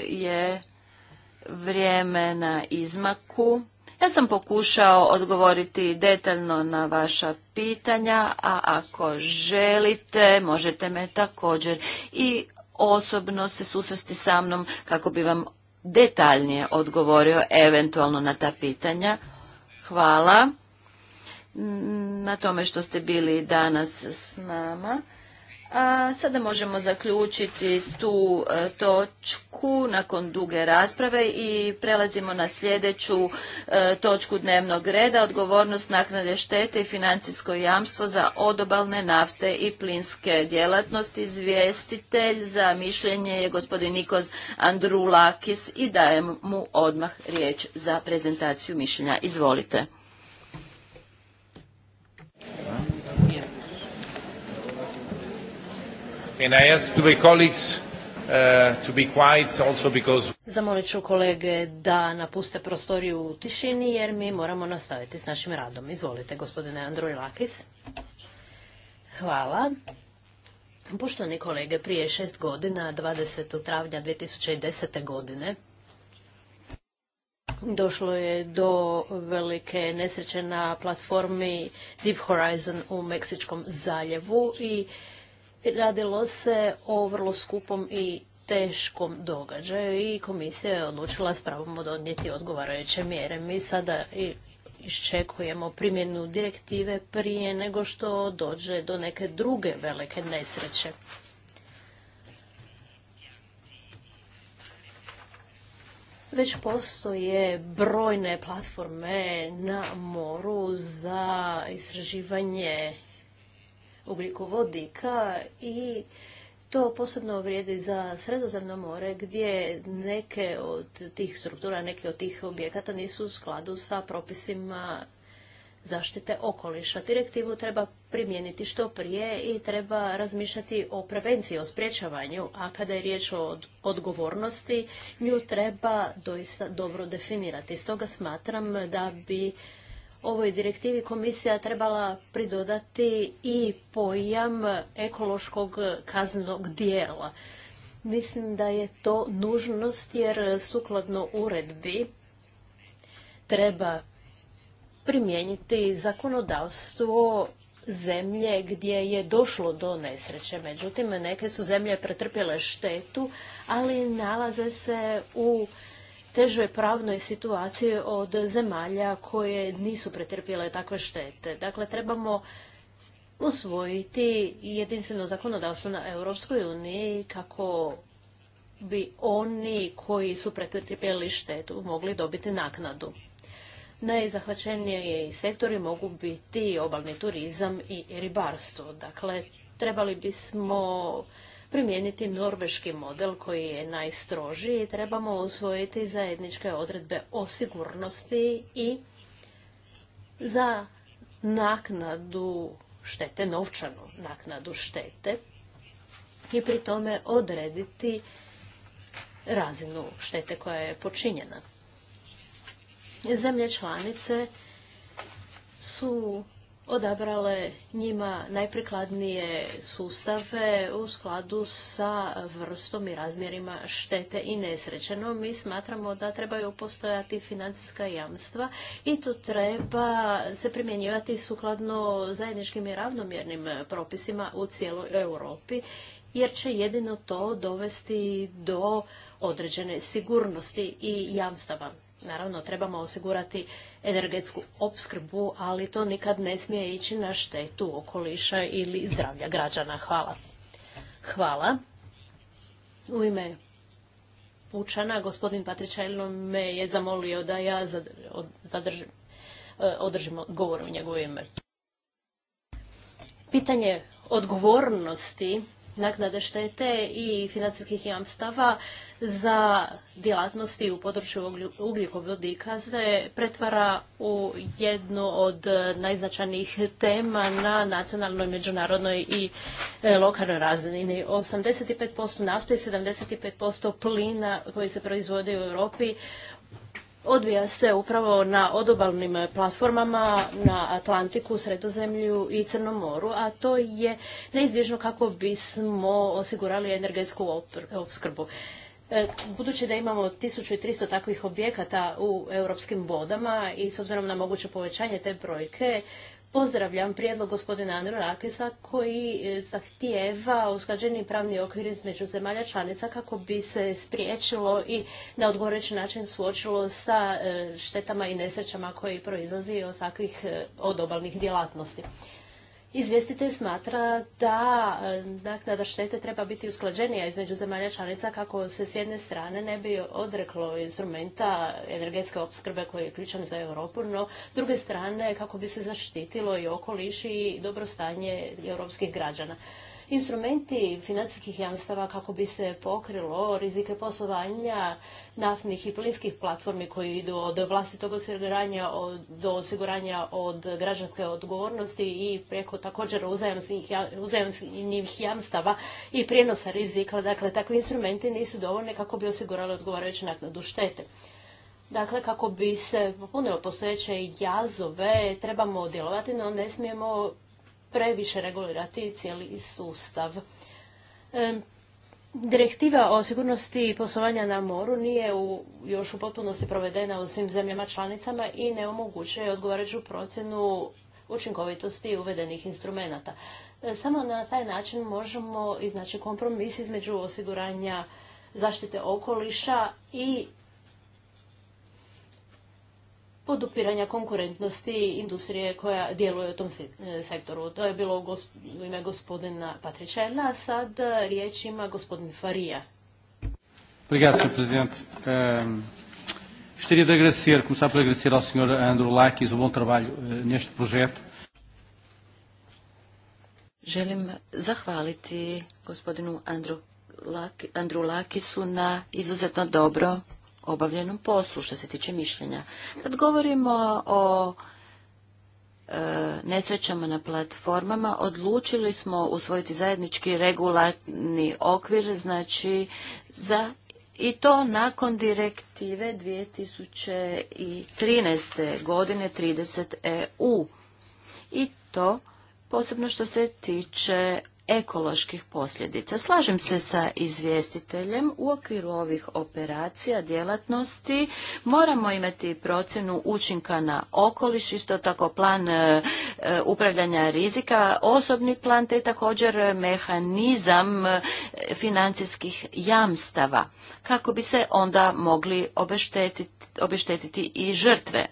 Speaker 2: je vrijeme na izmaku, ja sam pokušao odgovoriti detaljno na vaša pitanja, a ako želite, možete me također i osobno se susresti sa mnom kako bi vam detaljnije odgovorio eventualno na ta pitanja. Hvala na tome što ste bili danas s nama. A sada možemo zaključiti tu e, točku nakon duge rasprave i prelazimo na sljedeću e, točku dnevnog reda, odgovornost naknade štete i financijsko jamstvo za odobalne nafte i plinske djelatnosti. Izvjestitelj za mišljenje je gospodin Nikos Andrulakis i dajem mu odmah riječ za prezentaciju mišljenja. Izvolite. Uh,
Speaker 3: Zamolit ću kolege da napuste prostoriju u tišini jer mi moramo nastaviti s našim radom. Izvolite, gospodine Androj Lakis. Hvala. Poštovani kolege, prije šest godina, 20. travnja 2010. godine, došlo je do velike nesreće na platformi Deep Horizon u Meksičkom zaljevu i Radilo se o vrlo skupom i teškom događaju i komisija je odlučila s pravom odnijeti odgovarajuće mjere. Mi sada iščekujemo primjenu direktive prije nego što dođe do neke druge velike nesreće. Već postoje brojne platforme na moru za istraživanje ugljikovodika i to posebno vrijedi za Sredozemno more gdje neke od tih struktura, neke od tih objekata nisu u skladu sa propisima zaštite okoliša. Direktivu treba primijeniti što prije i treba razmišljati o prevenciji, o spriječavanju, a kada je riječ o odgovornosti, nju treba doista dobro definirati. Stoga smatram da bi ovoj direktivi komisija trebala pridodati i pojam ekološkog kaznenog dijela. Mislim da je to nužnost jer sukladno uredbi treba primijeniti zakonodavstvo zemlje gdje je došlo do nesreće. Međutim, neke su zemlje pretrpjele štetu, ali nalaze se u težoj pravnoj situaciji od zemalja koje nisu pretrpjele takve štete. Dakle, trebamo usvojiti jedinstveno zakonodavstvo na Europskoj uniji kako bi oni koji su pretrpjeli štetu mogli dobiti naknadu. Najzahvaćeniji sektori mogu biti obalni turizam i ribarstvo. Dakle, trebali bismo primijeniti norveški model koji je najstrožiji i trebamo usvojiti zajedničke odredbe o sigurnosti i za naknadu štete, novčanu naknadu štete i pri tome odrediti razinu štete koja je počinjena. Zemlje članice su odabrale njima najprikladnije sustave u skladu sa vrstom i razmjerima štete i nesrećeno. mi smatramo da trebaju postojati financijska jamstva i to treba se primjenjivati sukladno zajedničkim i ravnomjernim propisima u cijeloj Europi, jer će jedino to dovesti do određene sigurnosti i jamstava. Naravno, trebamo osigurati energetsku opskrbu, ali to nikad ne smije ići na štetu okoliša ili zdravlja građana. Hvala. Hvala. U ime Pučana, gospodin Patričajlno me je zamolio da ja e, održim govor u njegovo ime. Pitanje odgovornosti naknade štete i financijskih jamstava za djelatnosti u području ugljikovodika se pretvara u jednu od najznačajnijih tema na nacionalnoj, međunarodnoj i e, lokalnoj razini. 85% nafte i 75% plina koji se proizvode u Europi odvija se upravo na odobalnim platformama na Atlantiku, Sredozemlju i Crnom moru, a to je neizbježno kako bismo osigurali energetsku opskrbu. E, budući da imamo 1300 takvih objekata u europskim vodama i s obzirom na moguće povećanje te brojke, Pozdravljam prijedlog gospodina Rakesa koji e, zahtijeva usklađeni pravni okvir između zemalja članica kako bi se spriječilo i na odgovarajući način suočilo sa e, štetama i nesrećama koje proizlaze od takvih odobalnih djelatnosti. Izvjestitelj smatra da e, naknada štete treba biti usklađenija između zemalja članica kako se s jedne strane ne bi odreklo instrumenta energetske opskrbe koji je ključan za Europu, no s druge strane kako bi se zaštitilo i okoliš i dobrostanje europskih građana instrumenti financijskih jamstava kako bi se pokrilo rizike poslovanja naftnih i plinskih platformi koji idu od vlastitog osiguranja do osiguranja od građanske odgovornosti i preko također uzajamnih jamstava i prijenosa rizika. Dakle, takvi instrumenti nisu dovoljni kako bi osigurali odgovarajuću naknadu štete. Dakle, kako bi se popunilo postojeće jazove, trebamo djelovati, no ne smijemo previše regulirati cijeli sustav. E, direktiva o sigurnosti poslovanja na moru nije u, još u potpunosti provedena u svim zemljama članicama i ne omogućuje odgovarajuću procjenu učinkovitosti uvedenih instrumenata. E, samo na taj način možemo iznaći kompromis između osiguranja zaštite okoliša i podupiranja konkurentnosti industrije koja djeluje u tom e, sektoru. To je bilo u ime gospodina Patričela, sad e, riječ ima gospodin Farija.
Speaker 2: Obrigado, Sr. Presidente. Um, gostaria de agradecer, começar por agradecer ao Sr. Andrew Lakis e o bom trabalho uh, neste projeto. Želim zahvaliti gospodinu Andrew Laki, su Lakisu na izuzetno dobro obavljenom poslu što se tiče mišljenja. Kad govorimo o e, nesrećama na platformama, odlučili smo usvojiti zajednički regulatni okvir, znači za i to nakon direktive 2013. godine 30 EU. I to posebno što se tiče ekoloških posljedica. Slažem se sa izvjestiteljem, u okviru ovih operacija, djelatnosti moramo imati procjenu učinka na okoliš, isto tako plan e, e, upravljanja rizika, osobni plan te također mehanizam e, financijskih jamstava kako bi se onda mogli obeštetiti i žrtve.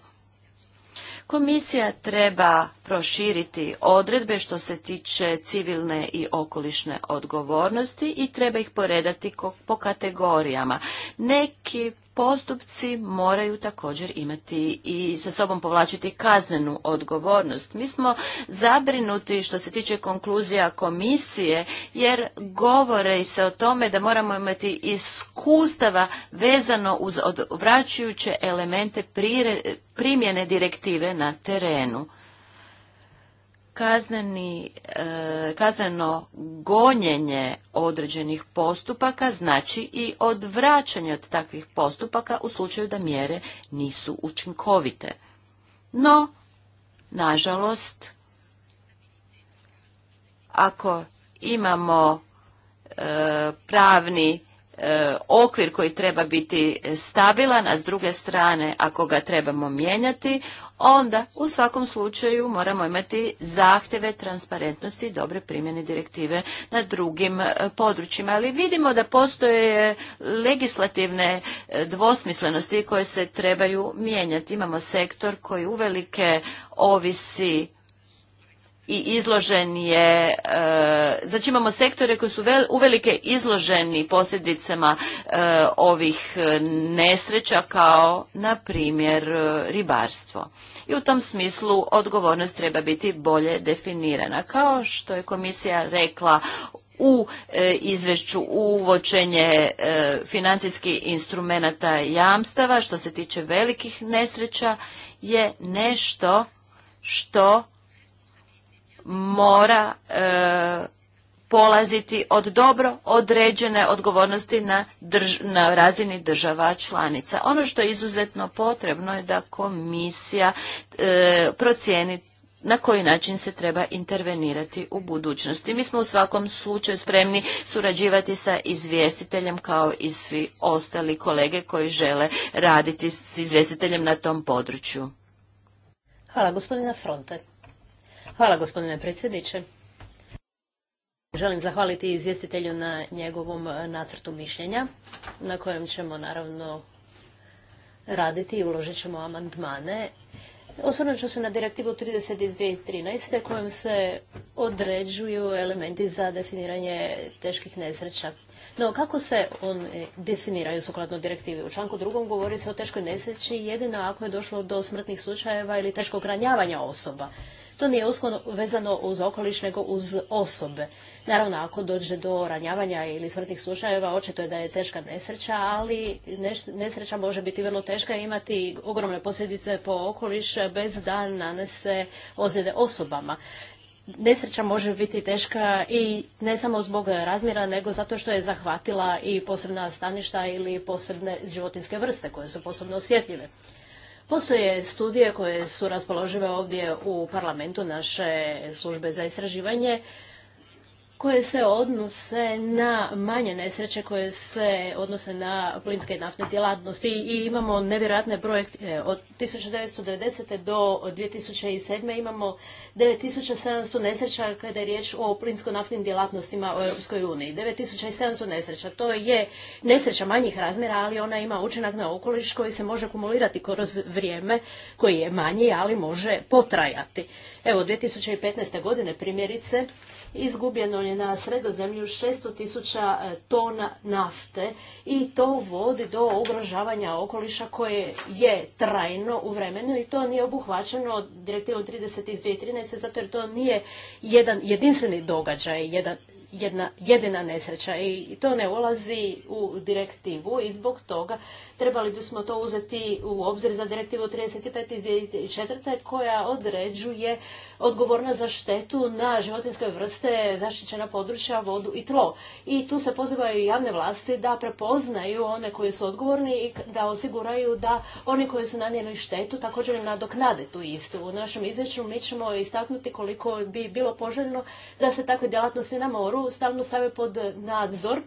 Speaker 2: Komisija treba proširiti odredbe što se tiče civilne i okolišne odgovornosti i treba ih poredati po kategorijama. Neki postupci moraju također imati i sa sobom povlačiti kaznenu odgovornost. Mi smo zabrinuti što se tiče konkluzija komisije jer govore se o tome da moramo imati iskustava vezano uz odvraćajuće elemente primjene direktive na terenu. E, kazneno gonjenje određenih postupaka znači i odvraćanje od takvih postupaka u slučaju da mjere nisu učinkovite. No, nažalost, ako imamo e, pravni E, okvir koji treba biti stabilan, a s druge strane ako ga trebamo mijenjati, onda u svakom slučaju moramo imati zahtjeve transparentnosti i dobre primjene direktive na drugim e, područjima. Ali vidimo da postoje legislativne e, dvosmislenosti koje se trebaju mijenjati. Imamo sektor koji uvelike ovisi i izložen je, e, znači imamo sektore koji su uvelike izloženi posljedicama e, ovih e, nesreća kao, na primjer, ribarstvo. I u tom smislu odgovornost treba biti bolje definirana. Kao što je komisija rekla u izvešću izvješću uvočenje financijskih instrumenata jamstava što se tiče velikih nesreća je nešto što mora e, polaziti od dobro određene odgovornosti na, na razini država članica. Ono što je izuzetno potrebno je da komisija e, procijeni na koji način se treba intervenirati u budućnosti. Mi smo u svakom slučaju spremni surađivati sa izvjestiteljem kao i svi ostali kolege koji žele raditi s izvjestiteljem na tom području.
Speaker 3: Hvala gospodina Fronte. Hvala gospodine predsjedniče. Želim zahvaliti izvjestitelju na njegovom nacrtu mišljenja, na kojem ćemo naravno raditi i uložit ćemo amandmane. Osvrnut ću se na direktivu 30 iz kojom se određuju elementi za definiranje teških nesreća. No, kako se on definiraju sukladno direktivi? U članku drugom govori se o teškoj nesreći jedino ako je došlo do smrtnih slučajeva ili teškog ranjavanja osoba. To nije usko vezano uz okoliš nego uz osobe. Naravno, ako dođe do ranjavanja ili smrtnih slučajeva, očito je da je teška nesreća, ali nesreća može biti vrlo teška i imati ogromne posljedice po okoliš bez da nanese ozljede osobama. Nesreća može biti teška i ne samo zbog razmjera, nego zato što je zahvatila i posebna staništa ili posebne životinske vrste koje su posebno osjetljive. Postoje studije koje su raspoložive ovdje u parlamentu naše službe za istraživanje koje se odnose na manje nesreće koje se odnose na plinske i naftne djelatnosti i imamo nevjerojatne projekte e, od 1990. do 2007. imamo 9700 nesreća kada je riječ o plinsko-naftnim djelatnostima u Europskoj uniji. 9700 nesreća, to je nesreća manjih razmjera, ali ona ima učinak na okoliš koji se može kumulirati kroz vrijeme koji je manji, ali može potrajati. Evo, 2015. godine primjerice izgubljeno je na sredozemlju 600 tisuća e, tona nafte i to vodi do ugrožavanja okoliša koje je trajno u vremenu i to nije obuhvaćeno direktivom 30 iz 2013. zato jer to nije jedan jedinstveni događaj, jedan jedna jedina nesreća i to ne ulazi u direktivu i zbog toga Trebali bismo to uzeti u obzir za direktivu 35 iz koja određuje odgovorna za štetu na životinske vrste, zaštićena područja, vodu i tlo. I tu se pozivaju javne vlasti da prepoznaju one koji su odgovorni i da osiguraju da oni koji su nanijeli štetu također nadoknade tu istu. U našem izvješću mi ćemo istaknuti koliko bi bilo poželjno da se takve djelatnosti na moru stalno stave pod nadzor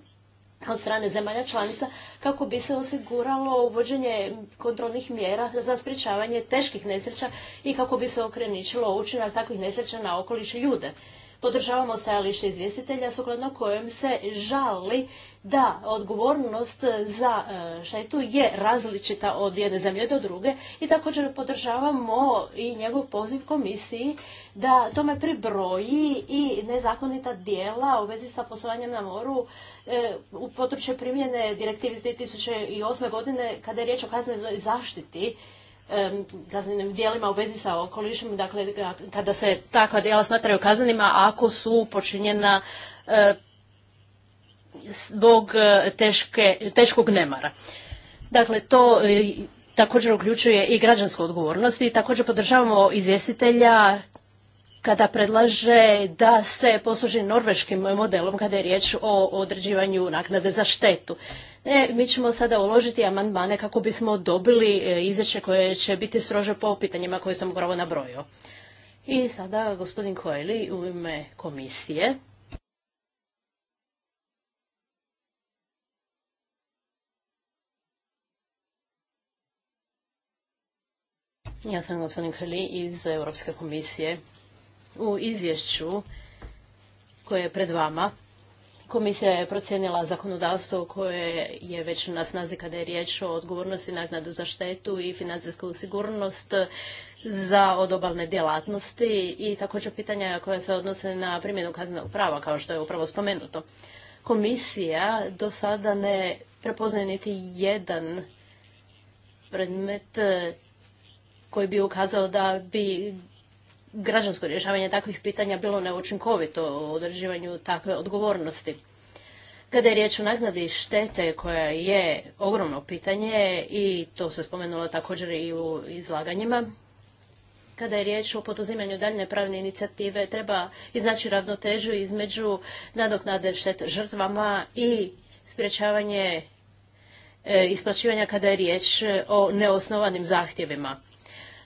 Speaker 3: od strane zemalja članica kako bi se osiguralo uvođenje kontrolnih mjera za sprječavanje teških nesreća i kako bi se ograničilo učinak takvih nesreća na okoliš i ljude podržavamo stajalište izvjestitelja sukladno kojem se žali da odgovornost za e, štetu je različita od jedne zemlje do druge i također podržavamo i njegov poziv komisiji da tome pribroji i nezakonita dijela u vezi sa poslovanjem na moru e, u područje primjene direktive iz 2008. godine kada je riječ o kaznenoj zaštiti kaznenim dijelima u vezi sa okolišem, dakle kada se takva djela smatraju kaznenima ako su počinjena e, zbog e, teškog nemara. Dakle, to e, također uključuje i građansku odgovornost i također podržavamo izvjestitelja kada predlaže da se posluži norveškim modelom kada je riječ o određivanju naknade za štetu. E, mi ćemo sada uložiti amandmane kako bismo dobili e, izvješće koje će biti strože po pitanjima koje sam upravo nabrojio. I sada gospodin Koeli u ime komisije. Ja sam gospodin Koeli iz Europske komisije. U izvješću koje je pred vama Komisija je procijenila zakonodavstvo koje je već na snazi kada je riječ o odgovornosti, naknadu za štetu i financijsku sigurnost za odobalne djelatnosti i također pitanja koja se odnose na primjenu kaznenog prava, kao što je upravo spomenuto. Komisija do sada ne prepoznaje niti jedan predmet koji bi ukazao da bi građansko rješavanje takvih pitanja bilo neučinkovito u određivanju takve odgovornosti. Kada je riječ o naknadi štete koja je ogromno pitanje i to se spomenulo također i u izlaganjima, kada je riječ o poduzimanju daljne pravne inicijative, treba iznaći ravnotežu između nadoknade štete žrtvama i sprječavanje e, isplaćivanja kada je riječ o neosnovanim zahtjevima.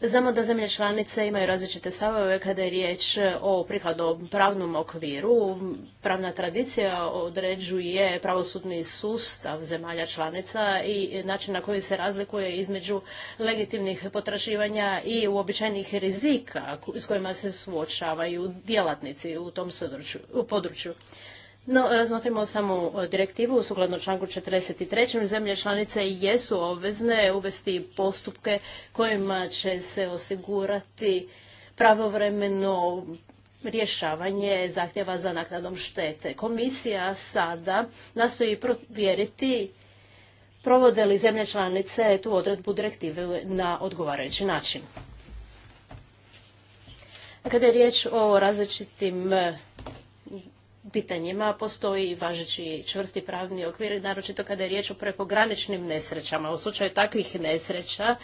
Speaker 3: Znamo da zemlje članice imaju različite stavove kada je riječ e, o prikladnom pravnom okviru. Pravna tradicija određuje pravosudni sustav zemalja članica i način na koji se razlikuje između legitimnih potraživanja i uobičajenih rizika s kojima se suočavaju djelatnici u tom području. No, razmotrimo samo e, direktivu. Sukladno članku 43. zemlje članice jesu obvezne uvesti postupke kojima će se osigurati pravovremeno rješavanje zahtjeva za naknadom štete. Komisija sada nastoji provjeriti provode li zemlje članice tu odredbu direktive na odgovarajući način. Kada je riječ o različitim pitanjima postoji važeći čvrsti pravni okvir, naročito kada je riječ o prekograničnim nesrećama. U slučaju takvih nesreća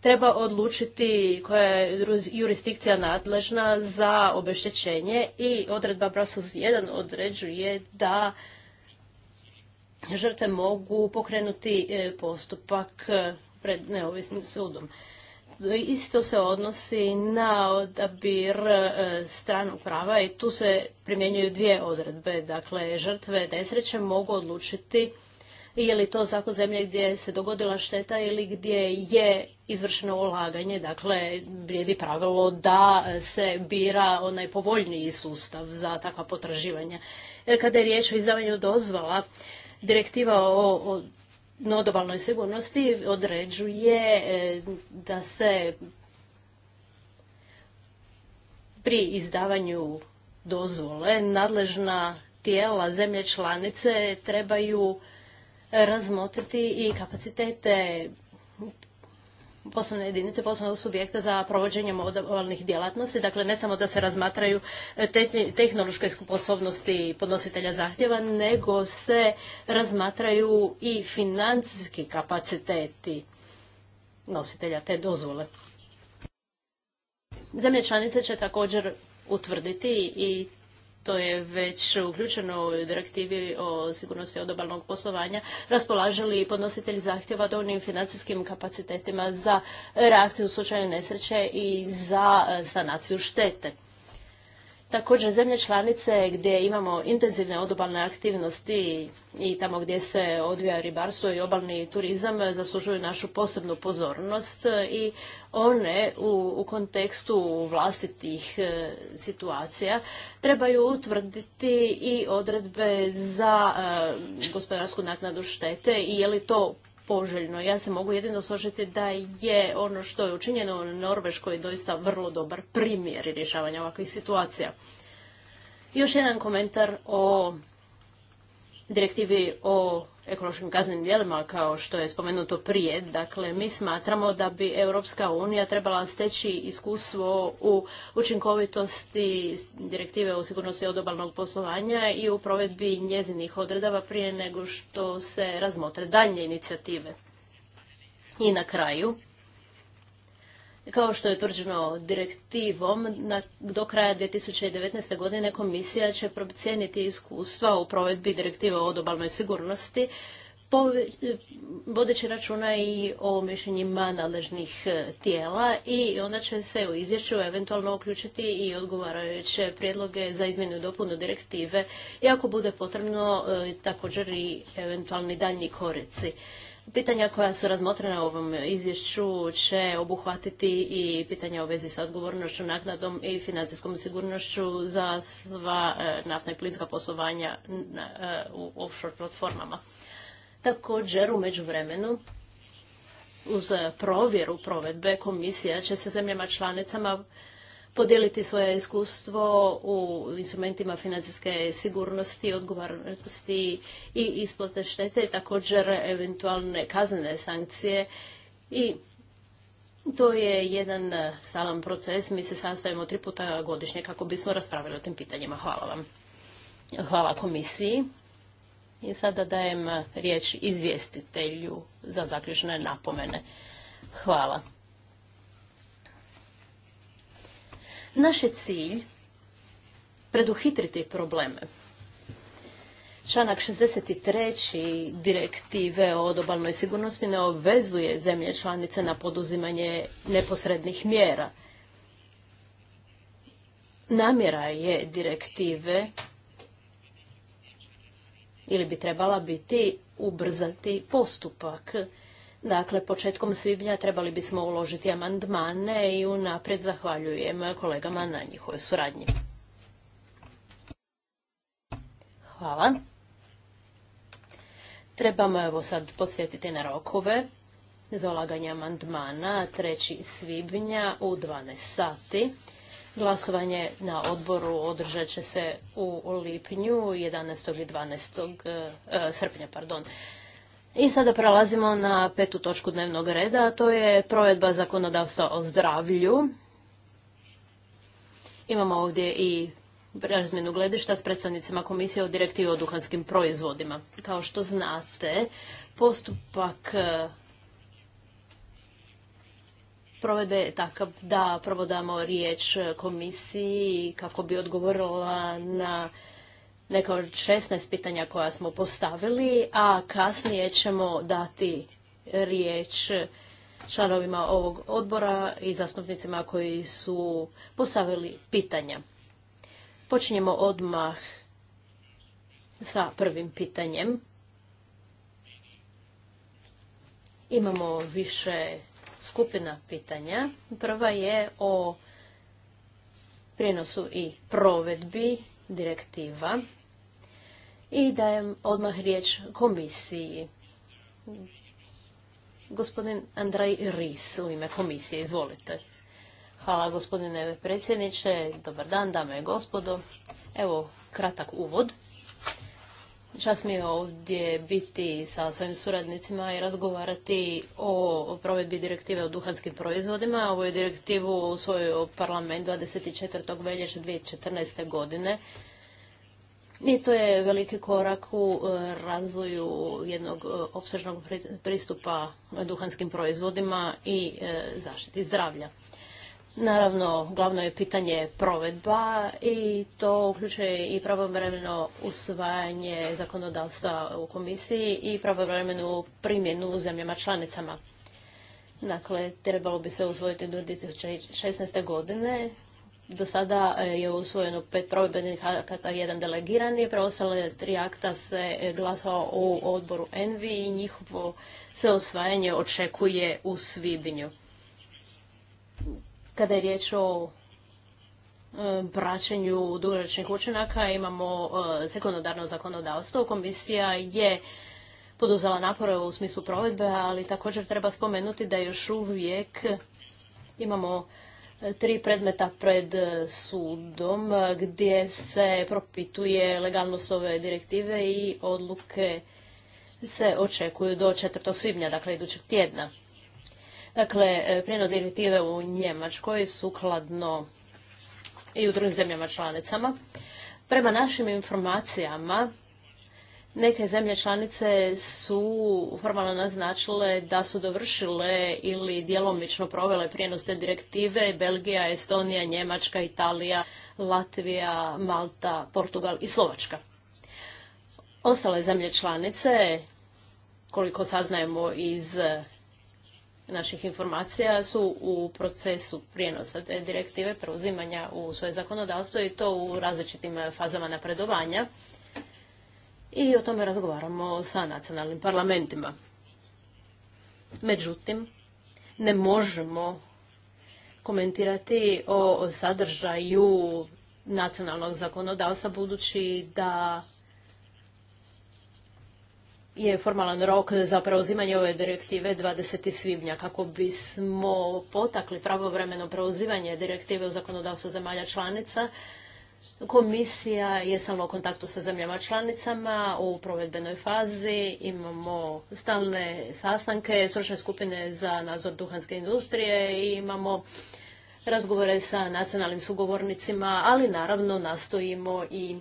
Speaker 3: treba odlučiti koja je jurisdikcija nadležna za obeštećenje i odredba Brussels 1 određuje da žrtve mogu pokrenuti e, postupak pred neovisnim sudom. Isto se odnosi na odabir e, stranog prava i tu se primjenjuju dvije odredbe. Dakle, žrtve nesreće mogu odlučiti je li to zakon zemlje gdje se dogodila šteta ili gdje je izvršeno ulaganje. Dakle, vrijedi pravilo da se bira onaj povoljniji sustav za takva potraživanja. E, kada je riječ o izdavanju dozvala, direktiva o, o no dobalnoj sigurnosti određuje e, da se pri izdavanju dozvole nadležna tijela zemlje članice trebaju razmotriti i kapacitete poslovne jedinice, poslovnog subjekta za provođenje modalnih djelatnosti. Dakle, ne samo da se razmatraju e, tehnološke sposobnosti podnositelja zahtjeva, nego se razmatraju i financijski kapaciteti nositelja te dozvole. Zemlje članice će također utvrditi i to je već uključeno u direktivi o sigurnosti odobalnog poslovanja, poslovanja, i podnositelji zahtjeva dovoljnim financijskim kapacitetima za reakciju u slučaju nesreće i za sanaciju štete. Također zemlje članice gdje imamo intenzivne odobalne aktivnosti i tamo gdje se odvija ribarstvo i obalni turizam zaslužuju našu posebnu pozornost i one u, u kontekstu vlastitih e, situacija trebaju utvrditi i odredbe za e, gospodarsku naknadu štete i je li to poželjno. Ja se mogu jedino složiti da je ono što je učinjeno u Norveškoj doista vrlo dobar primjer rješavanja ovakvih situacija. Još jedan komentar o direktivi o ekološkim kaznenim djelima kao što je spomenuto prije. Dakle, mi smatramo da bi Europska unija trebala steći iskustvo u učinkovitosti direktive o sigurnosti od poslovanja i u provedbi njezinih odredava prije nego što se razmotre daljnje inicijative. I na kraju, kao što je utvrđeno direktivom, do kraja 2019. godine komisija će procijeniti iskustva u provedbi direktive o odobalnoj sigurnosti, vodeći računa i o mišljenjima nadležnih e, tijela i onda će se u izvješću eventualno uključiti i odgovarajuće prijedloge za izmjenu i dopunu direktive i ako bude potrebno e, također i eventualni daljnji koreci. Pitanja koja su razmotrena u ovom izvješću će obuhvatiti i pitanja u vezi sa odgovornošću, naknadom i financijskom sigurnošću za sva e, naftna i plinska poslovanja e, u offshore platformama. Također, u međuvremenu, uz provjeru provedbe, komisija će se zemljama članicama podijeliti svoje iskustvo u instrumentima financijske sigurnosti, odgovornosti i isplate štete, također eventualne kaznene sankcije i to je jedan salam proces. Mi se sastavimo tri puta godišnje kako bismo raspravili o tim pitanjima. Hvala vam. Hvala komisiji. I sada dajem riječ izvjestitelju za zaključne napomene. Hvala. Naš je cilj preduhitriti probleme. Članak 63. direktive o dobalnoj sigurnosti ne obvezuje zemlje članice na poduzimanje neposrednih mjera. Namjera je direktive ili bi trebala biti ubrzati postupak Dakle, početkom svibnja trebali bismo uložiti amandmane i unaprijed zahvaljujem kolegama na njihovoj suradnji. Hvala. Trebamo evo sad podsjetiti na rokove za ulaganje amandmana 3. svibnja u 12 sati. Glasovanje na odboru održat će se u lipnju 11. i 12. E, srpnja. Pardon. I sada prelazimo na petu točku dnevnog reda, a to je provedba zakonodavstva o zdravlju. Imamo ovdje i razmjenu gledišta s predstavnicima komisije o direktivi o duhanskim proizvodima. Kao što znate, postupak e, provedbe je takav da provodamo riječ komisiji kako bi odgovorila na neka od 16 pitanja koja smo postavili, a kasnije ćemo dati riječ članovima ovog odbora i zastupnicima koji su postavili pitanja. Počinjemo odmah sa prvim pitanjem. Imamo više skupina pitanja. Prva je o prijenosu i provedbi direktiva. I dajem odmah riječ komisiji. Gospodin Andrej Ris u ime komisije, izvolite. Hvala gospodine predsjedniče, dobar dan dame i gospodo. Evo kratak uvod. Čas mi je ovdje biti sa svojim suradnicima i razgovarati o provedbi direktive o duhanskim proizvodima. Ovu je direktivu usvojio parlament 24. veljače 2014. godine. I to je veliki korak u e, razvoju jednog e, opsežnog pristupa duhanskim proizvodima i e, zaštiti zdravlja. Naravno, glavno je pitanje provedba i to uključuje i pravovremeno usvajanje zakonodavstva u komisiji i pravovremenu primjenu u zemljama članicama. Dakle, trebalo bi se usvojiti do 2016. godine. Do sada e, je usvojeno pet provedbenih akata, jedan delegirani, preostale tri akta se glasao u odboru ENVI i njihovo se osvajanje očekuje u svibnju. Kada je riječ o e, praćenju dugoročnih učinaka imamo e, sekundarno zakonodavstvo. Komisija je poduzela napore u smislu provedbe, ali također treba spomenuti da još uvijek imamo e, tri predmeta pred sudom gdje se propituje legalnost ove direktive i odluke se očekuju do 4. svibnja, dakle idućeg tjedna. Dakle, e, prijenos direktive u Njemačkoj sukladno i u drugim zemljama članicama. Prema našim informacijama, neke zemlje članice su formalno naznačile da su dovršile ili djelomično provele prijenos te direktive Belgija, Estonija, Njemačka, Italija, Latvija, Malta, Portugal i Slovačka. Ostale zemlje članice, koliko saznajemo iz naših informacija su u procesu prijenosa te direktive preuzimanja u svoje zakonodavstvo i to u različitim fazama napredovanja. I o tome razgovaramo sa nacionalnim parlamentima. Međutim, ne možemo komentirati o sadržaju nacionalnog zakonodavstva budući da je formalan rok za preuzimanje ove direktive 20. svibnja kako bismo potakli pravovremeno preuzimanje direktive u zakonodavstvu zemalja članica. Komisija je samo u kontaktu sa zemljama članicama u provedbenoj fazi. Imamo stalne sastanke, stručne skupine za nadzor duhanske industrije i imamo razgovore sa nacionalnim sugovornicima, ali naravno nastojimo i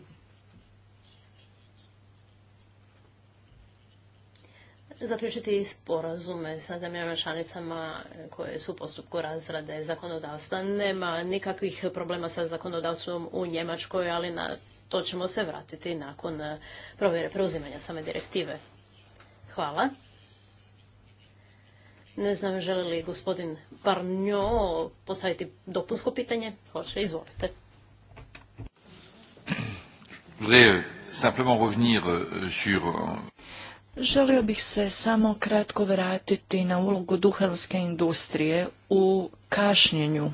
Speaker 3: zaključiti sporazume sa zemljama članicama koje su u postupku razrade zakonodavstva. Nema nikakvih problema sa zakonodavstvom u Njemačkoj, ali na to ćemo se vratiti nakon provjere preuzimanja same direktive. Hvala. Ne znam, želi li gospodin Parnjo postaviti dopunsko pitanje? Hoće, izvolite.
Speaker 1: voudrais Želio bih se samo kratko vratiti na ulogu duhanske industrije u kašnjenju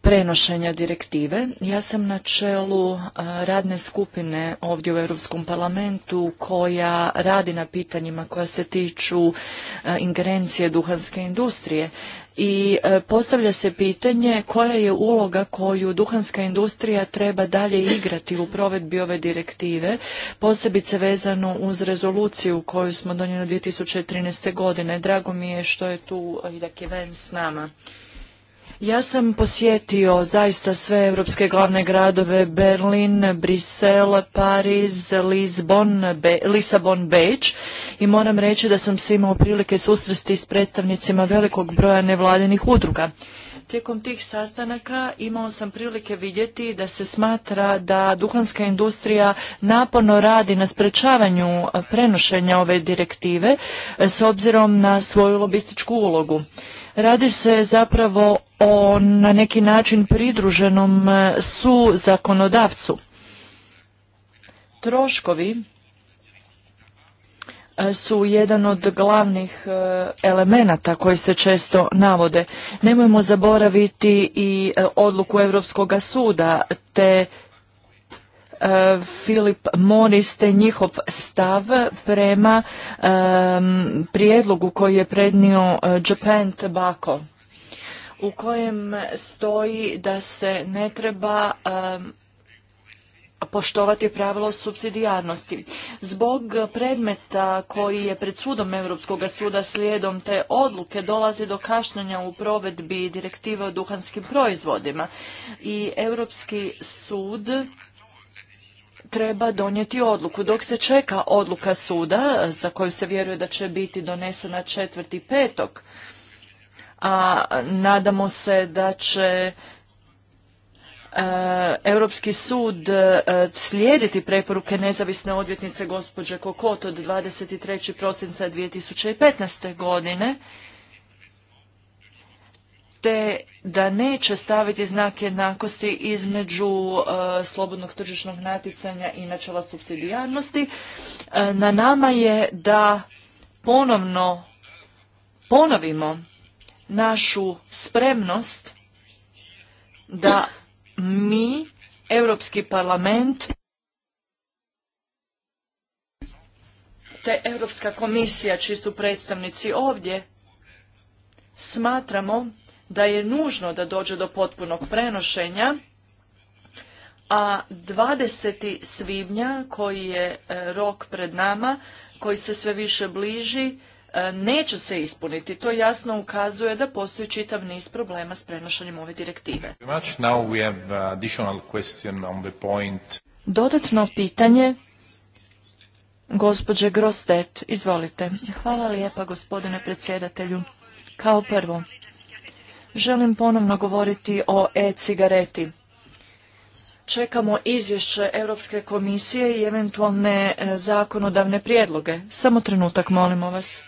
Speaker 1: prenošenja direktive. Ja sam na čelu radne skupine ovdje u Europskom parlamentu koja radi na pitanjima koja se tiču ingerencije duhanske industrije i e, postavlja se pitanje koja je uloga koju duhanska industrija treba dalje igrati u provedbi ove direktive, posebice vezano uz rezoluciju koju smo donijeli 2013. godine. Drago mi je što je tu e, Ida Kiven s nama. Ja sam posjetio zaista sve europske glavne gradove, Berlin, Brisel, Pariz, Lisbon, Lisabon, Beć i moram reći da sam se imao prilike susresti s predstavnicima velikog broja nevladinih udruga. Tijekom tih sastanaka imao sam prilike vidjeti da se smatra da duhanska industrija naporno radi na sprečavanju prenošenja ove direktive s obzirom na svoju lobističku ulogu. Radi se zapravo o na neki način pridruženom e, su zakonodavcu. Troškovi e, su jedan od glavnih e, elemenata koji se često navode. Nemojmo zaboraviti i odluku Europskog suda te E, Filip Moris te njihov stav prema prijedlogu koji je prednio e, Japan Tobacco u kojem stoji da se ne treba poštovati pravilo subsidijarnosti. Zbog predmeta koji je pred sudom Europskog suda slijedom te odluke dolazi do kašnjenja u provedbi direktive o duhanskim proizvodima i Europski sud treba donijeti odluku. Dok se čeka odluka suda, za koju se vjeruje da će biti donesena četvrti petog, a nadamo se da će e, Europski sud e, slijediti preporuke nezavisne odvjetnice gospođe Kokot od 23. prosinca 2015. godine te da neće staviti znak jednakosti između e, slobodnog tržišnog natjecanja i načela subsidijarnosti. E, na nama je da ponovno ponovimo našu spremnost da mi, Europski parlament te Europska komisija, čiji su predstavnici ovdje, smatramo da je nužno da dođe do potpunog prenošenja, a 20. svibnja koji je e, rok pred nama, koji se sve više bliži, e, neće se ispuniti. To jasno ukazuje da postoji čitav niz problema s prenošenjem ove direktive. Uh, Dodatno pitanje gospođe Grostet. Izvolite. Hvala lijepa gospodine predsjedatelju. Kao prvo, Želim ponovno govoriti o e-cigareti. Čekamo izvješće Europske komisije i eventualne e, zakonodavne prijedloge. Samo trenutak, molimo vas.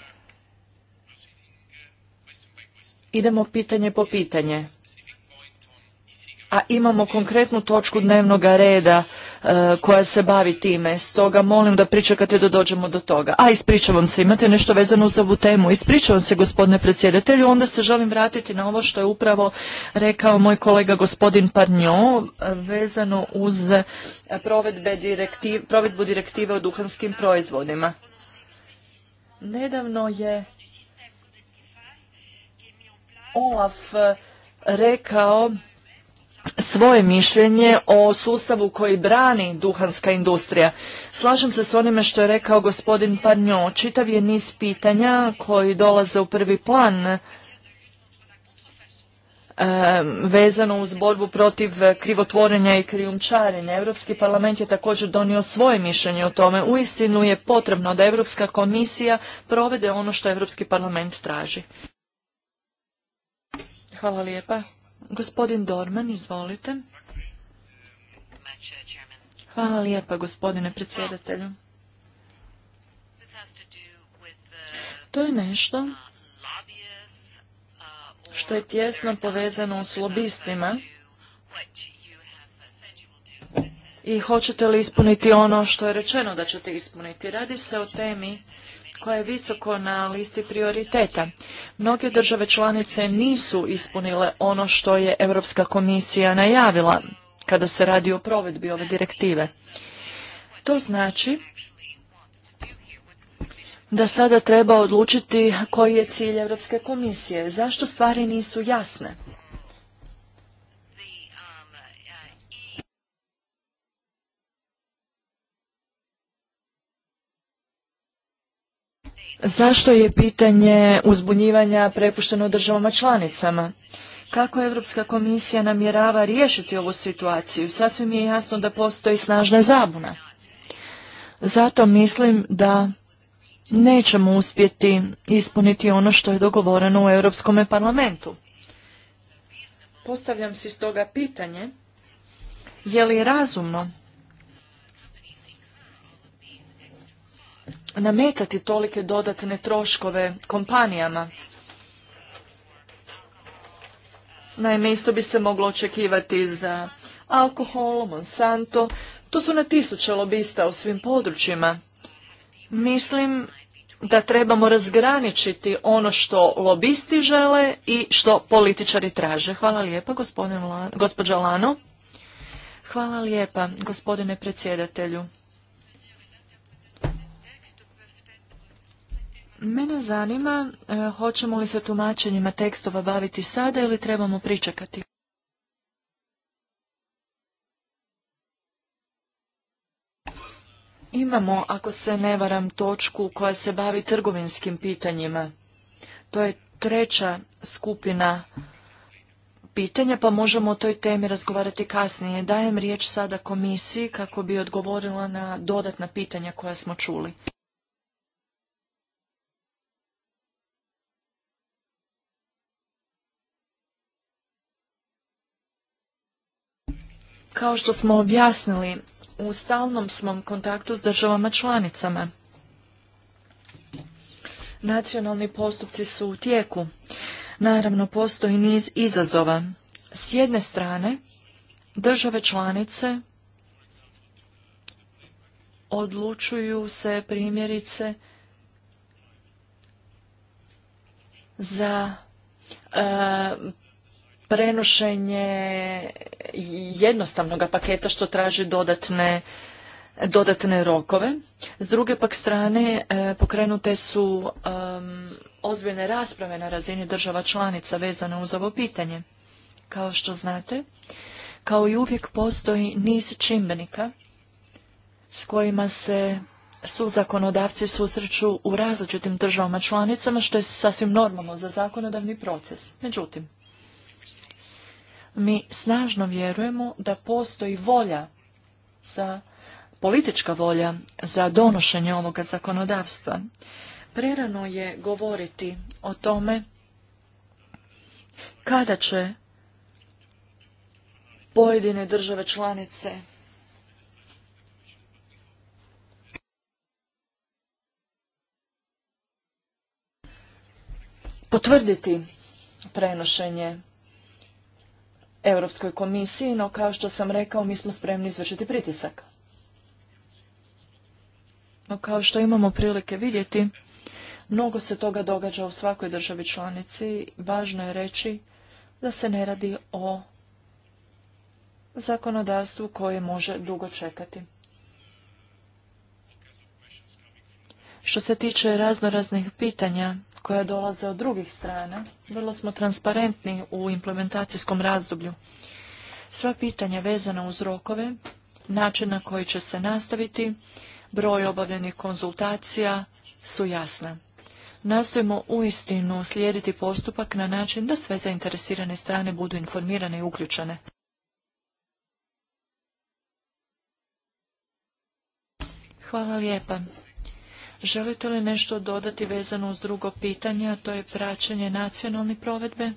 Speaker 1: Idemo pitanje po pitanje a imamo konkretnu točku dnevnog reda e, koja se bavi time. Stoga molim da pričekate da dođemo do toga. A ispričavam se, imate nešto vezano uz ovu temu. Ispričavam se gospodine predsjedatelju, onda se želim vratiti na ovo što je upravo rekao moj kolega gospodin Parnjo e, vezano uz e, provedbu direktive o duhanskim proizvodima. Nedavno je Olaf rekao svoje mišljenje o sustavu koji brani duhanska industrija. Slažem se s onime što je rekao gospodin Parnjo. Čitav je niz pitanja koji dolaze u prvi plan e, vezano uz borbu protiv krivotvorenja i krijumčarenja. Europski parlament je također donio svoje mišljenje o tome. Uistinu je potrebno da Europska komisija provede ono što Europski parlament traži. Hvala lijepa. Gospodin Dorman, izvolite. Hvala lijepa, gospodine predsjedatelju. To je nešto što je tjesno povezano s lobistima i hoćete li ispuniti ono što je rečeno da ćete ispuniti. Radi se o temi koja je visoko na listi prioriteta. Mnoge države članice nisu ispunile ono što je Europska komisija najavila kada se radi o provedbi ove direktive. To znači da sada treba odlučiti koji je cilj Europske komisije. Zašto stvari nisu jasne? Zašto je pitanje uzbunjivanja prepušteno državama članicama? Kako Europska komisija namjerava riješiti ovu situaciju? Sasvim je jasno da postoji snažna zabuna. Zato mislim da nećemo uspjeti ispuniti ono što je dogovoreno u Europskom parlamentu. Postavljam si stoga pitanje, je li razumno nametati tolike dodatne troškove kompanijama. Naime, isto bi se moglo očekivati za alkohol, Monsanto. To su na tisuće lobista u svim područjima. Mislim da trebamo razgraničiti ono što lobisti žele i što političari traže. Hvala lijepa, Lano. Hvala lijepa, gospodine predsjedatelju. Mene zanima, e, hoćemo li se tumačenjima tekstova baviti sada ili trebamo pričekati? Imamo, ako se ne varam, točku koja se bavi trgovinskim pitanjima. To je treća skupina pitanja, pa možemo o toj temi razgovarati kasnije. Dajem riječ sada komisiji kako bi odgovorila na dodatna pitanja koja smo čuli. Kao što smo objasnili, u stalnom smo kontaktu s državama članicama. Nacionalni postupci su u tijeku. Naravno, postoji niz izazova. S jedne strane, države članice odlučuju se primjerice za e, prenošenje jednostavnog paketa što traži dodatne dodatne rokove. S druge pak strane e, pokrenute su um, ozbiljne rasprave na razini država članica vezane uz ovo pitanje. Kao što znate, kao i uvijek postoji niz čimbenika s kojima se su zakonodavci susreću u različitim državama članicama, što je sasvim normalno za zakonodavni proces. Međutim, mi snažno vjerujemo da postoji volja za politička volja za donošenje ovoga zakonodavstva. Prerano je govoriti o tome kada će pojedine države članice potvrditi prenošenje Europskoj komisiji, no kao što sam rekao, mi smo spremni izvršiti pritisak. No kao što imamo prilike vidjeti, mnogo se toga događa u svakoj državi članici. Važno je reći da se ne radi o zakonodavstvu koje može dugo čekati. Što se tiče raznoraznih pitanja koja dolaze od drugih strana. Vrlo smo transparentni u implementacijskom razdoblju. Sva pitanja vezana uz rokove, način na koji će se nastaviti, broj obavljenih konzultacija su jasna. Nastojimo uistinu slijediti postupak na način da sve zainteresirane strane budu informirane i uključene. Hvala lijepa. Želite li nešto dodati vezano uz drugo pitanje, a to je praćenje nacionalne provedbe?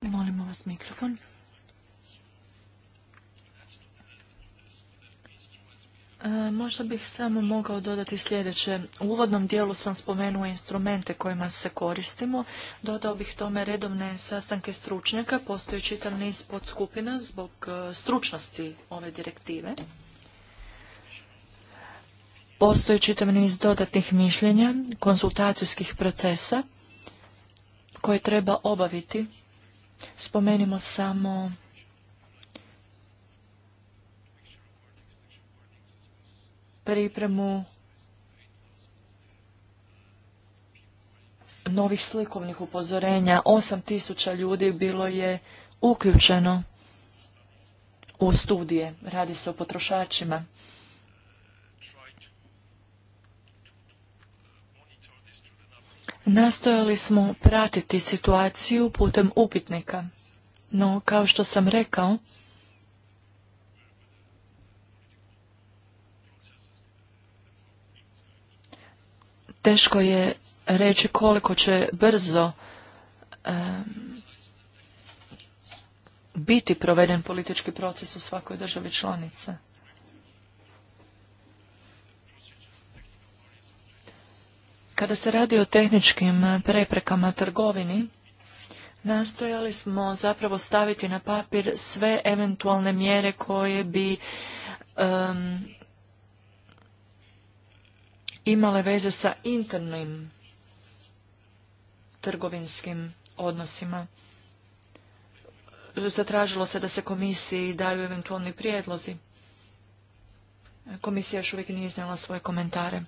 Speaker 1: Molimo vas mikrofon. E, možda bih samo mogao dodati sljedeće. U uvodnom dijelu sam spomenuo instrumente kojima se koristimo. Dodao bih tome redovne sastanke stručnjaka. Postoji čitav niz podskupina zbog e, stručnosti ove direktive. Postoji čitav niz dodatnih mišljenja, konsultacijskih procesa koje treba obaviti. Spomenimo samo pripremu novih slikovnih upozorenja. 8000 ljudi bilo je uključeno u studije. Radi se o potrošačima. Nastojali smo pratiti situaciju putem upitnika, no kao što sam rekao, Teško je reći koliko će brzo biti proveden politički proces u svakoj državi članice. Kada se radi o tehničkim preprekama trgovini, nastojali smo zapravo staviti na papir sve eventualne mjere koje bi imale veze sa internim trgovinskim odnosima. Zatražilo se da se komisiji daju eventualni prijedlozi. Komisija još uvijek nije iznijela svoje komentare.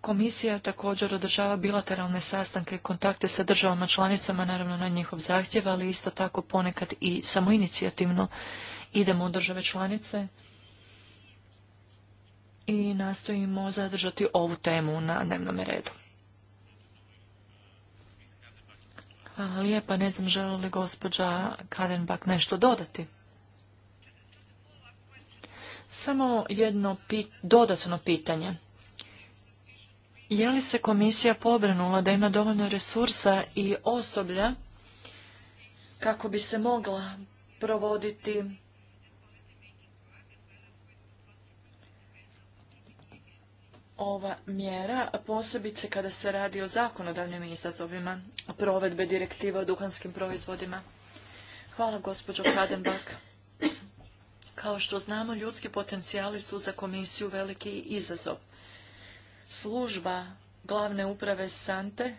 Speaker 1: Komisija također održava bilateralne sastanke i kontakte sa državama članicama, naravno na njihov zahtjev, ali isto tako ponekad i samoinicijativno idemo u države članice i nastojimo zadržati ovu temu na dnevnom redu. Hvala lijepa, ne znam želi li gospođa Kadenbak nešto dodati. Samo jedno dodatno pitanje. Je li se komisija pobrinula da ima dovoljno resursa i osoblja kako bi se mogla provoditi ova mjera, posebice kada se radi o zakonodavnim izazovima provedbe direktiva o duhanskim proizvodima. Hvala gospođo Kadenbak. Kao što znamo, ljudski potencijali su za komisiju veliki izazov. Služba glavne uprave Sante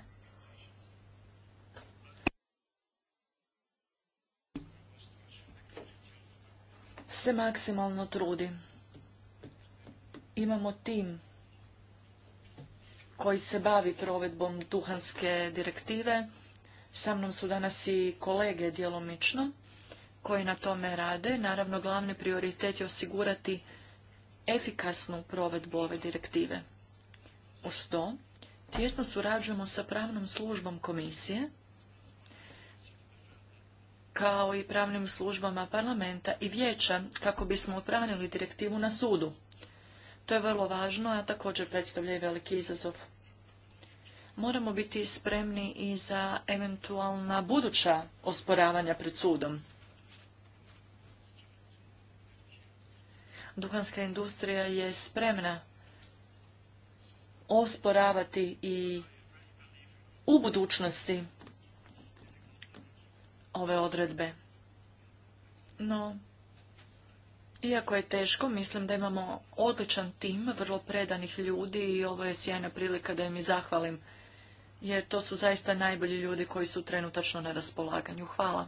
Speaker 1: se maksimalno trudi. Imamo tim koji se bavi provedbom duhanske direktive. Sa mnom su danas i kolege djelomično koji na tome rade. Naravno, glavni prioritet je osigurati efikasnu provedbu ove direktive. Uz to, tjesno surađujemo sa pravnom službom komisije, kao i pravnim službama parlamenta i vijeća kako bismo upravnili direktivu na sudu. To je vrlo važno, a također predstavlja i veliki izazov. Moramo biti spremni i za eventualna buduća osporavanja pred sudom. Duhanska industrija je spremna osporavati i u budućnosti ove odredbe. No, iako je teško, mislim da imamo odličan tim vrlo predanih ljudi i ovo je sjajna prilika da im i zahvalim, jer to su zaista najbolji ljudi koji su trenutačno na raspolaganju. Hvala.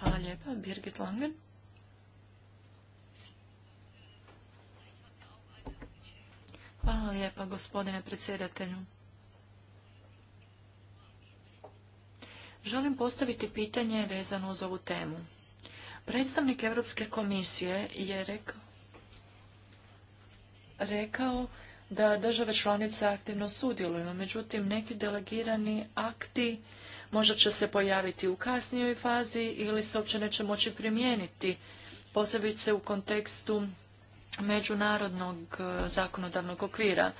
Speaker 1: Hvala lijepa, Birgit Langen. Hvala lijepa, gospodine predsjedatelju. Želim postaviti pitanje vezano uz ovu temu. Predstavnik Europske komisije je rekao, rekao da države članice aktivno sudjeluju, međutim neki delegirani akti možda će se pojaviti u kasnijoj fazi ili se uopće neće moći primijeniti, posebice u kontekstu međunarodnog e, zakonodavnog okvira.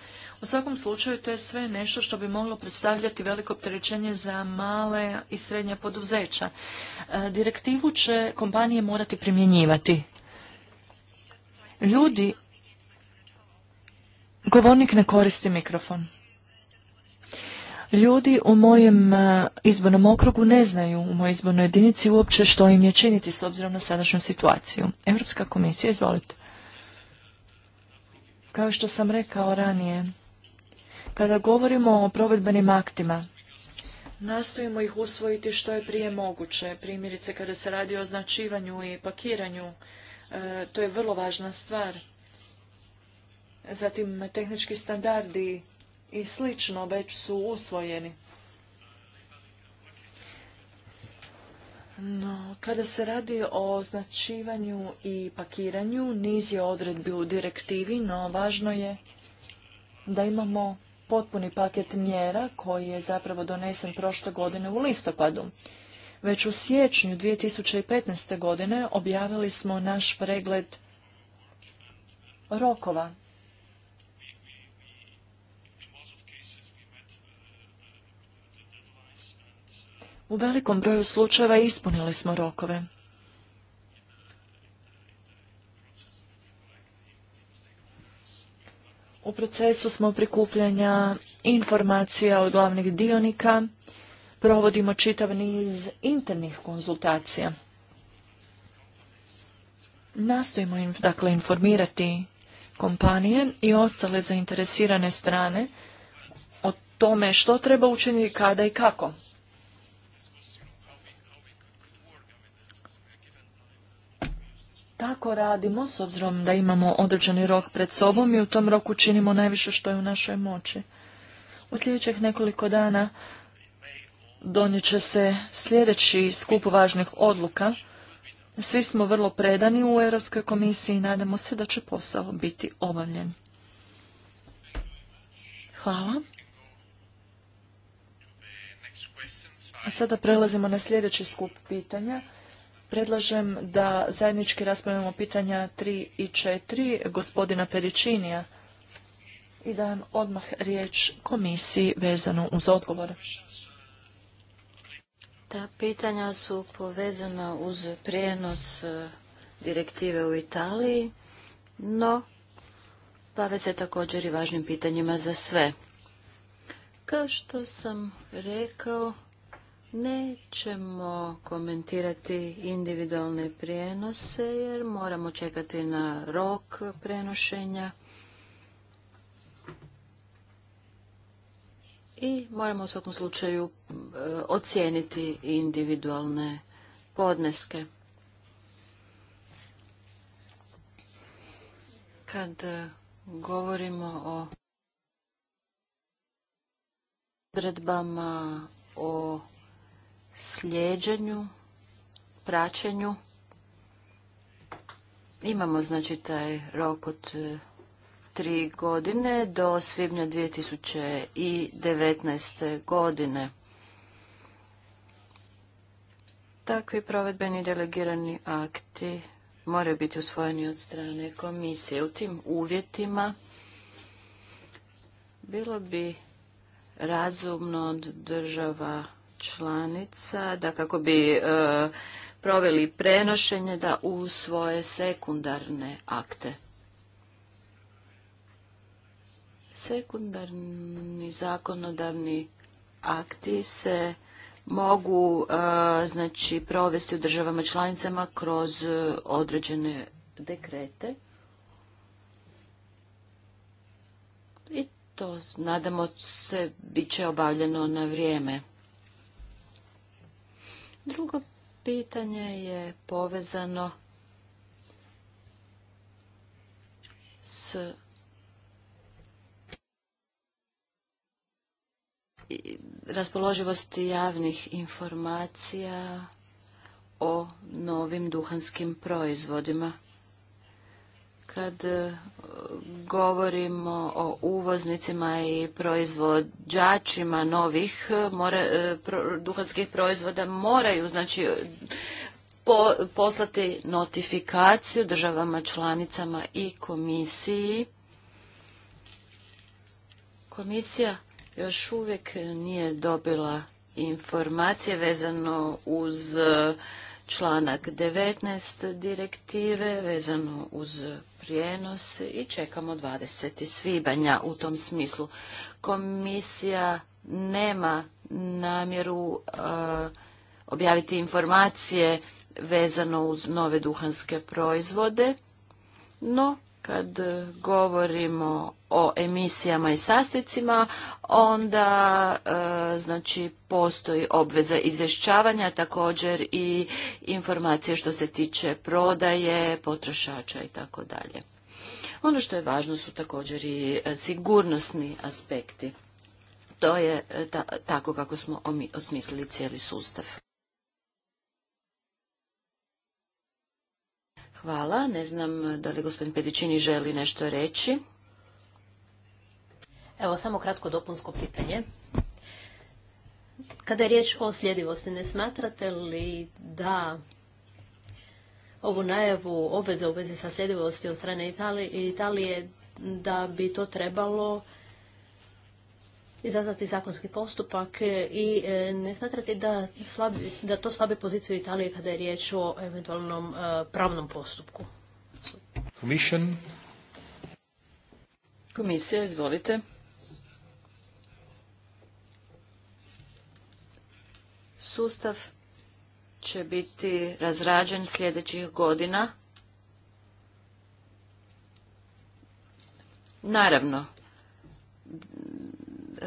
Speaker 1: U svakom slučaju to je sve nešto što bi moglo predstavljati veliko opterećenje za male i srednja poduzeća. E, direktivu će kompanije morati primjenjivati. Ljudi, govornik ne koristi mikrofon. Ljudi u mojem e, izbornom okrugu ne znaju u mojoj izbornoj jedinici uopće što im je činiti s obzirom na sadašnju situaciju. Europska komisija, izvolite. Kao što sam rekao ranije, kada govorimo o provedbenim aktima, nastojimo ih usvojiti što je prije moguće. Primjerice, kada se radi o označivanju i pakiranju, e, to je vrlo važna stvar. Zatim, tehnički standardi i slično već su usvojeni. No, kada se radi o označivanju i pakiranju, niz je odredbi u direktivi, no važno je da imamo potpuni paket mjera koji je zapravo donesen prošle godine u listopadu. Već u siječnju 2015. godine objavili smo naš pregled rokova U velikom broju slučajeva ispunili smo rokove. U procesu smo prikupljanja informacija od glavnih dionika, provodimo čitav niz internih konzultacija. Nastojimo im, dakle, informirati kompanije i ostale zainteresirane strane o tome što treba učiniti, kada i kako. tako radimo, s obzirom da imamo određeni rok pred sobom i u tom roku činimo najviše što je u našoj moći. U sljedećih nekoliko dana donijet će se sljedeći skup važnih odluka. Svi smo vrlo predani u Europskoj komisiji i nadamo se da će posao biti obavljen. Hvala. A sada prelazimo na sljedeći skup pitanja. Predlažem da zajednički raspravimo pitanja 3 i 4 gospodina Peričinija i vam odmah riječ komisiji vezano uz odgovor.
Speaker 2: Ta pitanja su povezana uz prijenos e, direktive u Italiji, no bave se također i važnim pitanjima za sve. Kao što sam rekao, Nećemo komentirati individualne prijenose jer moramo čekati na rok prenošenja i moramo u svakom slučaju eh, ocijeniti individualne podneske. Kad eh, govorimo o odredbama o slijeđenju, praćenju. Imamo znači taj rok od e, tri godine do svibnja 2019. godine. Takvi provedbeni delegirani akti moraju biti usvojeni od strane komisije. U tim uvjetima bilo bi razumno od država članica da kako bi e, proveli prenošenje da u svoje sekundarne akte. Sekundarni zakonodavni akti se mogu e, znači provesti u državama članicama kroz e, određene dekrete. I to nadamo se bit će obavljeno na vrijeme.
Speaker 3: Drugo pitanje
Speaker 2: je povezano s raspoloživosti javnih informacija o novim duhanskim proizvodima. Kad e, govorimo o uvoznicima i proizvođačima novih e, e, duhanskih proizvoda, moraju znači poslati notifikaciju državama članicama i komisiji. Komisija još uvijek nije dobila informacije vezano uz članak 19 direktive, vezano uz prijenos i čekamo 20. svibanja u tom smislu. Komisija nema namjeru e, objaviti informacije vezano uz nove duhanske proizvode, no kad govorimo o emisijama i sastojcima, onda e, znači postoji obveza izvješćavanja, također i informacije što se tiče prodaje, potrošača i tako dalje. Ono što je važno su također i e, sigurnosni aspekti. To je e, tako kako smo osmislili cijeli sustav. Hvala. Ne znam da li gospodin Pedičini želi nešto
Speaker 3: reći. Evo, samo kratko dopunsko pitanje. Kada je riječ o sljedivosti, ne smatrate li da ovu najavu obveze u vezi sa sljedivosti od strane Italije da bi to trebalo izazvati zakonski postupak e, i e, ne smatrate da, da to slabi poziciju Italije kada je riječ o eventualnom e, pravnom postupku? Commission. Komisija, izvolite.
Speaker 2: Sustav će biti razrađen sljedećih godina. Naravno, E,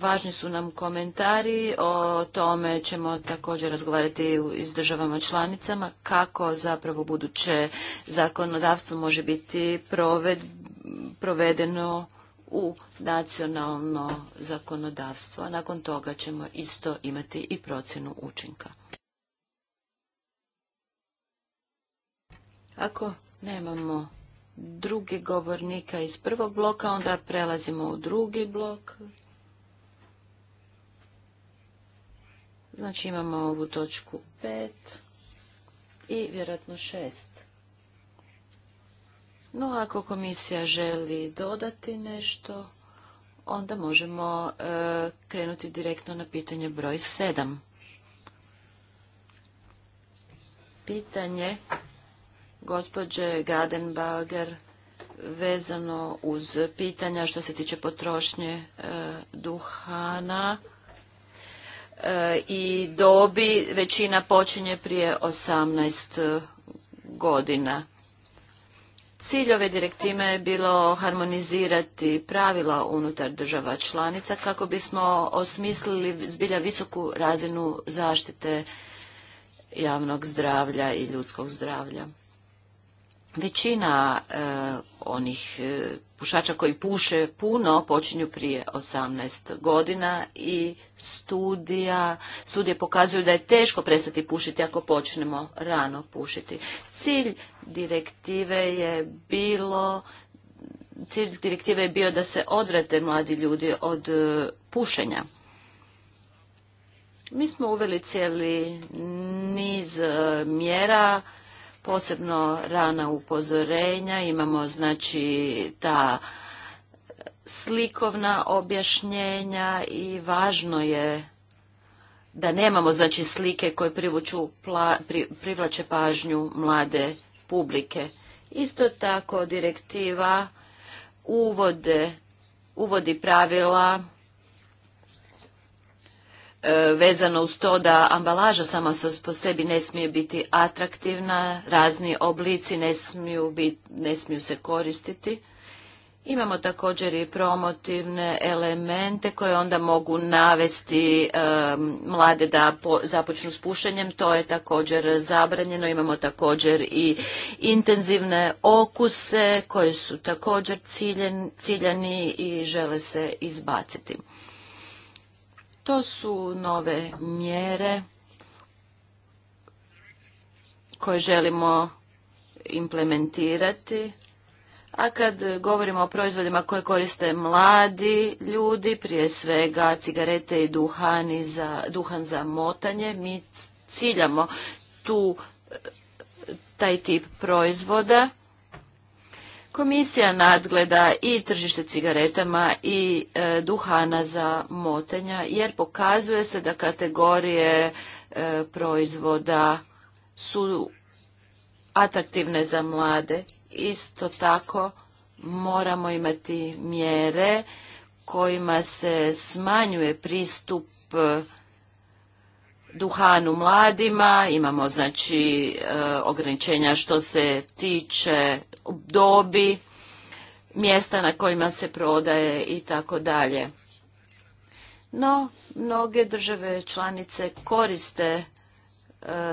Speaker 2: važni su nam komentari, o tome ćemo također razgovarati s državama članicama, kako zapravo buduće zakonodavstvo može biti proved, provedeno u nacionalno zakonodavstvo. nakon toga ćemo isto imati i procjenu učinka. Ako nemamo drugi govornika iz prvog bloka, onda prelazimo u drugi blok. Znači imamo ovu točku 5 i vjerojatno 6. No ako komisija želi dodati nešto, onda možemo e, krenuti direktno na pitanje broj 7. Pitanje gospođe Gadenbager vezano uz pitanja što se tiče potrošnje e, duhana E, i dobi većina počinje prije 18 godina. Cilj ove direktive je bilo harmonizirati pravila unutar država članica kako bismo osmislili zbilja visoku razinu zaštite javnog zdravlja i ljudskog zdravlja. Većina e, onih e, pušača koji puše puno počinju prije 18 godina i studija, studije pokazuju da je teško prestati pušiti ako počnemo rano pušiti. Cilj direktive je bilo cilj direktive je bio da se odvrate mladi ljudi od e, pušenja. Mi smo uveli cijeli niz mjera posebno rana upozorenja, imamo znači ta slikovna objašnjenja i važno je da nemamo znači slike koje privuču, privlače pažnju mlade publike. Isto tako direktiva uvode, uvodi pravila E, vezano uz to da ambalaža sama po sebi ne smije biti atraktivna, razni oblici ne smiju, ne smiju se koristiti. Imamo također i promotivne elemente koje onda mogu navesti e, mlade da po, započnu s pušenjem, to je također zabranjeno. Imamo također i intenzivne okuse koji su također ciljani i žele se izbaciti. To su nove mjere koje želimo implementirati. A kad govorimo o proizvodima koje koriste mladi ljudi, prije svega cigarete i duhan, za, duhan za motanje, mi ciljamo tu e, taj tip proizvoda Komisija nadgleda i tržište cigaretama i e, duhana za motenja jer pokazuje se da kategorije e, proizvoda su atraktivne za mlade. Isto tako moramo imati mjere kojima se smanjuje pristup duhanu mladima, imamo znači e, ograničenja što se tiče dobi, mjesta na kojima se prodaje i tako dalje. No, mnoge države članice koriste e,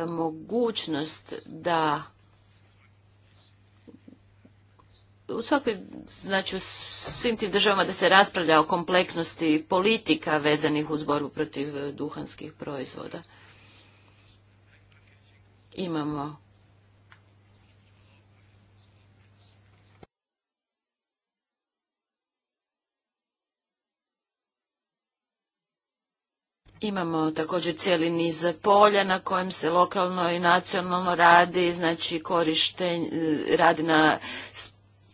Speaker 2: mogućnost da u svakoj, znači u svim tim državama da se raspravlja o kompleksnosti politika vezanih uz borbu protiv e, duhanskih proizvoda. Imamo Imamo također cijeli niz polja na kojem se lokalno i nacionalno radi, znači korištenje, radi na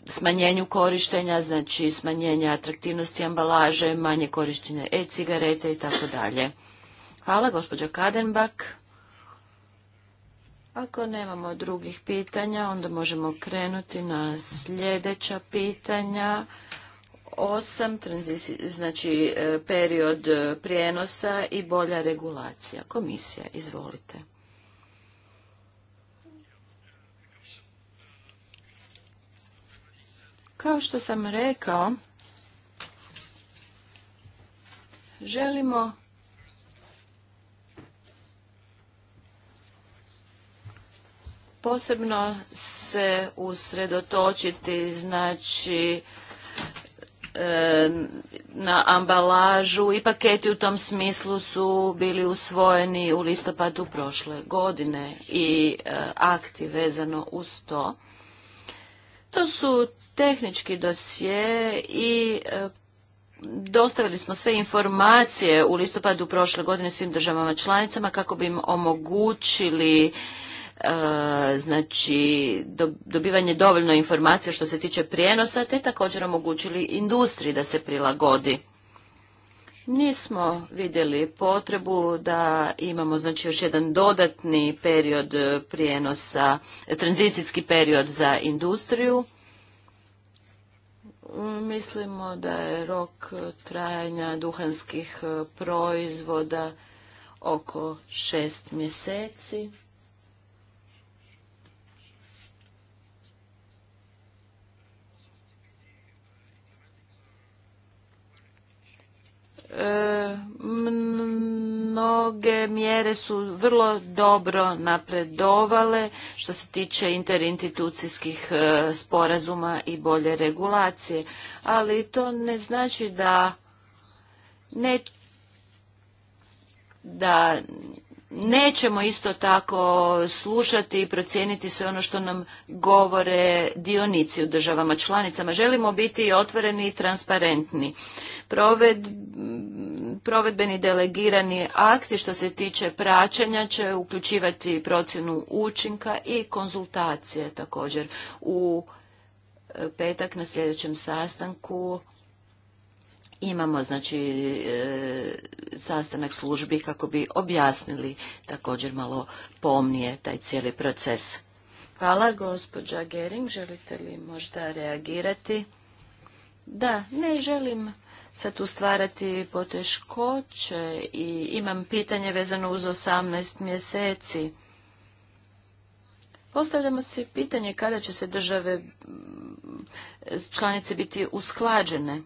Speaker 2: smanjenju korištenja, znači smanjenja atraktivnosti ambalaže, manje korištenje e-cigarete i tako dalje. Hvala, gospođa Kadenbak. Ako nemamo drugih pitanja, onda možemo krenuti na sljedeća pitanja. Osam, znači e, period e, prijenosa i bolja regulacija. Komisija, izvolite. Kao što sam rekao, želimo posebno se usredotočiti znači e, na ambalažu i paketi u tom smislu su bili usvojeni u listopadu prošle godine i e, akti vezano uz to. To su tehnički dosje i e, dostavili smo sve informacije u listopadu prošle godine svim državama članicama kako bi im omogućili e, znači dobivanje dovoljno informacije što se tiče prijenosa te također omogućili industriji da se prilagodi. Nismo vidjeli potrebu da imamo znači još jedan dodatni period prijenosa, tranzicijski period za industriju. Mislimo da je rok trajanja duhanskih proizvoda oko šest mjeseci. mnoge mjere su vrlo dobro napredovale što se tiče interinstitucijskih e, sporazuma i bolje regulacije, ali to ne znači da ne da nećemo isto tako slušati i procijeniti sve ono što nam govore dionici u državama članicama. Želimo biti otvoreni i transparentni. Proved, provedbeni delegirani akti što se tiče praćenja će uključivati procjenu učinka i konzultacije također. U e, petak na sljedećem sastanku Imamo znači e, sastanak službi kako bi objasnili također malo pomnije taj cijeli proces. Hvala, gospođa Gering. Želite li možda reagirati? Da, ne želim sad stvarati poteškoće i imam pitanje vezano uz 18 mjeseci. Postavljamo se pitanje kada će se države članice biti usklađene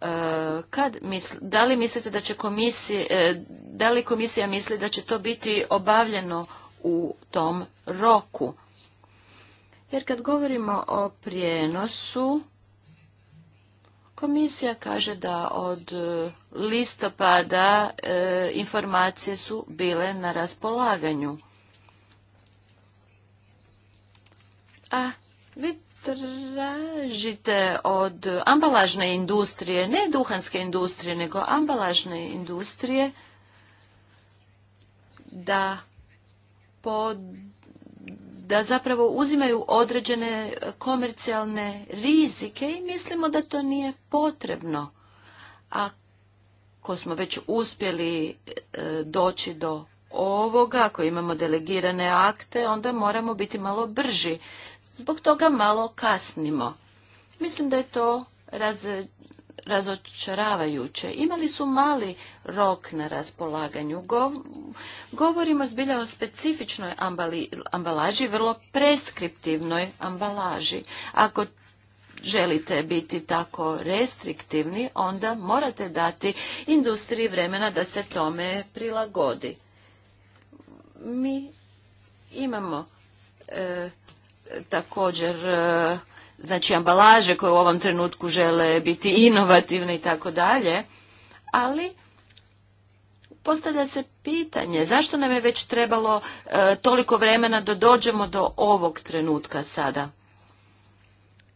Speaker 2: E, da li mislite da će komisija, e, da li komisija misli da će to biti obavljeno u tom roku? Jer kad govorimo o prijenosu, komisija kaže da od listopada e, informacije su bile na raspolaganju. A vidite tražite od ambalažne industrije, ne duhanske industrije, nego ambalažne industrije da da zapravo uzimaju određene komercijalne rizike i mislimo da to nije potrebno. Ako smo već uspjeli e, doći do ovoga, ako imamo delegirane akte, onda moramo biti malo brži. Zbog toga malo kasnimo. Mislim da je to raz, razočaravajuće. Imali su mali rok na raspolaganju. govorimo zbilja o specifičnoj ambalaži, vrlo preskriptivnoj ambalaži. Ako želite biti tako restriktivni, onda morate dati industriji vremena da se tome prilagodi. Mi imamo e, također e, znači ambalaže koje u ovom trenutku žele biti inovativne i tako dalje, ali postavlja se pitanje zašto nam je već trebalo e, toliko vremena da dođemo do ovog trenutka sada.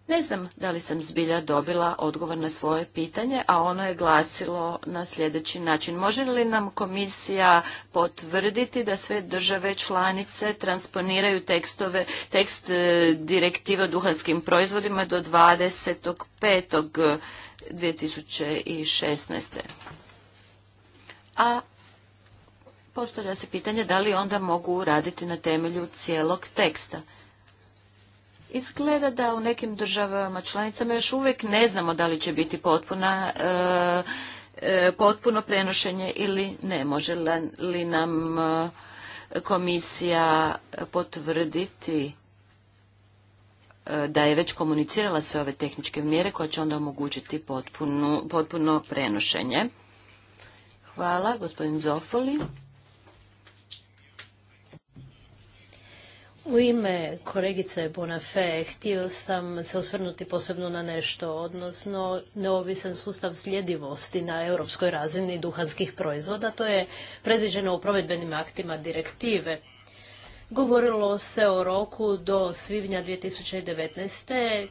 Speaker 2: Ne znam da li sam zbilja dobila odgovor na svoje pitanje, a ono je glasilo na sljedeći način. Može li nam komisija potvrditi da sve države članice transponiraju tekstove, tekst e, direktive o duhanskim proizvodima do 25.2016.? A postavlja se pitanje da li onda mogu raditi na temelju cijelog teksta. Izgleda da u nekim državama članicama još uvijek ne znamo da li će biti potpuna e, e, potpuno prenošenje ili ne. Može li nam e, komisija potvrditi da je već komunicirala sve ove tehničke mjere koje će onda omogućiti potpuno, potpuno prenošenje. Hvala, gospodin Zofoli.
Speaker 3: U ime kolegice Bonafé htio sam se osvrnuti posebno na nešto, odnosno neovisan sustav sljedivosti na europskoj razini duhanskih proizvoda. To je predviđeno u provedbenim aktima direktive. Govorilo se o roku do svibnja 2019.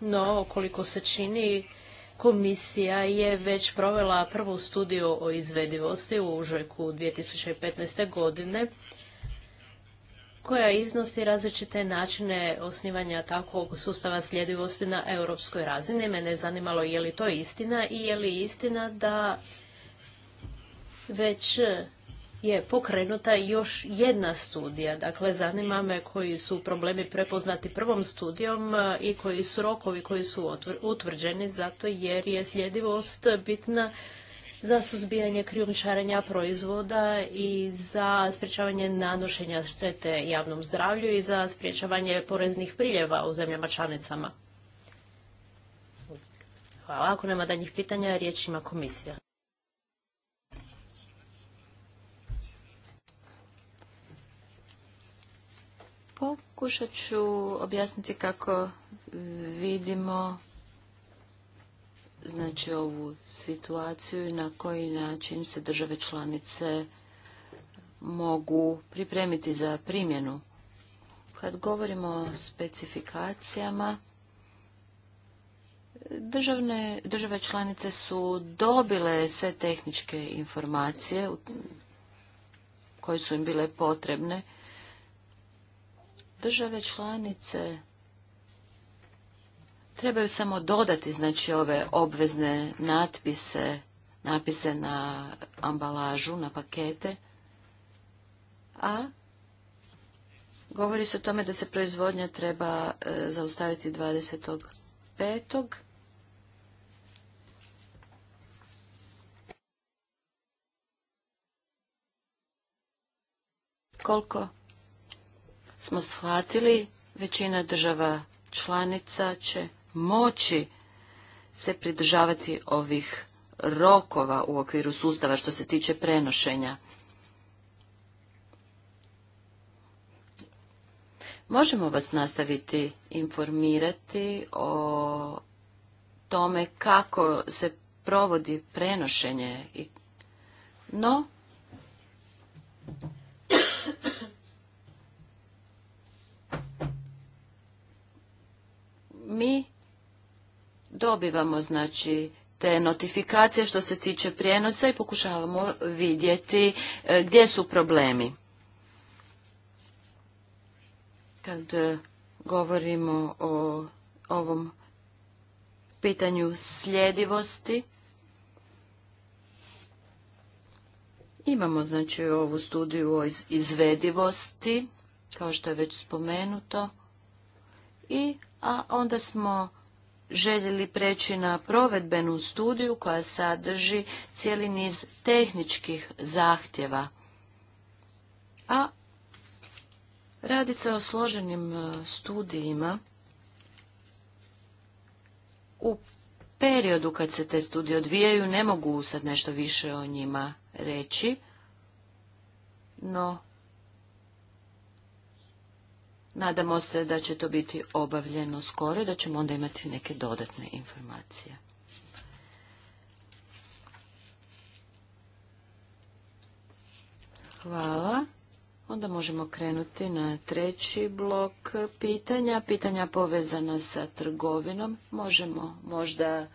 Speaker 3: No, koliko se čini, komisija je već provela prvu studiju o izvedivosti u užojku 2015. godine koja iznosi različite načine osnivanja takvog sustava sljedivosti na europskoj razini. Mene je zanimalo je li to istina i je li istina da već je pokrenuta još jedna studija. Dakle, zanima me koji su problemi prepoznati prvom studijom e, i koji su rokovi koji su utvrđeni, zato jer je sljedivost bitna za suzbijanje krijumčarenja proizvoda i za sprječavanje nanošenja štete javnom zdravlju i za sprječavanje poreznih priljeva u zemljama članicama. Hvala. Ako nema danjih pitanja, riječ ima komisija.
Speaker 2: Pokušat ću objasniti kako vidimo znači ovu situaciju i na koji način se države članice mogu pripremiti za primjenu. Kad govorimo o specifikacijama, državne, države članice su dobile sve tehničke informacije koje su im bile potrebne. Države članice Trebaju samo dodati znači ove obvezne natpise, napise na ambalažu, na pakete. A govori se o tome da se proizvodnja treba e, zaustaviti 25. Koliko
Speaker 1: smo shvatili,
Speaker 2: većina država članica će moći se pridržavati ovih rokova u okviru sustava što se tiče prenošenja. Možemo vas nastaviti informirati o tome kako se provodi prenošenje. No, mi dobivamo znači te notifikacije što se tiče prijenosa i pokušavamo vidjeti e, gdje su problemi. Kad e, govorimo o ovom pitanju sljedivosti, imamo znači ovu studiju o izvedivosti, kao što je već spomenuto, i a onda smo željeli preći na provedbenu studiju koja sadrži cijeli niz tehničkih zahtjeva. A radi se o složenim e, studijima u periodu kad se te studije odvijaju ne mogu sad nešto više o njima reći, no Nadamo se da će to biti obavljeno skoro i da ćemo onda imati neke dodatne informacije. Hvala. Onda možemo krenuti na treći blok pitanja. Pitanja povezana sa trgovinom. Možemo možda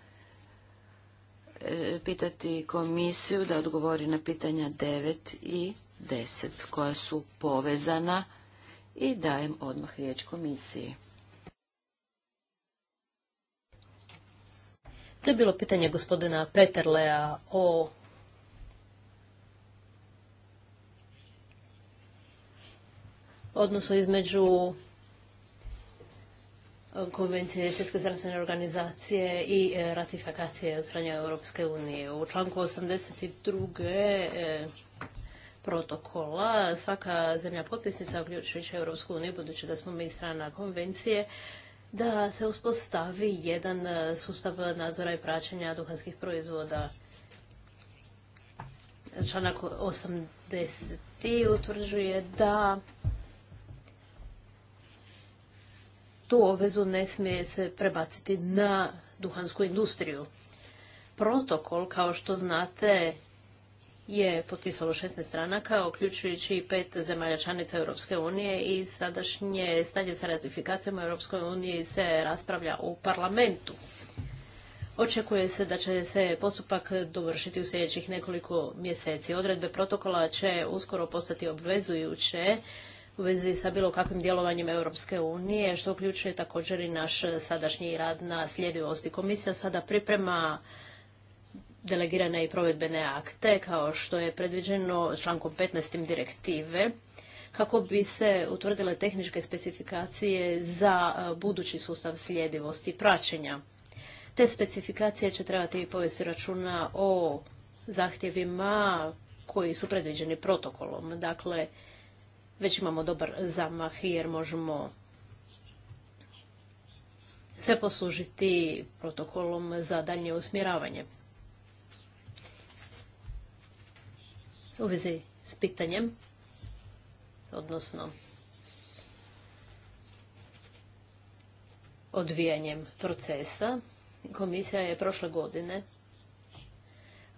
Speaker 2: e, pitati komisiju da odgovori na pitanja 9 i 10 koja su povezana i dajem odmah riječ komisiji.
Speaker 3: To je bilo pitanje gospodina Peterlea o odnosu između Konvencije Svjetske zdravstvene organizacije i e, ratifikacije od strane Europske unije. U članku 82 protokola. Svaka zemlja potpisnica, uključujući Europsku uniju, budući da smo mi strana konvencije, da se uspostavi jedan e, sustav nadzora i praćenja duhanskih proizvoda. Članak 80. utvrđuje da tu obvezu ne smije se prebaciti na duhansku industriju. Protokol, kao što znate, je potpisalo 16 stranaka, uključujući i pet zemalja članica Europske unije i sadašnje stanje sa ratifikacijom u Europskoj uniji se raspravlja u parlamentu. Očekuje se da će se postupak dovršiti u sljedećih nekoliko mjeseci. Odredbe protokola će uskoro postati obvezujuće u vezi sa bilo kakvim djelovanjem Europske unije, što uključuje također i naš sadašnji rad na sljedivosti. Komisija sada priprema delegirane i provedbene akte kao što je predviđeno člankom 15. direktive kako bi se utvrdile tehničke specifikacije za e, budući sustav sljedivosti i praćenja. Te specifikacije će trebati povesti računa o zahtjevima koji su predviđeni protokolom. Dakle, već imamo dobar zamah jer možemo se poslužiti protokolom za daljnje usmjeravanje. u vezi s pitanjem, odnosno odvijanjem procesa, komisija je prošle godine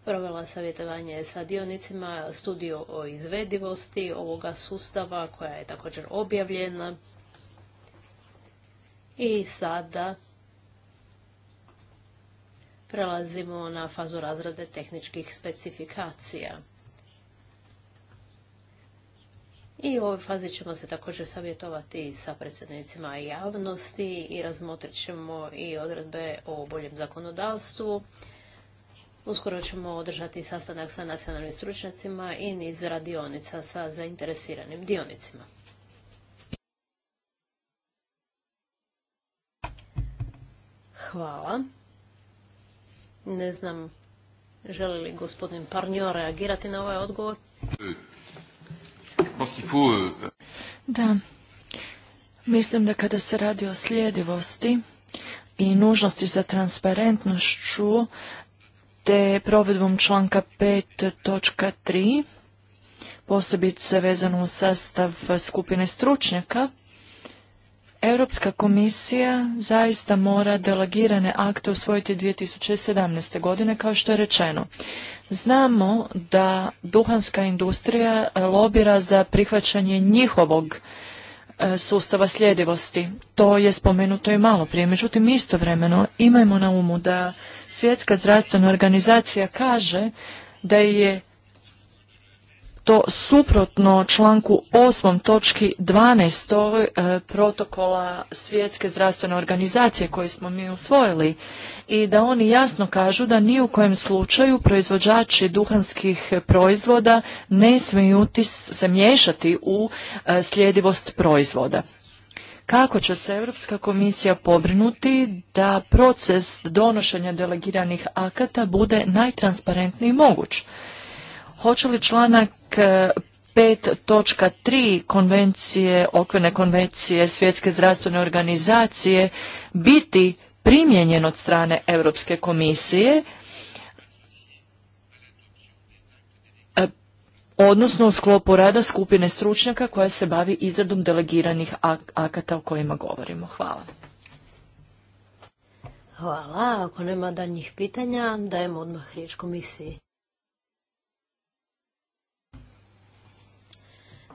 Speaker 3: provela savjetovanje sa dionicima, studiju o izvedivosti ovoga sustava koja je također objavljena i sada prelazimo na fazu razrade tehničkih specifikacija. I u ovoj fazi ćemo se također savjetovati sa predsjednicima javnosti i razmotrit ćemo i odredbe o boljem zakonodavstvu. Uskoro ćemo održati sastanak sa nacionalnim stručnjacima i niz radionica sa zainteresiranim dionicima. Hvala. Ne znam, želi li gospodin Parnjo reagirati na ovaj odgovor? E, Euh,
Speaker 1: da, mislim da kada se radi o slijedivosti i nužnosti za transparentnošću, te provedbom članka 5.3, posebice vezano u sastav skupine stručnjaka, Europska komisija zaista mora delegirane akte usvojiti 2017. godine, kao što je rečeno. Znamo da duhanska industrija e, lobira za prihvaćanje njihovog e, sustava sljedivosti. To je spomenuto i malo prije. Međutim, istovremeno imajmo na umu da Svjetska zdravstvena organizacija kaže da je to suprotno članku 8. točki 12. E, protokola Svjetske zdravstvene organizacije koji smo mi usvojili i da oni jasno kažu da ni u kojem slučaju proizvođači duhanskih proizvoda ne smiju se miješati u e, sljedivost proizvoda kako će se Europska komisija pobrinuti da proces donošenja delegiranih akata bude najtransparentniji moguć. Hoće li članak 5.3 e, konvencije, okvene konvencije Svjetske zdravstvene organizacije biti primjenjen od strane Europske komisije, e, odnosno u sklopu rada skupine stručnjaka koja se bavi izradom delegiranih akata o kojima govorimo. Hvala.
Speaker 3: Hvala. Ako nema danjih pitanja, dajemo odmah riječ komisiji.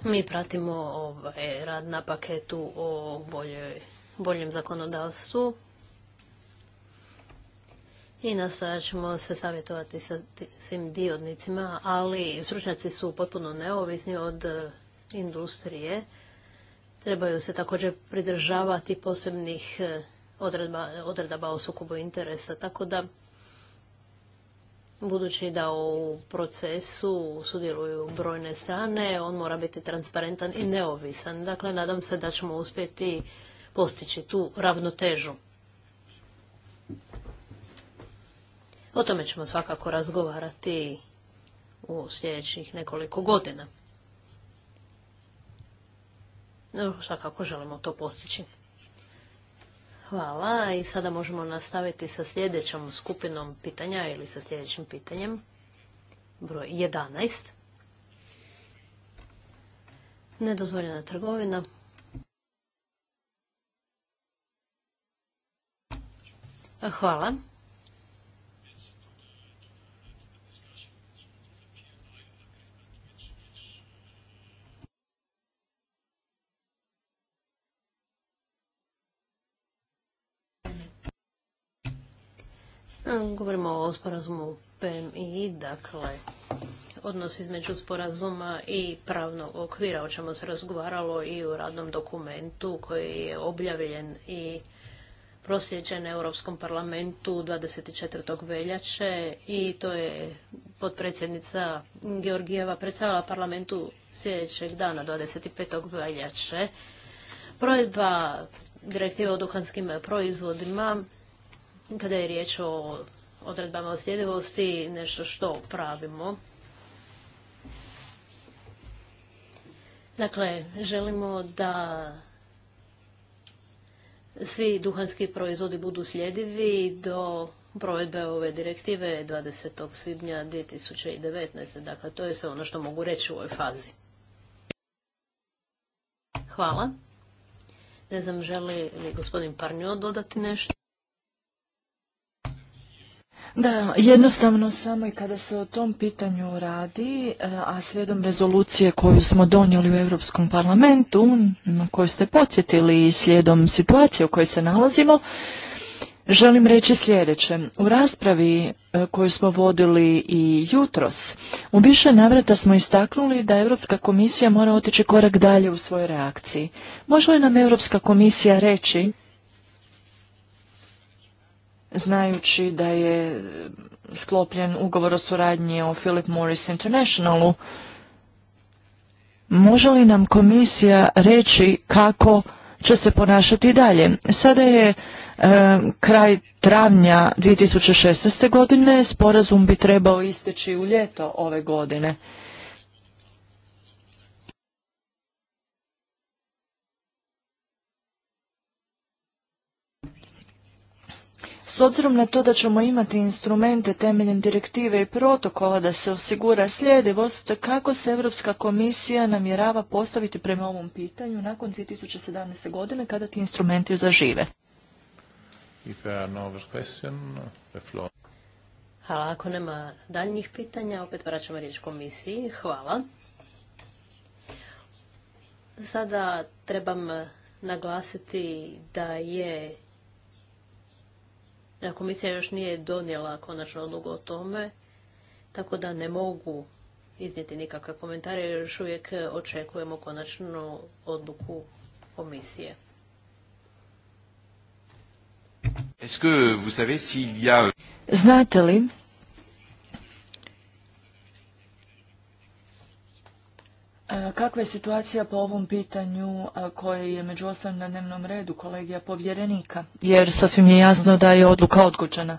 Speaker 3: Mi pratimo ovaj rad na paketu o boljem zakonodavstvu i sada ćemo se savjetovati sa svim diodnicima, ali stručnjaci su potpuno neovisni od e, industrije. Trebaju se također pridržavati posebnih e, odredaba o sukobu interesa, tako da Budući da u procesu sudjeluju brojne strane, on mora biti transparentan i neovisan. Dakle, nadam se da ćemo uspjeti postići tu ravnotežu. O tome ćemo svakako razgovarati u sljedećih nekoliko godina. No, svakako želimo to postići. Hvala i sada možemo nastaviti sa sljedećom skupinom pitanja ili sa sljedećim pitanjem. Broj 11. Nedozvoljena trgovina. Hvala. E, govorimo o sporazumu PMI, dakle, odnos između sporazuma i pravnog okvira, o čemu se razgovaralo i u radnom dokumentu koji je objavljen i prosjeđen Europskom parlamentu 24. veljače i to je potpredsjednica Georgijeva predstavila parlamentu sljedećeg dana 25. veljače. Projedba direktiva o duhanskim proizvodima kada je riječ o odredbama o sljedivosti, nešto što pravimo. Dakle, želimo da svi duhanski proizvodi budu sljedivi do provedbe ove direktive 20. svibnja 2019. Dakle, to je sve ono što mogu reći u ovoj fazi. Hvala. Ne znam, želi li gospodin Parnjo dodati nešto?
Speaker 1: Da, jednostavno samo i kada se o tom pitanju radi, e, a slijedom rezolucije koju smo donijeli u Europskom parlamentu, na koju ste podsjetili i slijedom situacije u kojoj se nalazimo, Želim reći sljedeće. U raspravi e, koju smo vodili i jutros, u više navrata smo istaknuli da Europska komisija mora otići korak dalje u svojoj reakciji. Može li nam Europska komisija reći znajući da je sklopljen ugovor o suradnji o Philip Morris Internationalu, može li nam komisija reći kako će se ponašati dalje? Sada je e, kraj travnja 2016. godine, sporazum bi trebao isteći u ljeto ove godine. S obzirom na to da ćemo imati instrumente temeljem direktive i protokola da se osigura sljedivost, kako se Europska komisija namjerava postaviti prema ovom pitanju nakon 2017. godine kada ti instrumenti zažive? Hvala. Ako nema daljnjih
Speaker 3: pitanja, opet vraćamo riječ komisiji. Hvala. Sada trebam naglasiti da je Komisija još nije donijela konačnu odluku o tome, tako da ne mogu iznijeti nikakve komentare jer još uvijek očekujemo konačnu odluku komisije.
Speaker 1: Znate li E, kakva je situacija po ovom pitanju e, koje je među ostalim na dnevnom redu kolegija povjerenika? Jer sasvim je jasno da je odluka odgođena.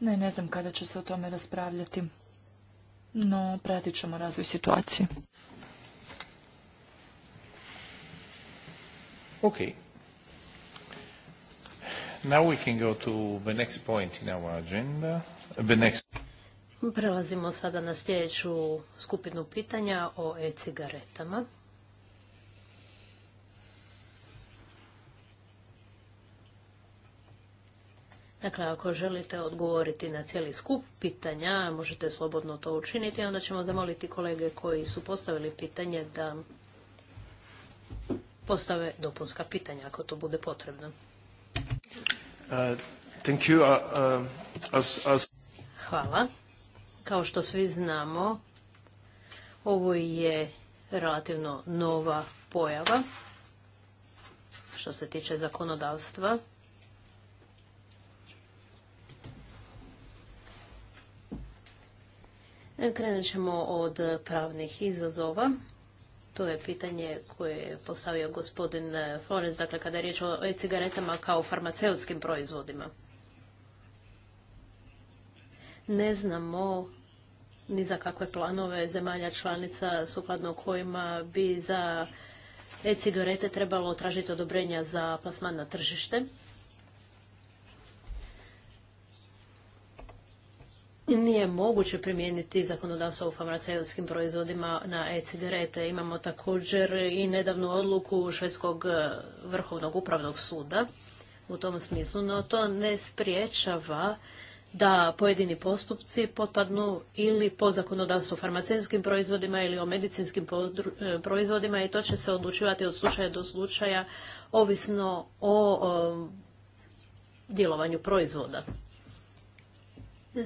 Speaker 1: Ne, ne znam kada će se o tome raspravljati, no pratit ćemo razvoj situacije. Ok. Now we can go to the next point in our agenda. The next...
Speaker 3: Prelazimo sada na sljedeću skupinu pitanja o e-cigaretama. Dakle, ako želite odgovoriti na cijeli skup pitanja, možete slobodno to učiniti, onda ćemo zamoliti kolege koji su postavili pitanje da postave dopunska pitanja ako to bude potrebno. Uh, uh, uh, Hvala. Kao što svi znamo, ovo je relativno nova pojava što se tiče zakonodavstva. Krenut ćemo od pravnih izazova. To je pitanje koje je postavio gospodin Flores, dakle kada je riječ o cigaretama kao farmaceutskim proizvodima ne znamo ni za kakve planove zemalja članica sukladno kojima bi za e-cigarete trebalo tražiti odobrenja za plasman na tržište. Nije moguće primijeniti zakonodavstvo u farmaceutskim proizvodima na e-cigarete. Imamo također i nedavnu odluku Švedskog e, vrhovnog upravnog suda u tom smislu, no to ne spriječava da pojedini postupci potpadnu ili po zakonodavstvu farmaceutskim proizvodima ili o medicinskim e, proizvodima i to će se odlučivati od slučaja do slučaja ovisno o, djelovanju proizvoda.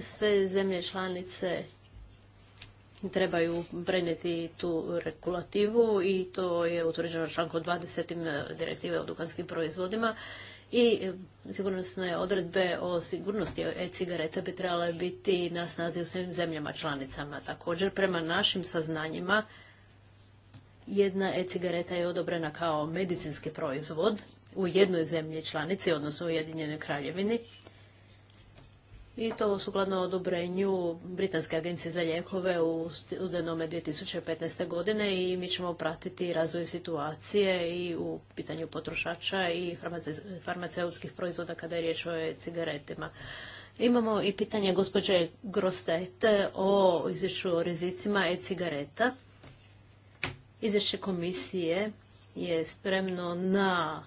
Speaker 3: Sve zemlje članice trebaju prenijeti tu regulativu i to je utvrđeno člankom 20. E, direktive o dukanskim proizvodima i e, sigurnosne odredbe o sigurnosti e-cigareta bi trebale biti na snazi u svim zemljama članicama. Također, prema našim saznanjima, jedna e-cigareta je odobrena kao medicinski proizvod u jednoj zemlji članici, odnosno u Ujedinjenoj kraljevini, i to sukladno odobrenju Britanske agencije za lijekove u studenome 2015. godine i mi ćemo pratiti razvoj situacije i u pitanju potrošača i farmaceutskih proizvoda kada je riječ o cigaretima. Imamo i pitanje gospođe Grostete o izvješću o rizicima e-cigareta. Izvješće komisije je spremno na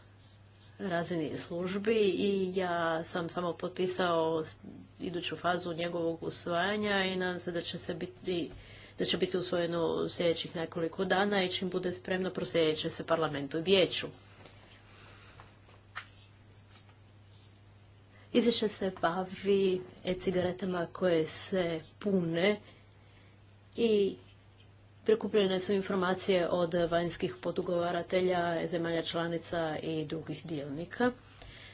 Speaker 3: razini službi i ja sam samo potpisao iduću fazu njegovog usvajanja i nadam se da će biti da će biti usvojeno u sljedećih nekoliko dana i čim bude spremno proslijedit će se parlamentu i vijeću. Izvješće se bavi e-cigaretama koje se pune i Prikupljene su informacije od vanjskih podugovaratelja, zemalja članica i drugih dionika.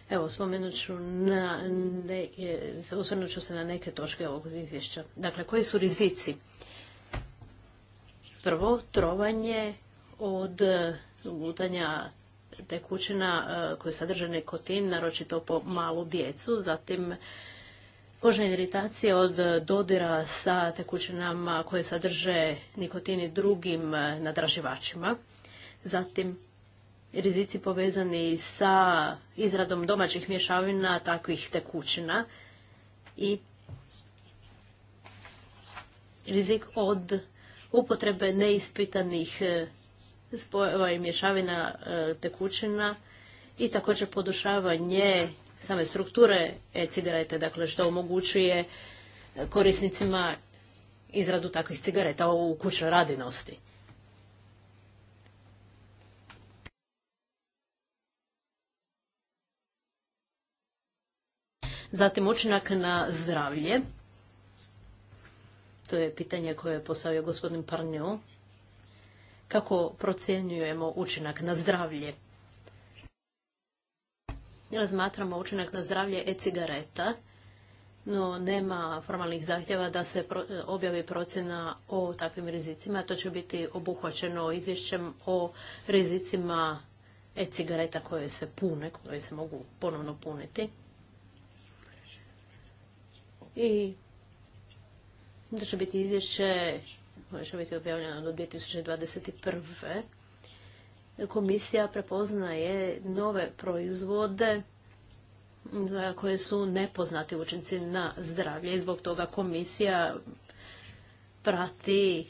Speaker 3: Evo, spomenut ću na, neke ću se na neke točke ovog izvješća. Dakle, koji su rizici? Prvo, trovanje od lutanja tekućina eh, koje sadrže nikotin, naročito po malu djecu, zatim kožne iritacije od dodira sa tekućinama koje sadrže nikotini drugim nadraživačima. Zatim, rizici povezani sa izradom domaćih mješavina takvih tekućina i rizik od upotrebe neispitanih spojeva i mješavina e, tekućina i također podušavanje same strukture e-cigarete, dakle što omogućuje e, korisnicima izradu takvih cigareta u kućnoj radinosti. Zatim učinak na zdravlje. To je pitanje koje je postavio gospodin Parnjo. Kako procjenjujemo učinak na zdravlje? razmatramo učinak na zdravlje e-cigareta, no nema formalnih zahtjeva da se e, objavi procjena o takvim rizicima. To će biti obuhvaćeno izvješćem o rizicima e-cigareta koje se pune, koje se mogu ponovno puniti. I to će biti izvješće koje će biti objavljeno do 2021 komisija prepoznaje nove proizvode za koje su nepoznati učinci na zdravlje i zbog toga komisija prati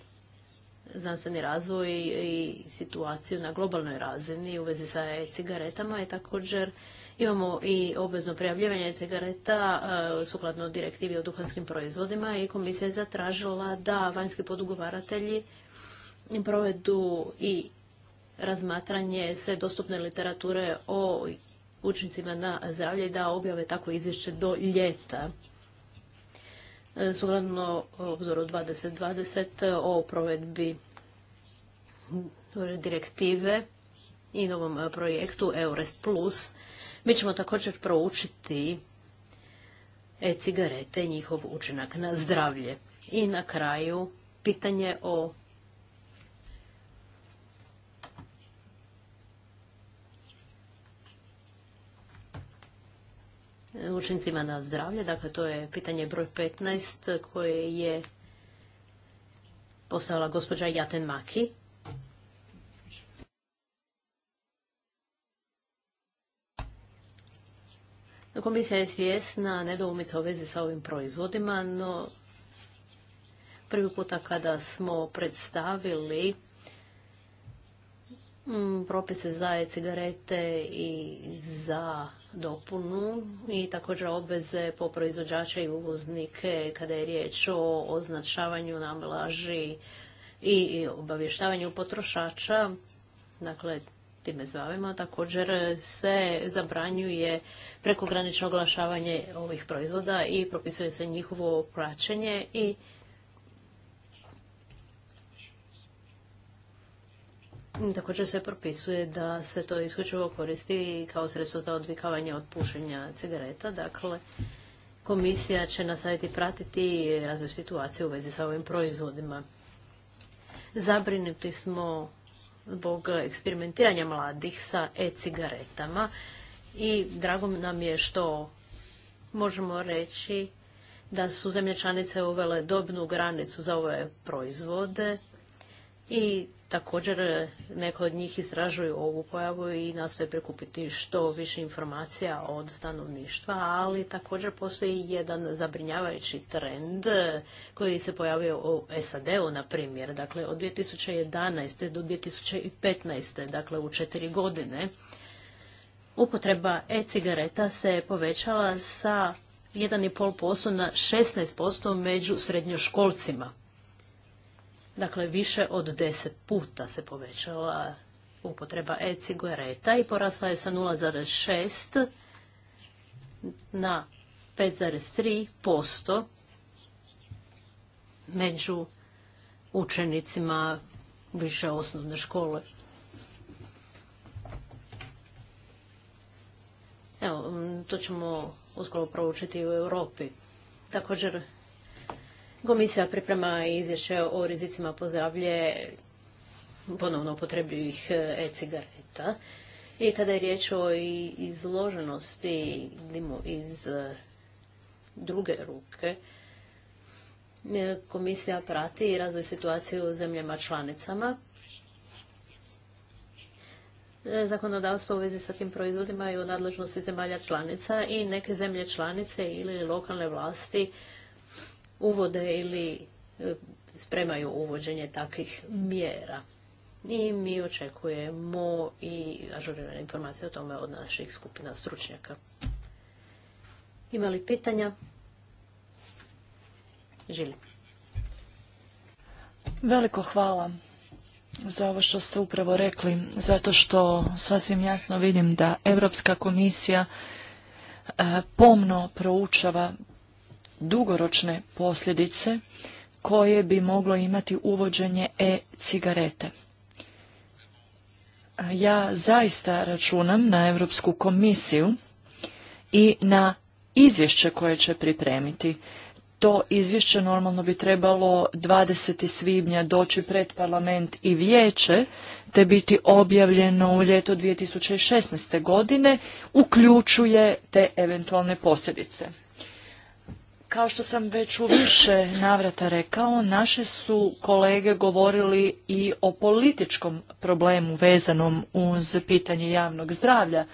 Speaker 3: znanstveni razvoj i situaciju na globalnoj razini u vezi sa cigaretama i također imamo i obvezno prijavljivanje cigareta e, sukladno direktivi o duhanskim proizvodima i komisija je zatražila da vanjski podugovaratelji provedu i razmatranje sve dostupne literature o učincima na zdravlje i da objave takvo izvješće do ljeta. E, sukladno obzoru 2020 o provedbi direktive i novom projektu EUREST+. Plus, mi ćemo također proučiti e-cigarete i njihov učinak na zdravlje. I na kraju pitanje o učincima na zdravlje. Dakle, to je pitanje broj 15 koje je postavila gospođa Jaten Maki. Komisija je svjesna nedoumica u vezi sa ovim proizvodima, no prvi puta kada smo predstavili Mm, propise za e-cigarete i za dopunu i također obveze po proizvođače i uvoznike kada je riječ o označavanju na ambalaži i obavještavanju potrošača. Dakle, time bavimo. Također se zabranjuje prekogranično oglašavanje ovih proizvoda i propisuje se njihovo praćenje i Mm, također se propisuje da se to isključivo koristi kao sredstvo za odvikavanje od pušenja cigareta. Dakle, komisija će na sajti pratiti razvoj situacije u vezi sa ovim proizvodima. Zabrinuti smo zbog eksperimentiranja mladih sa e-cigaretama i drago nam je što možemo reći da su zemlje članice uvele dobnu granicu za ove proizvode i Također, e, neko od njih istražuju ovu pojavu i nastoje prikupiti što više informacija od stanovništva, ali također postoji jedan zabrinjavajući trend e, koji se pojavio u SAD-u, na primjer. Dakle, od 2011. do 2015. dakle u četiri godine, upotreba e-cigareta se povećala sa 1,5% na 16% među srednjoškolcima. Dakle, više od deset puta se povećala upotreba e-cigareta i porasla je sa 0,6 na 5,3% među učenicima više osnovne škole. Evo, to ćemo uskoro proučiti u Europi. Također Komisija priprema izvješće o rizicima po zdravlje ponovno upotrebljivih e, e-cigareta. I kada je riječ o izloženosti dimu iz e, druge ruke, e, komisija prati i razvoj situacije u zemljama članicama. Zakonodavstvo u vezi sa tim proizvodima je u nadležnosti zemalja članica i neke zemlje članice ili lokalne vlasti uvode ili e, spremaju uvođenje takvih mjera. I mi očekujemo i ažurirane informacije o tome od naših skupina stručnjaka.
Speaker 1: Ima li pitanja? Veliko hvala za ovo što ste upravo rekli, zato što sasvim jasno vidim da Europska komisija e, pomno proučava dugoročne posljedice koje bi moglo imati uvođenje e-cigarete. Ja zaista računam na Europsku komisiju i na izvješće koje će pripremiti. To izvješće normalno bi trebalo 20. svibnja doći pred parlament i vijeće, te biti objavljeno u ljeto 2016. godine, uključuje te eventualne posljedice. Kao što sam već u više navrata rekao, naše su kolege govorili i o političkom problemu vezanom uz pitanje javnog zdravlja.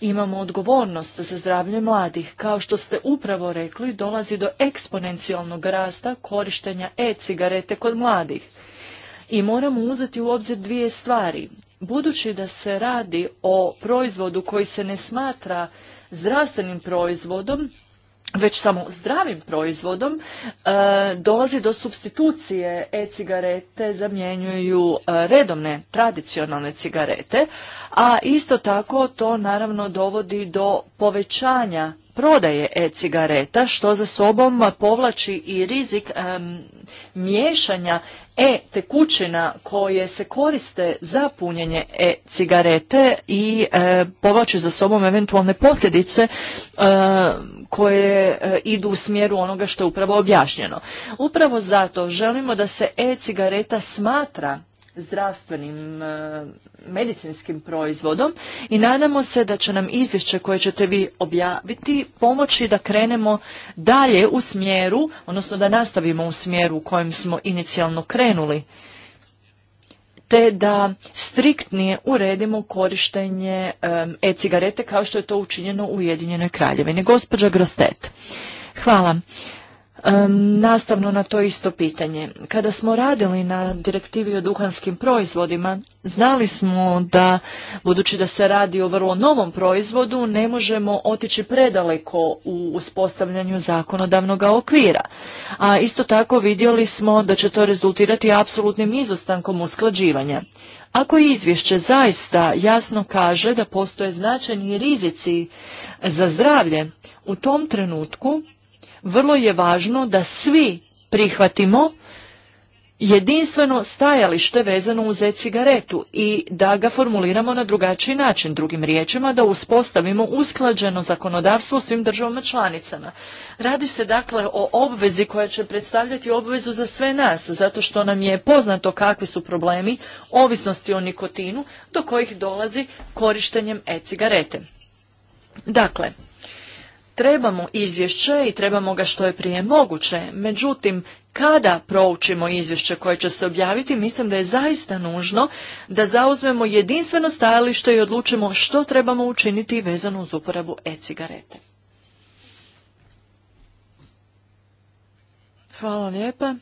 Speaker 1: Imamo odgovornost za zdravlje mladih. Kao što ste upravo rekli, dolazi do eksponencijalnog rasta korištenja e-cigarete kod mladih. I moramo uzeti u obzir dvije stvari. Budući da se radi o proizvodu koji se ne smatra zdravstvenim proizvodom, već samo zdravim proizvodom e, dolazi do substitucije e-cigarete, zamjenjuju e, redovne tradicionalne cigarete, a isto tako to naravno dovodi do povećanja prodaje e-cigareta što za sobom povlači i rizik miješanja e-tekućina koje se koriste za punjenje e-cigarete i e, povlači za sobom eventualne posljedice e, koje e, idu u smjeru onoga što je upravo objašnjeno. Upravo zato želimo da se e-cigareta smatra zdravstvenim e, medicinskim proizvodom i nadamo se da će nam izvješće koje ćete vi objaviti pomoći da krenemo dalje u smjeru, odnosno da nastavimo u smjeru u kojem smo inicijalno krenuli, te da striktnije uredimo korištenje e, e-cigarete kao što je to učinjeno u Ujedinjenoj kraljevini. Gospodža Grostet, hvala nastavno na to isto pitanje. Kada smo radili na direktivi o duhanskim proizvodima, znali smo da, budući da se radi o vrlo novom proizvodu, ne možemo otići predaleko u uspostavljanju zakonodavnog okvira. A isto tako vidjeli smo da će to rezultirati apsolutnim izostankom usklađivanja. Ako izvješće zaista jasno kaže da postoje značajni rizici za zdravlje, u tom trenutku vrlo je važno da svi prihvatimo jedinstveno stajalište vezano uz e-cigaretu i da ga formuliramo na drugačiji način, drugim riječima da uspostavimo usklađeno zakonodavstvo u svim državama članicama. Radi se dakle o obvezi koja će predstavljati obvezu za sve nas, zato što nam je poznato kakvi su problemi ovisnosti o nikotinu do kojih dolazi korištenjem e-cigarete. Dakle, trebamo izvješće i trebamo ga što je prije moguće. Međutim, kada proučimo izvješće koje će se objaviti, mislim da je zaista nužno da zauzmemo jedinstveno stajalište i odlučimo što trebamo učiniti vezano uz uporabu e-cigarete. Hvala lijepa.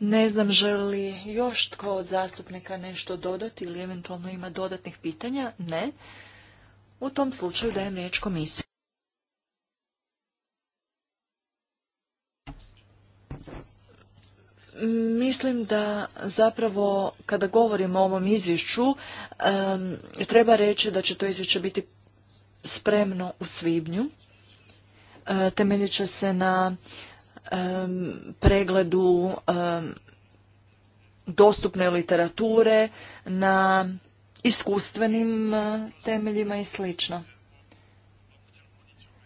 Speaker 1: Ne znam, želi još tko od zastupnika nešto dodati ili eventualno ima dodatnih pitanja? Ne. U tom slučaju dajem riječ komisiji. Mislim da zapravo kada govorimo o ovom izvješću treba reći da će to izvješće biti spremno u svibnju. temeljiće temeljit će se na pregledu dostupne literature, na iskustvenim temeljima i slično.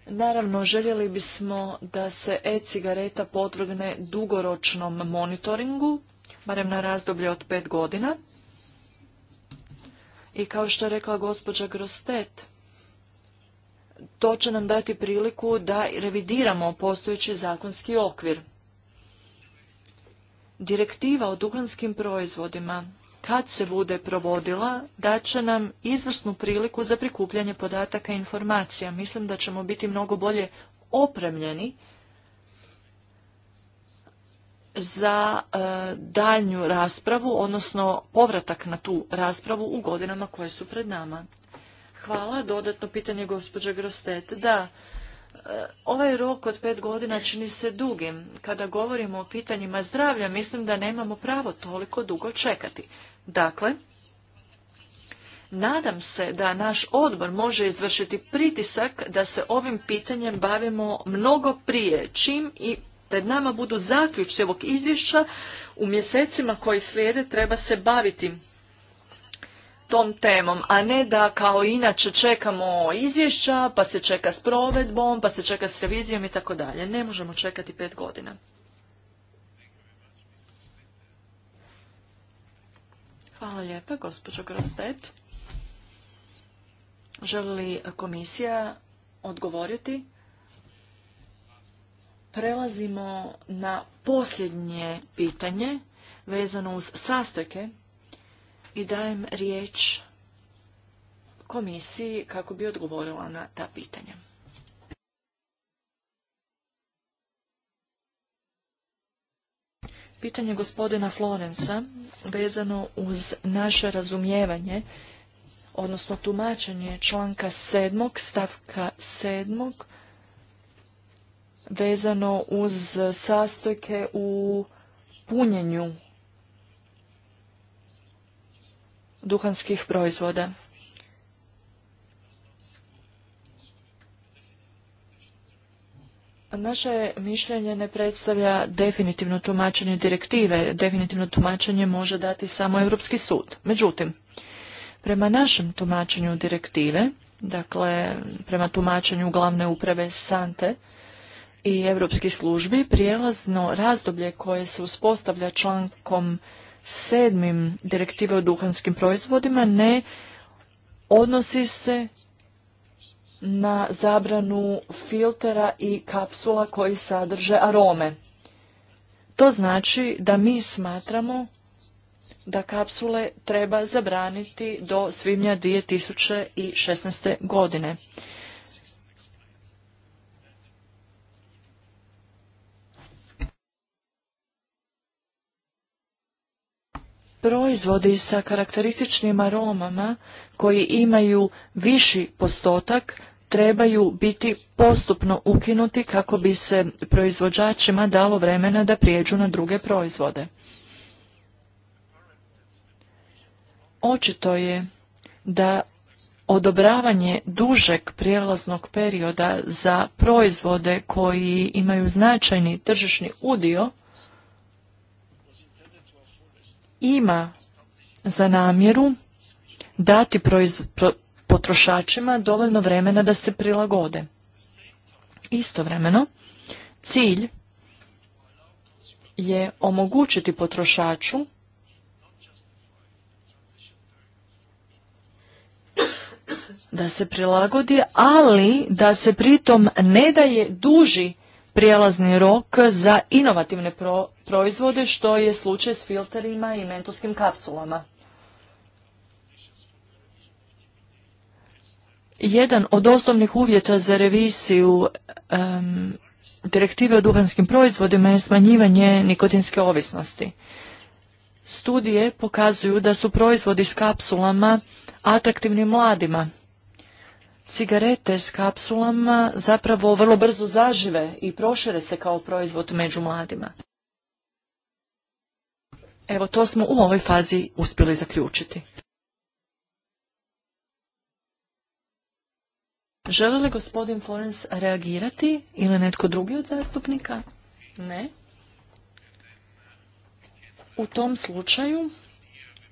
Speaker 1: Naravno, željeli bismo da se e-cigareta podvrgne dugoročnom monitoringu, barem na razdoblje od pet godina. I kao što je rekla gospođa Grostet, to će nam dati priliku da revidiramo postojeći zakonski okvir. Direktiva o duhanskim proizvodima kad se bude provodila, dat će nam izvrsnu priliku za prikupljanje podataka i informacija. Mislim da ćemo biti mnogo bolje opremljeni za e, daljnju raspravu, odnosno povratak na tu raspravu u godinama koje su pred nama. Hvala. Dodatno pitanje gospođa Grostet. Da, Ovaj rok od pet godina čini se dugim. Kada govorimo o pitanjima zdravlja, mislim da nemamo pravo toliko dugo čekati. Dakle, nadam se da naš odbor može izvršiti pritisak da se ovim pitanjem bavimo mnogo prije, čim i pred nama budu zaključci ovog izvješća, u mjesecima koji slijede treba se baviti tom temom, a ne da kao inače čekamo izvješća, pa se čeka s provedbom, pa se čeka s revizijom i tako dalje. Ne možemo čekati pet godina. Hvala lijepa, gospođo Grostet. Želi li komisija odgovoriti? Prelazimo na posljednje pitanje vezano uz sastojke i dajem riječ komisiji kako bi odgovorila na ta pitanja. Pitanje gospodina Florensa vezano uz naše razumijevanje, odnosno tumačenje članka 7. stavka 7. vezano uz sastojke u punjenju duhanskih proizvoda. Naše mišljenje ne predstavlja definitivno tumačenje direktive. Definitivno tumačenje može dati samo Europski sud. Međutim, prema našem tumačenju direktive, dakle prema tumačenju glavne uprave Sante i europskih službi, prijelazno razdoblje koje se uspostavlja člankom sedmim direktive o duhanskim proizvodima ne odnosi se na zabranu filtera i kapsula koji sadrže arome. To znači da mi smatramo da kapsule treba zabraniti do svibnja 2016. godine. proizvodi sa karakterističnim aromama koji imaju viši postotak trebaju biti postupno ukinuti kako bi se proizvođačima dalo vremena da prijeđu na druge proizvode. Očito je da odobravanje dužeg prijelaznog perioda za proizvode koji imaju značajni tržišni udio ima za namjeru dati potrošačima dovoljno vremena da se prilagode. Istovremeno, cilj je omogućiti potrošaču da se prilagodi, ali da se pritom ne daje duži prijelazni rok za inovativne proizvode, što je slučaj s filterima i mentolskim kapsulama. Jedan od osnovnih uvjeta za reviziju direktive o duhanskim proizvodima je smanjivanje nikotinske ovisnosti. Studije pokazuju da su proizvodi s kapsulama atraktivni mladima, cigarete s kapsulama zapravo vrlo brzo zažive i prošere se kao proizvod među mladima. Evo to smo u ovoj fazi uspjeli zaključiti. Želi li gospodin Florence reagirati ili netko drugi od zastupnika? Ne. U tom slučaju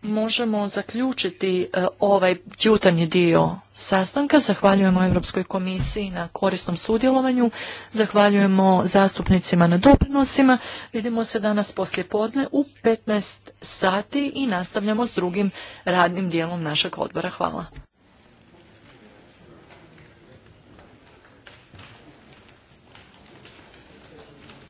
Speaker 1: možemo zaključiti e, ovaj jutarnji dio sastanka. Zahvaljujemo Europskoj komisiji na korisnom sudjelovanju, zahvaljujemo zastupnicima na doprinosima. Vidimo se danas poslije podne u 15 sati i nastavljamo s drugim radnim dijelom našeg odbora. Hvala.